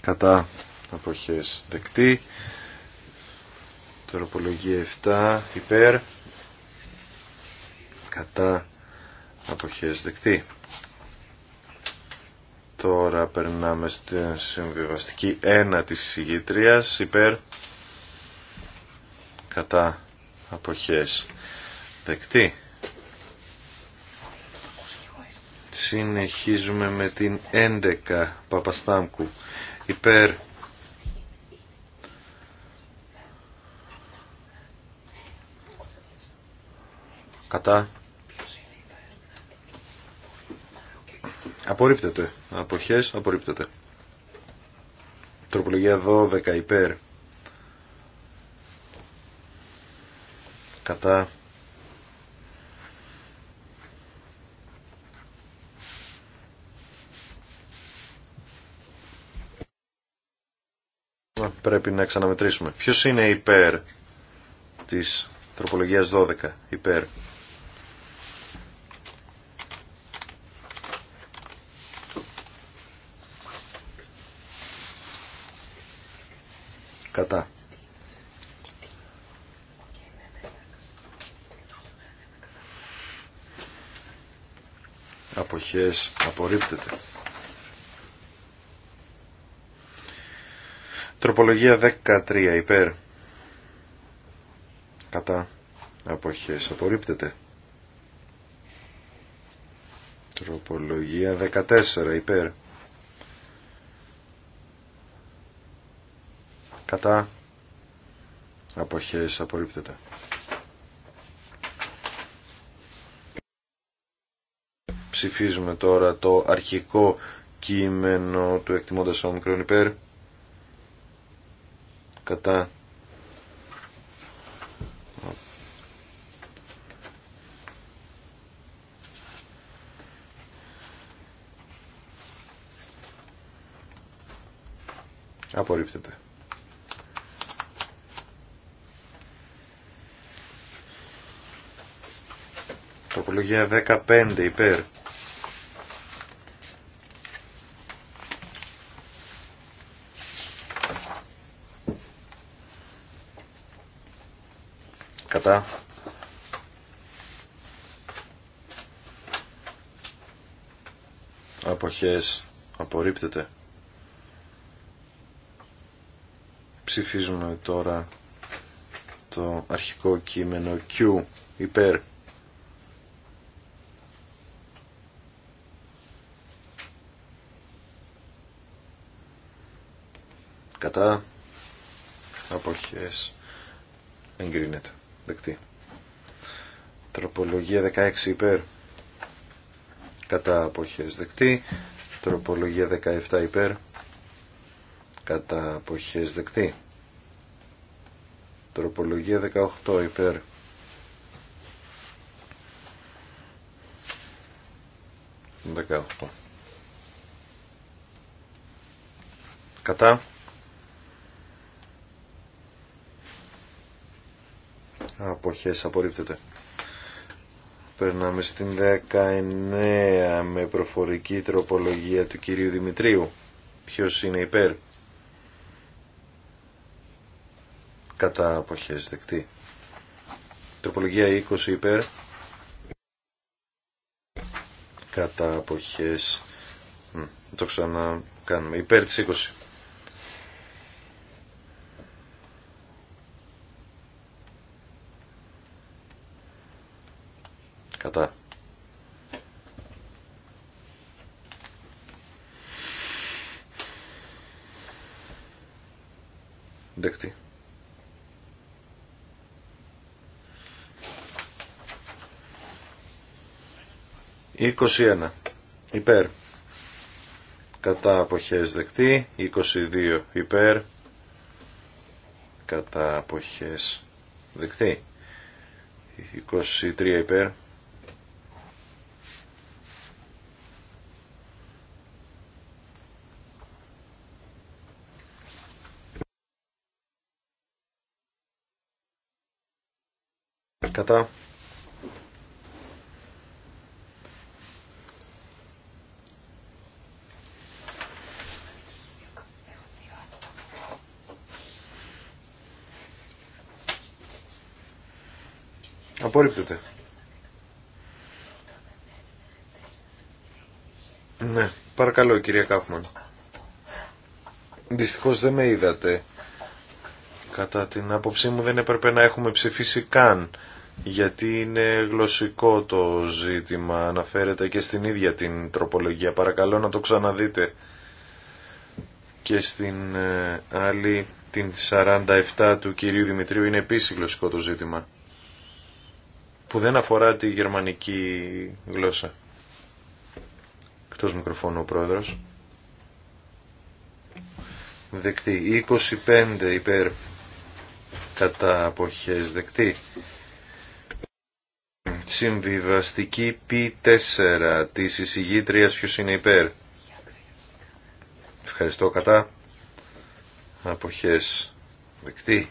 Κατά. Αποχές δεκτή. Τροπολογία 7 υπέρ. Κατά. Αποχές δεκτή. Τώρα περνάμε στην συμβιβαστική 1 της συγγήτριας υπέρ. Κατά αποχές δεκτή. Συνεχίζουμε με την 11 Παπαστάμκου υπέρ κατά απορρίπτεται αποχές απορρίπτεται τροπολογία 12 υπέρ κατά πρέπει να ξαναμετρήσουμε ποιος είναι υπέρ της τροπολογίας 12 υπέρ αποχές απορρίπτεται. Τροπολογία 13 υπέρ κατά αποχές απορρίπτεται. Τροπολογία 14 υπέρ κατά αποχές απορρίπτεται. ψηφίζουμε τώρα το αρχικό κείμενο του εκτιμώντας όμικρον υπέρ κατά απορρίπτεται. Τοπολογία 15 υπέρ κατά αποχές απορρίπτεται ψηφίζουμε τώρα το αρχικό κείμενο Q υπέρ κατά αποχές εγκρίνεται δεκτή. Τροπολογία 16 υπέρ κατά αποχές δεκτή. Τροπολογία 17 υπέρ κατά αποχές δεκτή. Τροπολογία 18 υπέρ Κατά αποχές απορρίπτεται. Περνάμε στην 19 με προφορική τροπολογία του κυρίου Δημητρίου. Ποιος είναι υπέρ. Κατά αποχές δεκτή. Τροπολογία 20 υπέρ. Κατά αποχές. Το ξανακάνουμε; Υπέρ της 20. 21 υπέρ κατά αποχές δεκτή 22 υπέρ κατά αποχές δεκτή 23 υπέρ κατά απορρίπτεται. Ναι, παρακαλώ κυρία Κάφμαν. Δυστυχώς δεν με είδατε. Κατά την άποψή μου δεν έπρεπε να έχουμε ψηφίσει καν, γιατί είναι γλωσσικό το ζήτημα, αναφέρεται και στην ίδια την τροπολογία. Παρακαλώ να το ξαναδείτε. Και στην ε, άλλη, την 47 του κυρίου Δημητρίου, είναι επίσης γλωσσικό το ζήτημα που δεν αφορά τη γερμανική γλώσσα. Εκτός μικροφώνου ο πρόεδρος. Δεκτή. 25 υπέρ κατά αποχές δεκτή. Συμβιβαστική P4 της εισηγήτριας ποιος είναι υπέρ. Ευχαριστώ κατά. Αποχές δεκτή.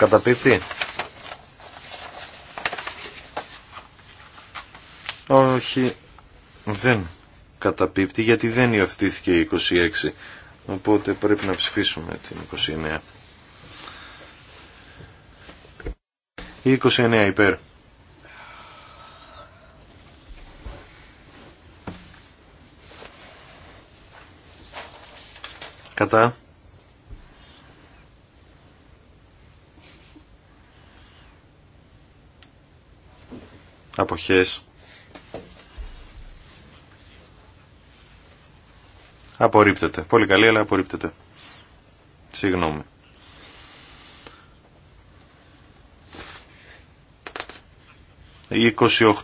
Καταπίπτει. Όχι, δεν καταπίπτει γιατί δεν υιοθετήθηκε η 26. Οπότε πρέπει να ψηφίσουμε την 29. Η 29 υπέρ. Κατά. αποχές απορρίπτεται. Πολύ καλή αλλά απορρίπτεται. Συγγνώμη.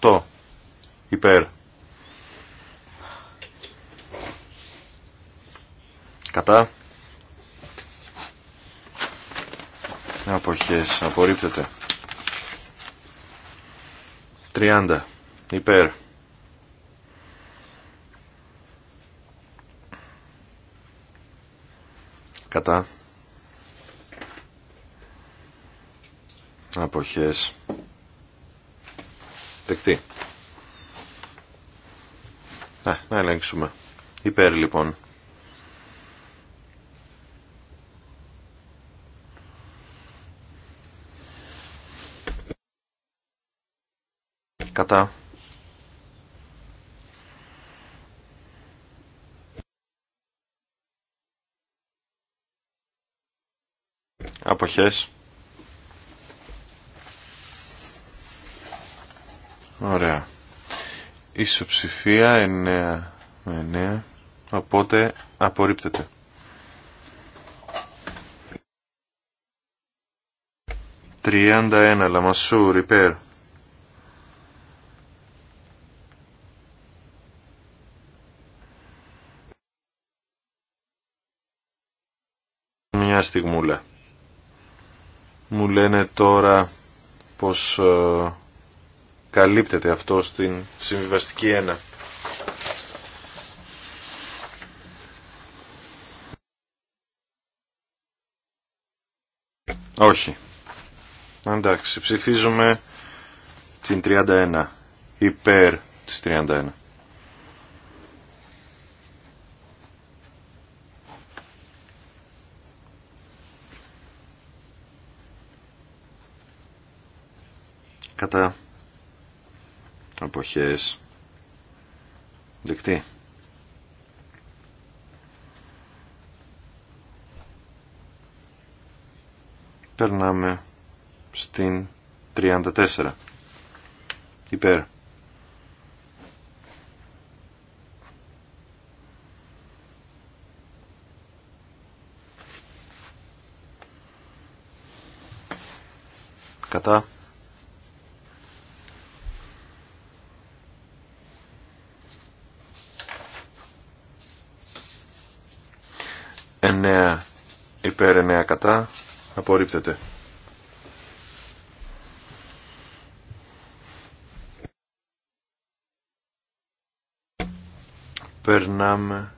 28 υπέρ. Κατά. Αποχές απορρίπτεται. 30 υπέρ κατά αποχές δεκτή. Α, να ελέγξουμε. Υπέρ λοιπόν. Αποχές. Ωραία. Ισοψηφία 9 με 9. Οπότε απορρίπτεται. Τριάντα ένα, λαμασού, ριπέρ. Μια στιγμούλα. Μου λένε τώρα πως ε, καλύπτεται αυτό στην συμβιβαστική 1. Όχι. Εντάξει, ψηφίζουμε την 31. Υπέρ της 31. κατά αποχές δεκτή. Περνάμε στην 34. Υπέρ. Κατά. υπέρ 9 κατά απορρίπτεται. Περνάμε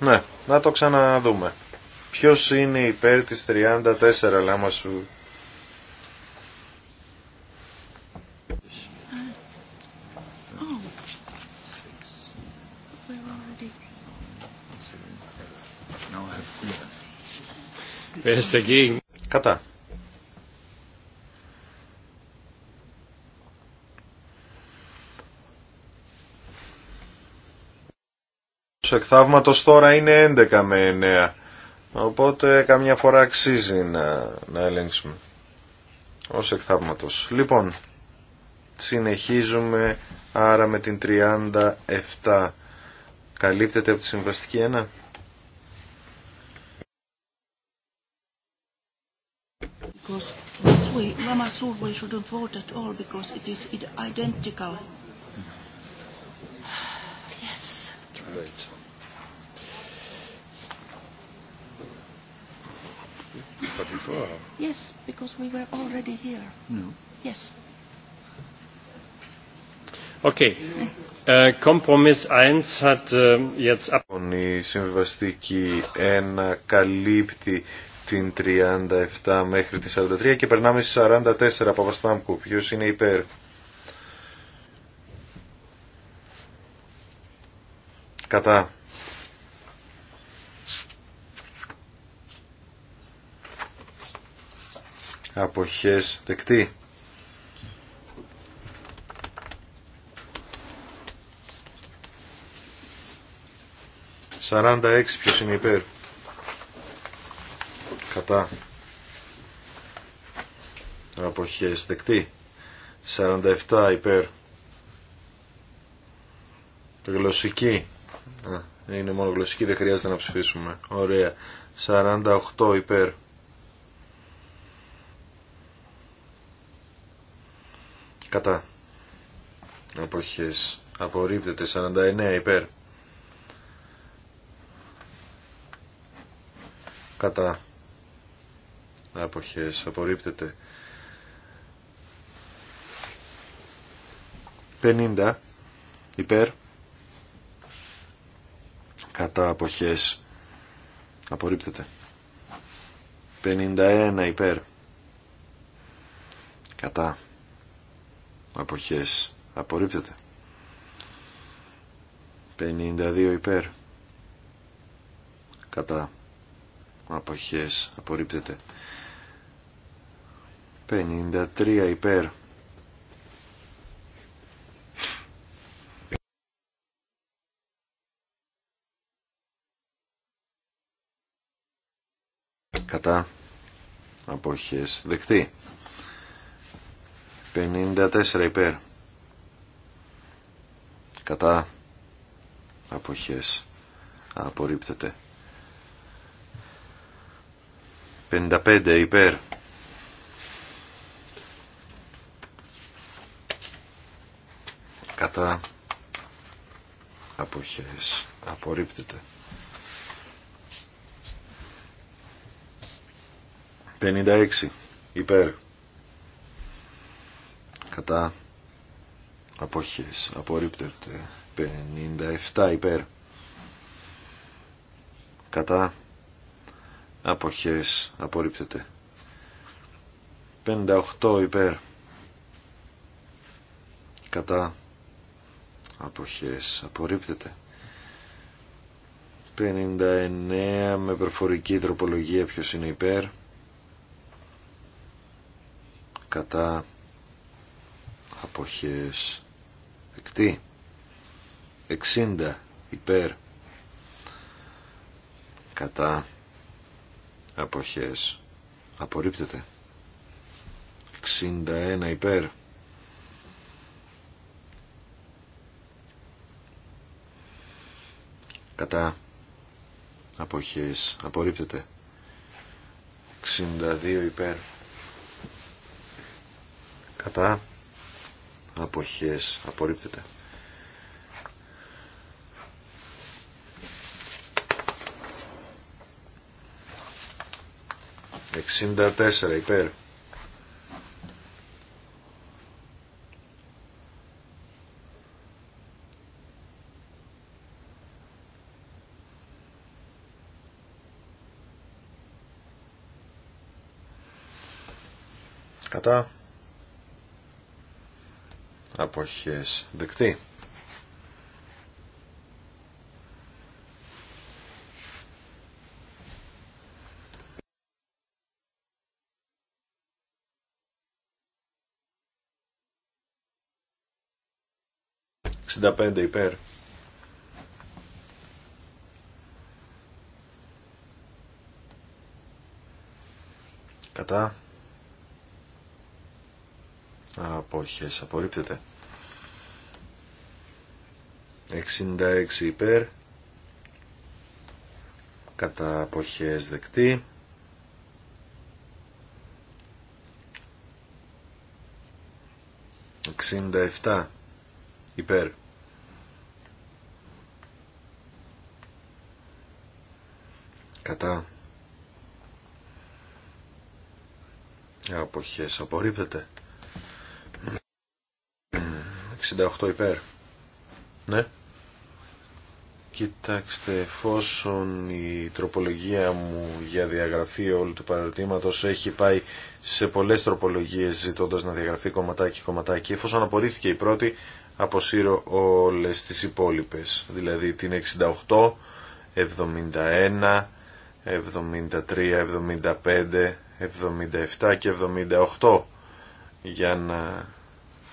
Ναι, να το ξαναδούμε. Ποιος είναι υπέρ της 34 λάμα σου. εκεί. Κατά. Ο θαύματος τώρα είναι 11 με 9. Οπότε καμιά φορά αξίζει να, να ελέγξουμε. Ως εκθαύματος. Λοιπόν, συνεχίζουμε άρα με την 37. Καλύπτεται από τη συμβαστική 1. Because all but before. Yes, because we were already here. No. Yes. Okay. Äh, Kompromiss 1 hat äh, jetzt ab. Η συμβιβαστική 1 καλύπτει την 37 μέχρι τη 43 και περνάμε στις 44 Παπαστάμκου. Ποιος είναι υπέρ. Κατά. αποχές δεκτή. 46. έξι ποιος είναι υπέρ. Κατά. Αποχές δεκτή. 47 υπέρ. Γλωσσική. Είναι μόνο γλωσσική, δεν χρειάζεται να ψηφίσουμε. Ωραία. 48 υπέρ. κατά εποχές απορρίπτεται 49 υπέρ κατά εποχές απορρίπτεται 50 υπέρ κατά εποχές απορρίπτεται 51 υπέρ κατά αποχές απορρίπτεται 52 υπέρ κατά αποχές απορρίπτεται 53 υπέρ κατά αποχές δεκτή 54 υπέρ. Κατά αποχές απορρίπτεται. 55 υπέρ. Κατά αποχές απορρίπτεται. 56 υπέρ κατά αποχές απορρίπτεται 57 υπέρ κατά αποχές απορρίπτεται 58 υπέρ κατά αποχές απορρίπτεται 59 με προφορική τροπολογία ποιος είναι υπέρ κατά αποχές δεκτή 60 υπέρ κατά αποχές απορρίπτεται 61 υπέρ κατά αποχές απορρίπτεται 62 υπέρ κατά αποχές απορρίπτεται. Εξήντα τέσσερα υπέρ. Κατά αποχές δεκτή. Εξήντα υπέρ. Κατά. Αποχές απορρίπτεται. 66 υπέρ κατά αποχές δεκτή 67 υπέρ κατά αποχές απορρίπτεται 68 υπέρ ναι. Κοιτάξτε, εφόσον η τροπολογία μου για διαγραφή όλου του παρατήματος έχει πάει σε πολλές τροπολογίες ζητώντας να διαγραφεί κομματάκι κομματάκι, εφόσον απορρίφθηκε η πρώτη, αποσύρω όλες τις υπόλοιπες, δηλαδή την 68, 71, 73, 75, 77 και 78 για να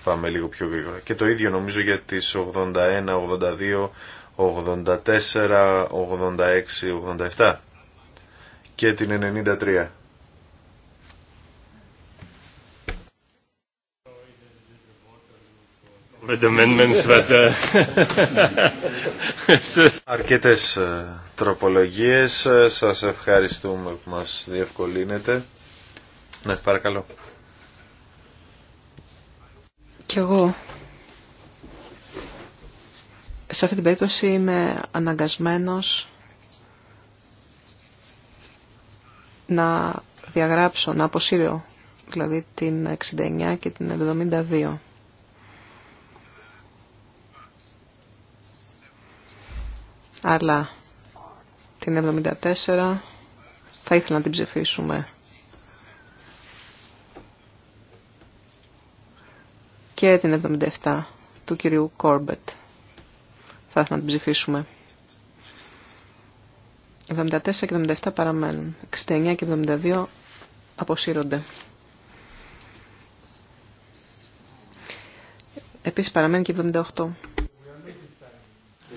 πάμε λίγο πιο γρήγορα. Και το ίδιο νομίζω για τις 81, 82, 84, 86, 87 και την 93. Uh, Αρκετές ε, τροπολογίες. Σας ευχαριστούμε που μας διευκολύνετε. Ναι, παρακαλώ. Κι εγώ σε αυτή την περίπτωση είμαι αναγκασμένος να διαγράψω, να αποσύρω δηλαδή την 69 και την 72. Αλλά την 74 θα ήθελα να την ψηφίσουμε και την 77 του κυρίου Κόρμπετ. Θα ήθελα να την ψηφίσουμε. 74 και 77 παραμένουν. 69 και 72 αποσύρονται. Επίσης παραμένει και 78.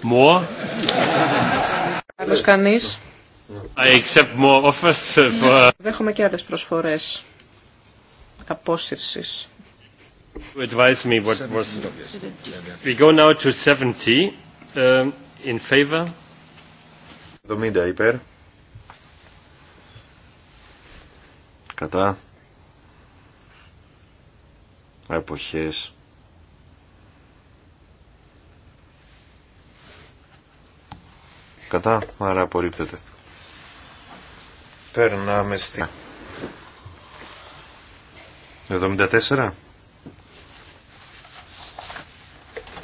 More. Άλλος κανείς. I accept Δέχομαι και άλλες προσφορές απόσυρσης advise me what was. We go now to 70 um, in favor. 70 υπέρ. Κατά. Εποχές. Κατά, άρα απορρίπτεται. Περνάμε στη... 74.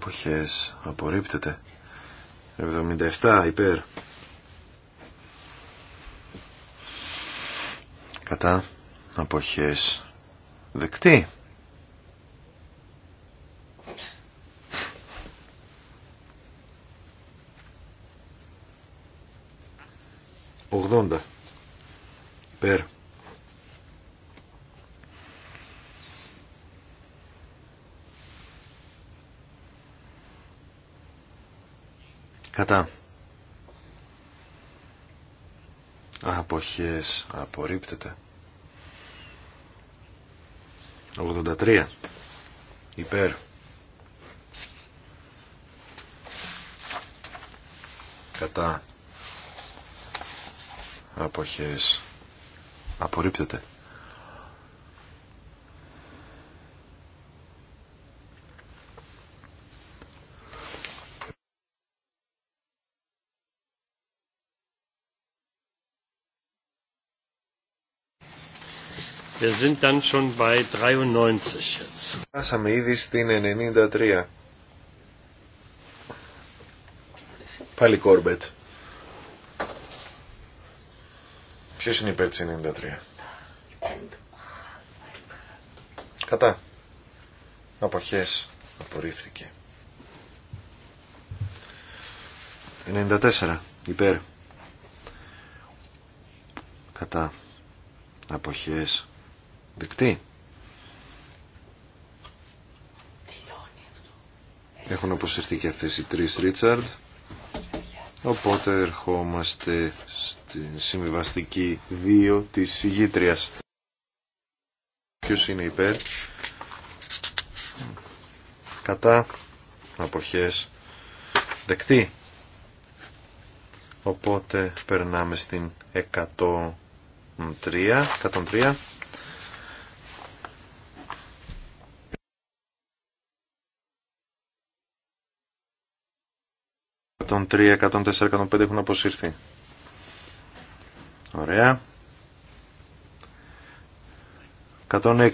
αποχές απορρίπτεται 77 υπέρ κατά αποχές δεκτή Ογδόντα. Υπέρ. Κατά. Αποχές. Απορρίπτεται. 83. Υπέρ. Κατά. Αποχές. Απορρίπτεται. Wir sind dann schon 93 ήδη στην 93. Πάλι Κόρμπετ. Ποιο είναι υπέρ τη 93. Κατά. Αποχέ Απορρίφθηκε. 94. Υπέρ. Κατά. Αποχές. Δεκτή. Έχουν αποσυρθεί και αυτές οι τρεις Ρίτσαρντ. Οπότε ερχόμαστε στην συμβιβαστική 2 της ηγήτριας. Ποιος είναι υπέρ. Κατά. Αποχές. Δεκτή. Οπότε περνάμε στην 103. 103. 103, 104, 105 έχουν αποσυρθεί. Ωραία. 106.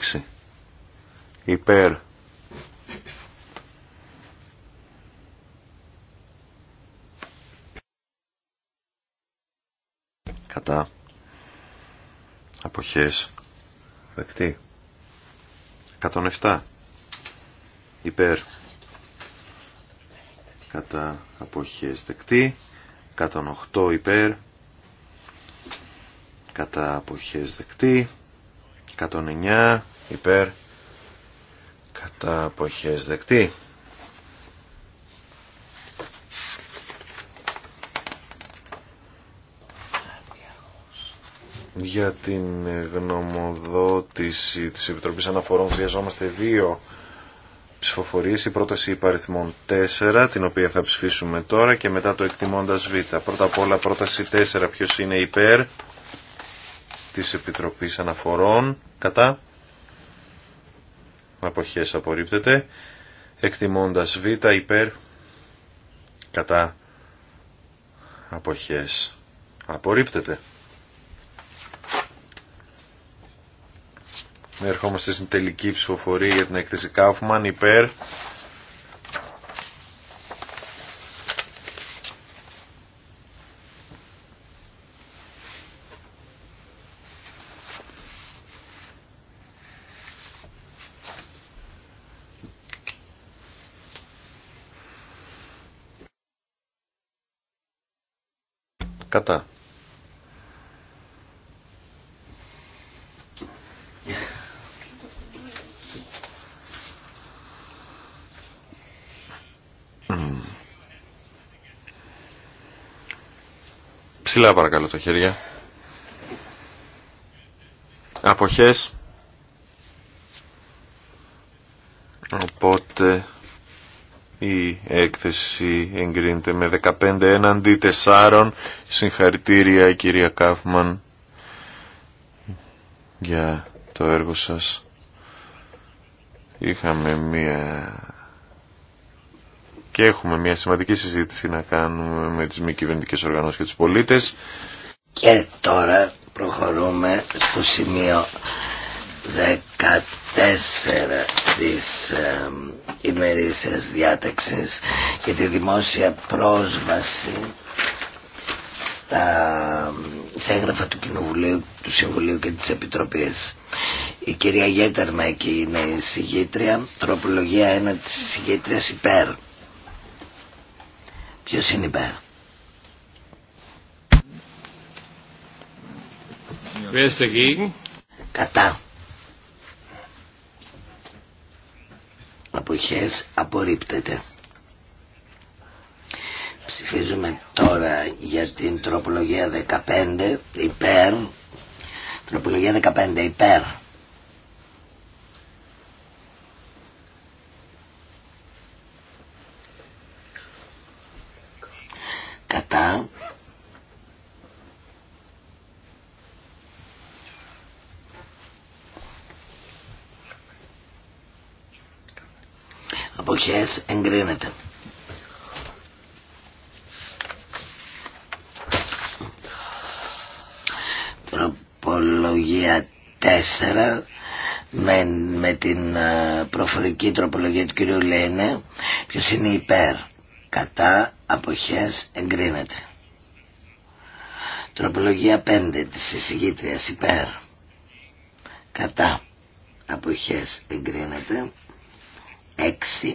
Υπέρ. Κατά. Αποχές. Δεκτή. 107. Υπέρ κατά αποχές δεκτή 108 υπέρ κατά αποχές δεκτή 109 υπέρ κατά αποχές δεκτή για την γνωμοδότηση της Επιτροπής Αναφορών χρειαζόμαστε δύο ψηφοφορίες η πρόταση υπαριθμών 4, την οποία θα ψηφίσουμε τώρα και μετά το εκτιμώντας β. Πρώτα απ' όλα πρόταση 4, ποιος είναι υπέρ της Επιτροπής Αναφορών, κατά, αποχές απορρίπτεται, εκτιμώντας β, υπέρ, κατά, αποχές απορρίπτεται. Ερχόμαστε στην τελική ψηφοφορία για την έκθεση Κάουφμαν υπέρ Ψηλά παρακαλώ τα χέρια. Αποχές. Οπότε η έκθεση εγκρίνεται με 15 έναντι 4. Συγχαρητήρια κυρία Κάφμαν για το έργο σας. Είχαμε μία και έχουμε μια σημαντική συζήτηση να κάνουμε με τις μη κυβερνητικές οργανώσεις και τους πολίτες. Και τώρα προχωρούμε στο σημείο 14 της ε, ημερήσιας διάταξης για τη δημόσια πρόσβαση στα, στα έγγραφα του Κοινοβουλίου, του Συμβουλίου και της Επιτροπής. Η κυρία Γέτερμα εκεί είναι η συγγήτρια, τροπολογία 1 της συγγήτριας υπέρ. Ποιος είναι υπέρ. Κατά. Αποχές απορρίπτεται. Ψηφίζουμε τώρα για την τροπολογία 15 υπέρ. Τροπολογία 15 υπέρ. εγκρίνεται. Τροπολογία 4 με, με την προφορική τροπολογία του κυρίου Λένε ποιος είναι υπέρ κατά αποχές εγκρίνεται. Τροπολογία 5 της εισηγήτριας υπέρ κατά αποχές εγκρίνεται 6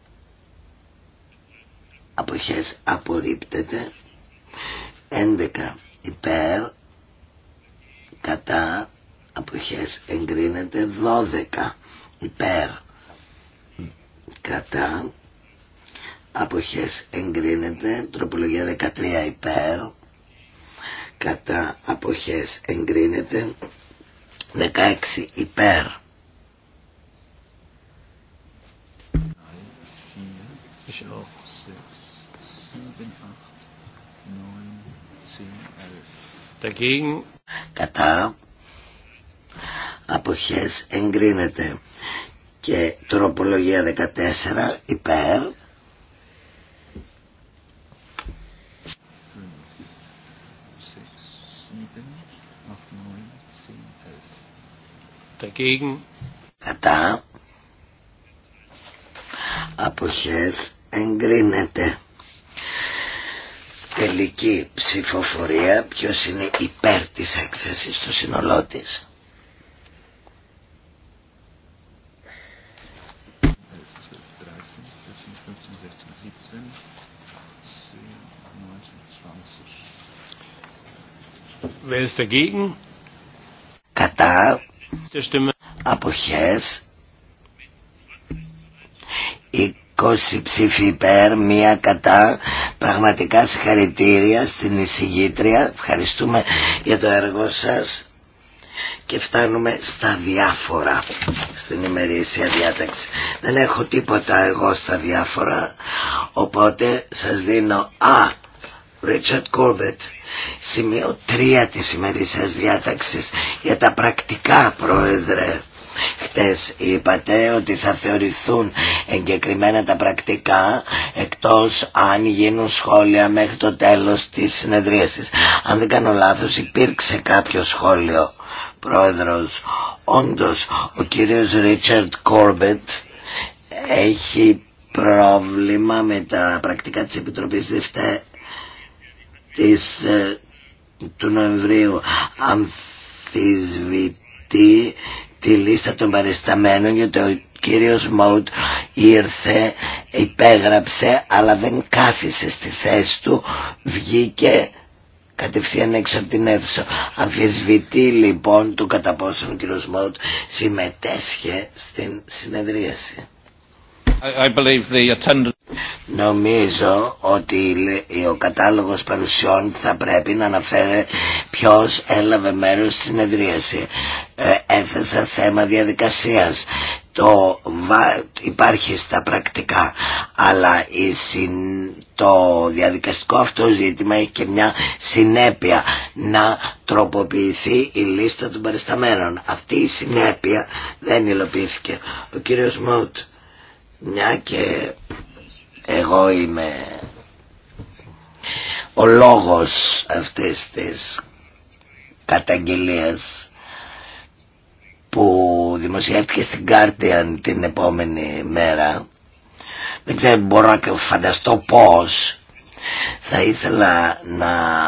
αποχές απορρίπτεται 11 υπέρ κατά αποχές εγκρίνεται 12 υπέρ κατά αποχές εγκρίνεται τροπολογία 13 υπέρ κατά αποχές εγκρίνεται 16 υπέρ Dagegen. Κατά. Αποχές εγκρίνεται. Και τροπολογία 14 υπέρ. Dagegen. Κατά. Αποχές εγκρίνεται τελική ψηφοφορία ποιος είναι υπέρ της έκθεσης στο σύνολό της. Κατά αποχές 20 ψήφοι υπέρ, μία κατά Πραγματικά συγχαρητήρια στην εισηγήτρια. Ευχαριστούμε για το έργο σας και φτάνουμε στα διάφορα στην ημερήσια διάταξη. Δεν έχω τίποτα εγώ στα διάφορα, οπότε σας δίνω... Α, Richard Corbett, σημείο 3 της ημερήσιας διάταξης για τα πρακτικά, Πρόεδρε χτες είπατε ότι θα θεωρηθούν εγκεκριμένα τα πρακτικά εκτός αν γίνουν σχόλια μέχρι το τέλος της συνεδρίασης. Αν δεν κάνω λάθος υπήρξε κάποιο σχόλιο πρόεδρος. Όντως ο κύριος Ρίτσαρντ Κόρμπετ έχει πρόβλημα με τα πρακτικά της Επιτροπής Δευτέ της, ε, του Νοεμβρίου αμφισβητεί τη λίστα των παρισταμένων γιατί ο κύριος Μόουτ ήρθε, υπέγραψε αλλά δεν κάθισε στη θέση του, βγήκε κατευθείαν έξω από την αίθουσα. Αμφισβητεί λοιπόν του κατά πόσον ο κύριος Μόουτ συμμετέσχε στην συνεδρίαση. Νομίζω ότι ο κατάλογος παρουσιών θα πρέπει να αναφέρει ποιος έλαβε μέρος στην συνεδρίαση. Ε, έθεσα θέμα διαδικασίας. Το υπάρχει στα πρακτικά, αλλά η το διαδικαστικό αυτό ζήτημα έχει και μια συνέπεια να τροποποιηθεί η λίστα των παρισταμένων. Αυτή η συνέπεια δεν υλοποιήθηκε. Ο κύριος Μουτ. μια και εγώ είμαι ο λόγος αυτής της καταγγελίας που δημοσιεύτηκε στην Guardian την επόμενη μέρα δεν ξέρω μπορώ να φανταστώ πως θα ήθελα να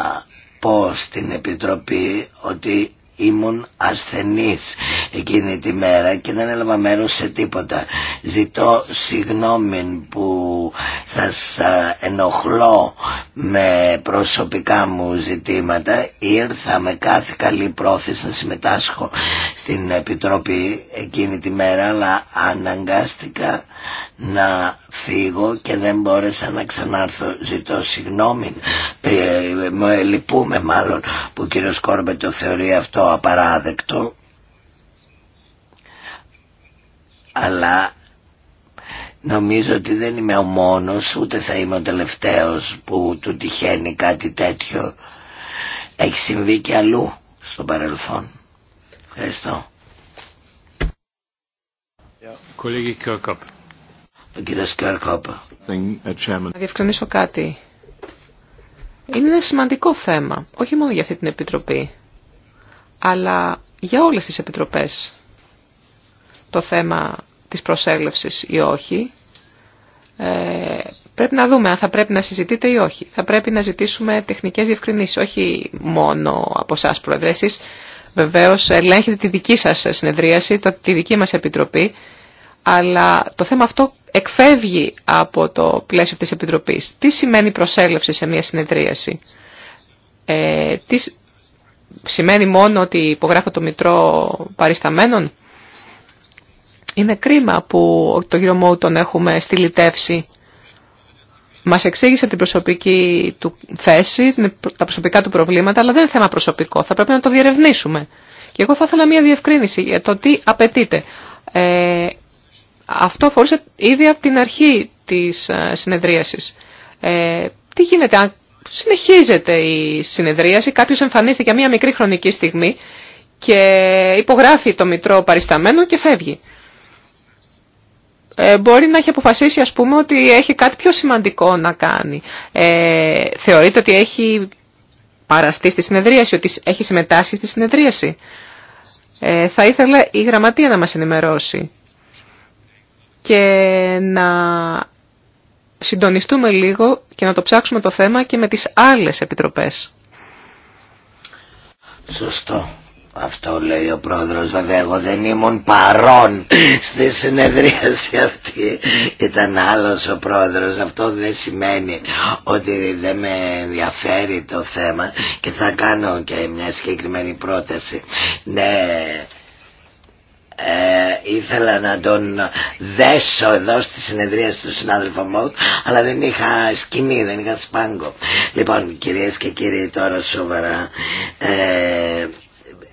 πω στην Επιτροπή ότι ήμουν ασθενής εκείνη τη μέρα και δεν έλαβα μέρος σε τίποτα. Ζητώ συγγνώμη που σας ενοχλώ με προσωπικά μου ζητήματα. Ήρθα με κάθε καλή πρόθεση να συμμετάσχω στην Επιτροπή εκείνη τη μέρα αλλά αναγκάστηκα να φύγω και δεν μπόρεσα να ξανάρθω ζητώ συγγνώμη ε, με λυπούμε μάλλον που ο κύριος Κόρμπετ το θεωρεί αυτό απαράδεκτο αλλά νομίζω ότι δεν είμαι ο μόνος ούτε θα είμαι ο τελευταίος που του τυχαίνει κάτι τέτοιο έχει συμβεί και αλλού στο παρελθόν ευχαριστώ κολλήγη Κιόκοπ Uh, να διευκρινίσω κάτι. Είναι ένα σημαντικό θέμα, όχι μόνο για αυτή την Επιτροπή, αλλά για όλες τις Επιτροπές. Το θέμα της προσέλευσης ή όχι, ε, πρέπει να δούμε αν θα πρέπει να συζητείτε ή όχι. Θα πρέπει να ζητήσουμε τεχνικές διευκρινήσεις, όχι μόνο από εσά πρόεδρε. Εσείς βεβαίως ελέγχετε τη δική σας συνεδρίαση, τη δική μας επιτροπή, αλλά το θέμα αυτό εκφεύγει από το πλαίσιο της Επιτροπής. Τι σημαίνει προσέλευση σε μια συνεδρίαση. Ε, τι σημαίνει μόνο ότι υπογράφω το Μητρό Παρισταμένων. Είναι κρίμα που τον κύριο Μόου τον έχουμε στυλιτεύσει. Μας εξήγησε την προσωπική του θέση, τα προσωπικά του προβλήματα, αλλά δεν είναι θέμα προσωπικό. Θα πρέπει να το διερευνήσουμε. Και εγώ θα ήθελα μια διευκρίνηση για το τι απαιτείται. Ε, αυτό αφορούσε ήδη από την αρχή της ε, συνεδρίασης. Ε, τι γίνεται αν συνεχίζεται η συνεδρίαση, κάποιος εμφανίστηκε για μία μικρή χρονική στιγμή και υπογράφει το μητρό παρισταμένο και φεύγει. Ε, μπορεί να έχει αποφασίσει ας πούμε ότι έχει κάτι πιο σημαντικό να κάνει. Ε, θεωρείται ότι έχει παραστεί στη συνεδρίαση, ότι έχει συμμετάσχει στη συνεδρίαση. θα ήθελα η γραμματεία να μας ενημερώσει και να συντονιστούμε λίγο και να το ψάξουμε το θέμα και με τις άλλες επιτροπές. Σωστό. Αυτό λέει ο πρόεδρος βέβαια εγώ δεν ήμουν παρών στη συνεδρίαση αυτή ήταν άλλος ο πρόεδρος αυτό δεν σημαίνει ότι δεν με ενδιαφέρει το θέμα και θα κάνω και μια συγκεκριμένη πρόταση ναι ε, ήθελα να τον δέσω εδώ στη συνεδρία του συνάδελφο Μότ αλλά δεν είχα σκηνή, δεν είχα σπάγκο λοιπόν κυρίες και κύριοι τώρα σοβαρά ε,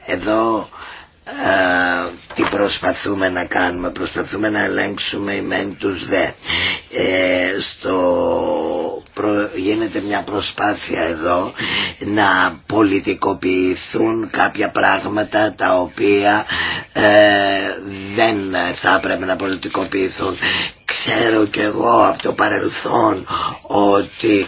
εδώ τι προσπαθούμε να κάνουμε προσπαθούμε να ελέγξουμε οι μεν τους δε ε, στο, γίνεται μια προσπάθεια εδώ να πολιτικοποιηθούν κάποια πράγματα τα οποία ε, δεν θα έπρεπε να πολιτικοποιηθούν ξέρω κι εγώ από το παρελθόν ότι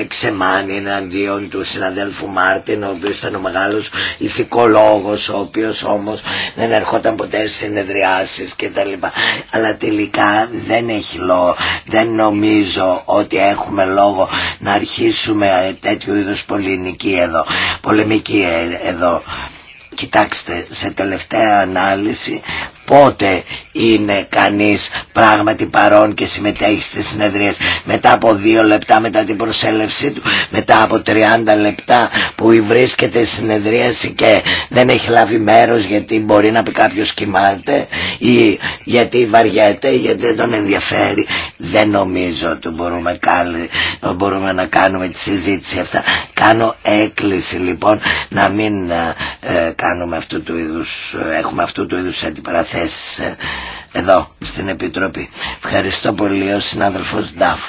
εξεμάνει εναντίον του συναδέλφου Μάρτιν ο οποίος ήταν ο μεγάλος ηθικολόγος ο οποίος όμως δεν ερχόταν ποτέ στις συνεδριάσεις και αλλά τελικά δεν έχει λόγο δεν νομίζω ότι έχουμε λόγο να αρχίσουμε τέτοιου είδους πολεμική εδώ, πολεμική ε, εδώ. Κοιτάξτε, σε τελευταία ανάλυση πότε είναι κανείς πράγματι παρόν και συμμετέχει στις συνεδρίες μετά από δύο λεπτά μετά την προσέλευσή του μετά από 30 λεπτά που βρίσκεται στη συνεδρίαση και δεν έχει λάβει μέρος γιατί μπορεί να πει κάποιος κοιμάται ή γιατί βαριέται ή γιατί δεν τον ενδιαφέρει δεν νομίζω ότι μπορούμε, μπορούμε να κάνουμε τη συζήτηση αυτά κάνω έκκληση λοιπόν να μην ε, ε, κάνουμε αυτού του είδους ε, έχουμε αυτού του είδους αντιπαραθέσεις εδώ στην Επιτροπή. Ευχαριστώ πολύ ο συνάδελφος Νταφ.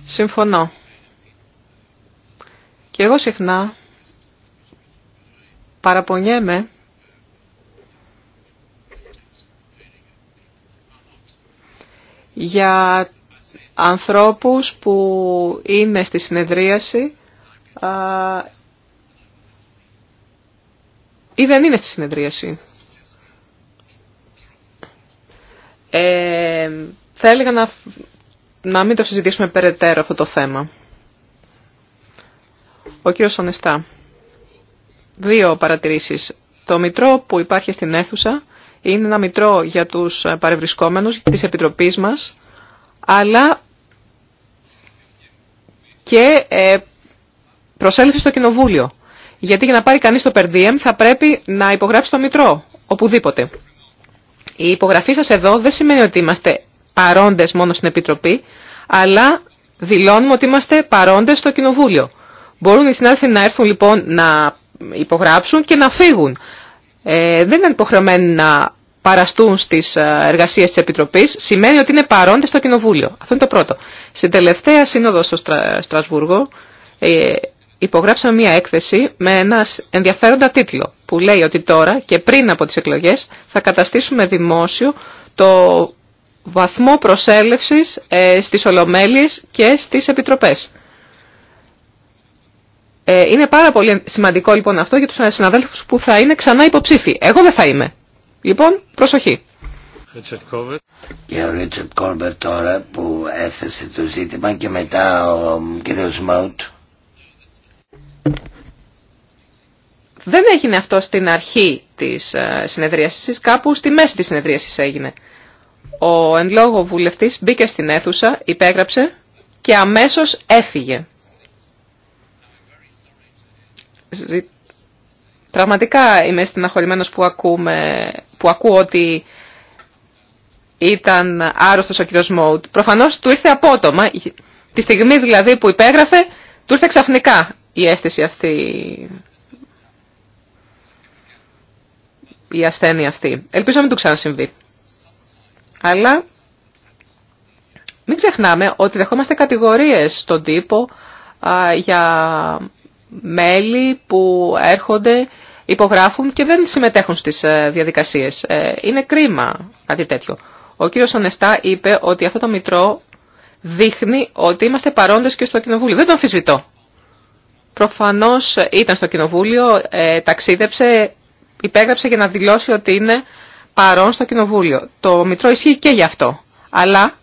Συμφωνώ. Και εγώ συχνά παραπονιέμαι για ανθρώπους που είναι στη συνεδρίαση ή δεν είναι στη συνεδρίαση. Ε, θα έλεγα να, να μην το συζητήσουμε περαιτέρω αυτό το θέμα. Ο κύριος Σονεστά. Δύο παρατηρήσεις. Το μητρό που υπάρχει στην αίθουσα είναι ένα μητρό για τους παρευρισκόμενους της Επιτροπής μας, αλλά και ε, στο Κοινοβούλιο. Γιατί για να πάρει κανείς το περδίεμ θα πρέπει να υπογράψει το μητρό, οπουδήποτε. Η υπογραφή σας εδώ δεν σημαίνει ότι είμαστε παρόντες μόνο στην Επιτροπή, αλλά δηλώνουμε ότι είμαστε παρόντες στο Κοινοβούλιο. Μπορούν οι συνάδελφοι να έρθουν λοιπόν να υπογράψουν και να φύγουν. Ε, δεν είναι υποχρεωμένοι να παραστούν στις ε, εργασίες της Επιτροπής, σημαίνει ότι είναι παρόντες στο Κοινοβούλιο. Αυτό είναι το πρώτο. Στην τελευταία σύνοδο στο Στρασβούργο, ε, υπογράψαμε μία έκθεση με ένα ενδιαφέροντα τίτλο που λέει ότι τώρα και πριν από τις εκλογές θα καταστήσουμε δημόσιο το βαθμό προσέλευσης ε, στις Ολομέλειες και στις Επιτροπές. Ε, είναι πάρα πολύ σημαντικό λοιπόν αυτό για τους συναδέλφους που θα είναι ξανά υποψήφοι. Εγώ δεν θα είμαι. Λοιπόν, προσοχή. Και ο Ρίτσαρτ τώρα που έθεσε το ζήτημα και μετά ο κ. Μαουτ δεν έγινε αυτό στην αρχή της ε, συνεδρίασης, κάπου στη μέση της συνεδρίασης έγινε. Ο εν λόγω βουλευτής μπήκε στην αίθουσα, υπέγραψε και αμέσως έφυγε. Πραγματικά είμαι στεναχωρημένος που, ακούμε, που ακούω ότι ήταν άρρωστος ο κύριος Μόουτ. Προφανώς του ήρθε απότομα. Τη στιγμή δηλαδή που υπέγραφε, του ήρθε ξαφνικά η αίσθηση αυτή, η ασθένεια αυτή. Ελπίζω να μην του ξανασυμβεί. Αλλά μην ξεχνάμε ότι δεχόμαστε κατηγορίες στον τύπο α, για μέλη που έρχονται, υπογράφουν και δεν συμμετέχουν στις ε, διαδικασίες. Ε, είναι κρίμα κάτι τέτοιο. Ο κύριος Ονεστά είπε ότι αυτό το μητρό δείχνει ότι είμαστε παρόντες και στο Κοινοβούλιο. Δεν το αμφισβητώ προφανώς ήταν στο Κοινοβούλιο, ε, ταξίδεψε, υπέγραψε για να δηλώσει ότι είναι παρόν στο Κοινοβούλιο. Το Μητρό ισχύει και γι' αυτό. Αλλά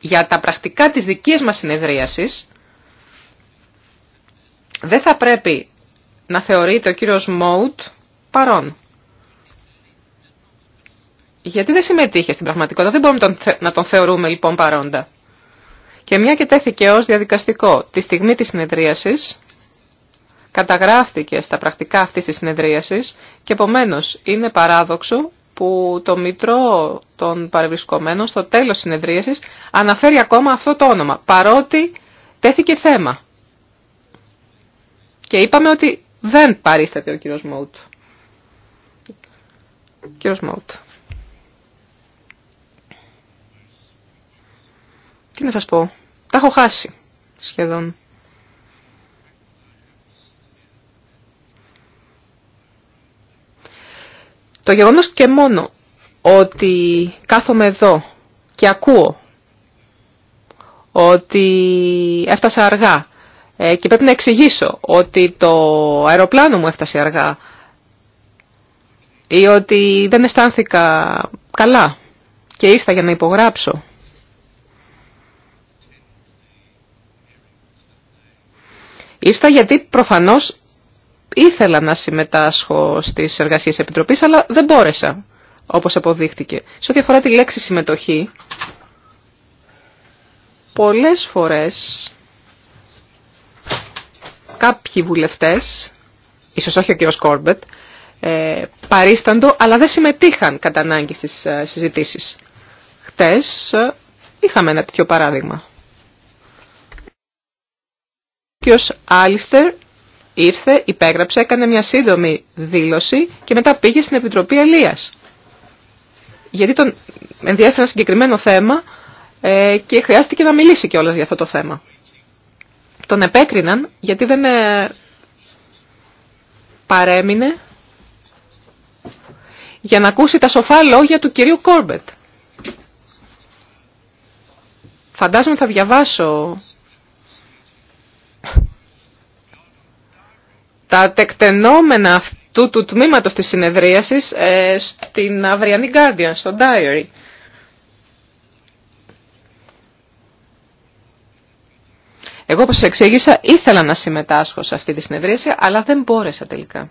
για τα πρακτικά της δικής μας συνεδρίασης δεν θα πρέπει να θεωρείται ο κύριος Μόουτ παρόν. Γιατί δεν συμμετείχε στην πραγματικότητα, δεν μπορούμε να τον θεωρούμε λοιπόν παρόντα. Και μια και τέθηκε ως διαδικαστικό τη στιγμή της συνεδρίασης, καταγράφτηκε στα πρακτικά αυτής της συνεδρίασης και επομένως είναι παράδοξο που το Μητρό των Παρευρισκομένων στο τέλος συνεδρίασης αναφέρει ακόμα αυτό το όνομα, παρότι τέθηκε θέμα. Και είπαμε ότι δεν παρίσταται ο κύριος Μόουτ. Κύριος Μόουτ. Τι να σας πω, τα έχω χάσει σχεδόν. Το γεγονός και μόνο ότι κάθομαι εδώ και ακούω ότι έφτασα αργά ε, και πρέπει να εξηγήσω ότι το αεροπλάνο μου έφτασε αργά ή ότι δεν αισθάνθηκα καλά και ήρθα για να υπογράψω. Ήρθα γιατί προφανώς ήθελα να συμμετάσχω στις εργασίες επιτροπής, αλλά δεν μπόρεσα, όπως αποδείχτηκε. Σε ό,τι αφορά τη λέξη συμμετοχή, πολλές φορές κάποιοι βουλευτές, ίσως όχι ο κ. Κόρμπετ, ε, παρίσταντο, αλλά δεν συμμετείχαν κατά ανάγκη στις ε, συζητήσεις. Χτες ε, είχαμε ένα τέτοιο παράδειγμα. Ο κ. Άλιστερ ήρθε, υπέγραψε, έκανε μια σύντομη δήλωση και μετά πήγε στην Επιτροπή Ελίας. Γιατί τον ενδιέφερε ένα συγκεκριμένο θέμα ε, και χρειάστηκε να μιλήσει κιόλα για αυτό το θέμα. Τον επέκριναν γιατί δεν ε, παρέμεινε για να ακούσει τα σοφά λόγια του κυρίου Κόρμπετ. Φαντάζομαι θα διαβάσω τα τεκτενόμενα αυτού του τμήματος της συνεδρίασης ε, στην αυριανή Guardian, στο Diary. Εγώ, όπως σας εξήγησα, ήθελα να συμμετάσχω σε αυτή τη συνεδρίαση, αλλά δεν μπόρεσα τελικά.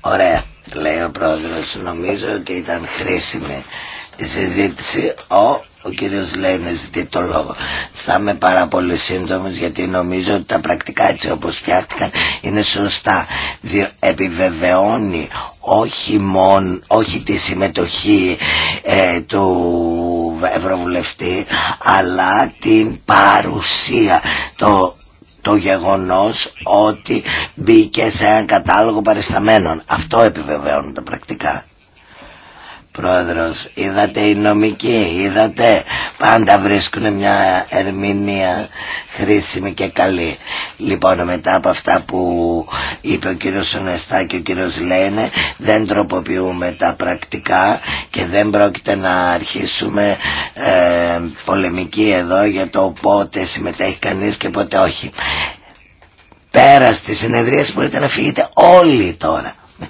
Ωραία, λέει ο πρόεδρος. Νομίζω ότι ήταν χρήσιμη η συζήτηση. Ο ο κύριος να ζητεί το λόγο. Θα είμαι πάρα πολύ σύντομο γιατί νομίζω ότι τα πρακτικά έτσι όπως φτιάχτηκαν είναι σωστά. διο επιβεβαιώνει όχι μόνο όχι τη συμμετοχή ε, του Ευρωβουλευτή αλλά την παρουσία το το γεγονός ότι μπήκε σε ένα κατάλογο παρισταμένων. Αυτό επιβεβαιώνουν τα πρακτικά πρόεδρος, είδατε οι νομικοί, είδατε πάντα βρίσκουν μια ερμηνεία χρήσιμη και καλή. Λοιπόν μετά από αυτά που είπε ο κύριος Σονεστά και ο κύριος Λένε δεν τροποποιούμε τα πρακτικά και δεν πρόκειται να αρχίσουμε ε, πολεμική εδώ για το πότε συμμετέχει κανείς και πότε όχι. Πέρα στις συνεδρίες μπορείτε να φύγετε όλοι τώρα.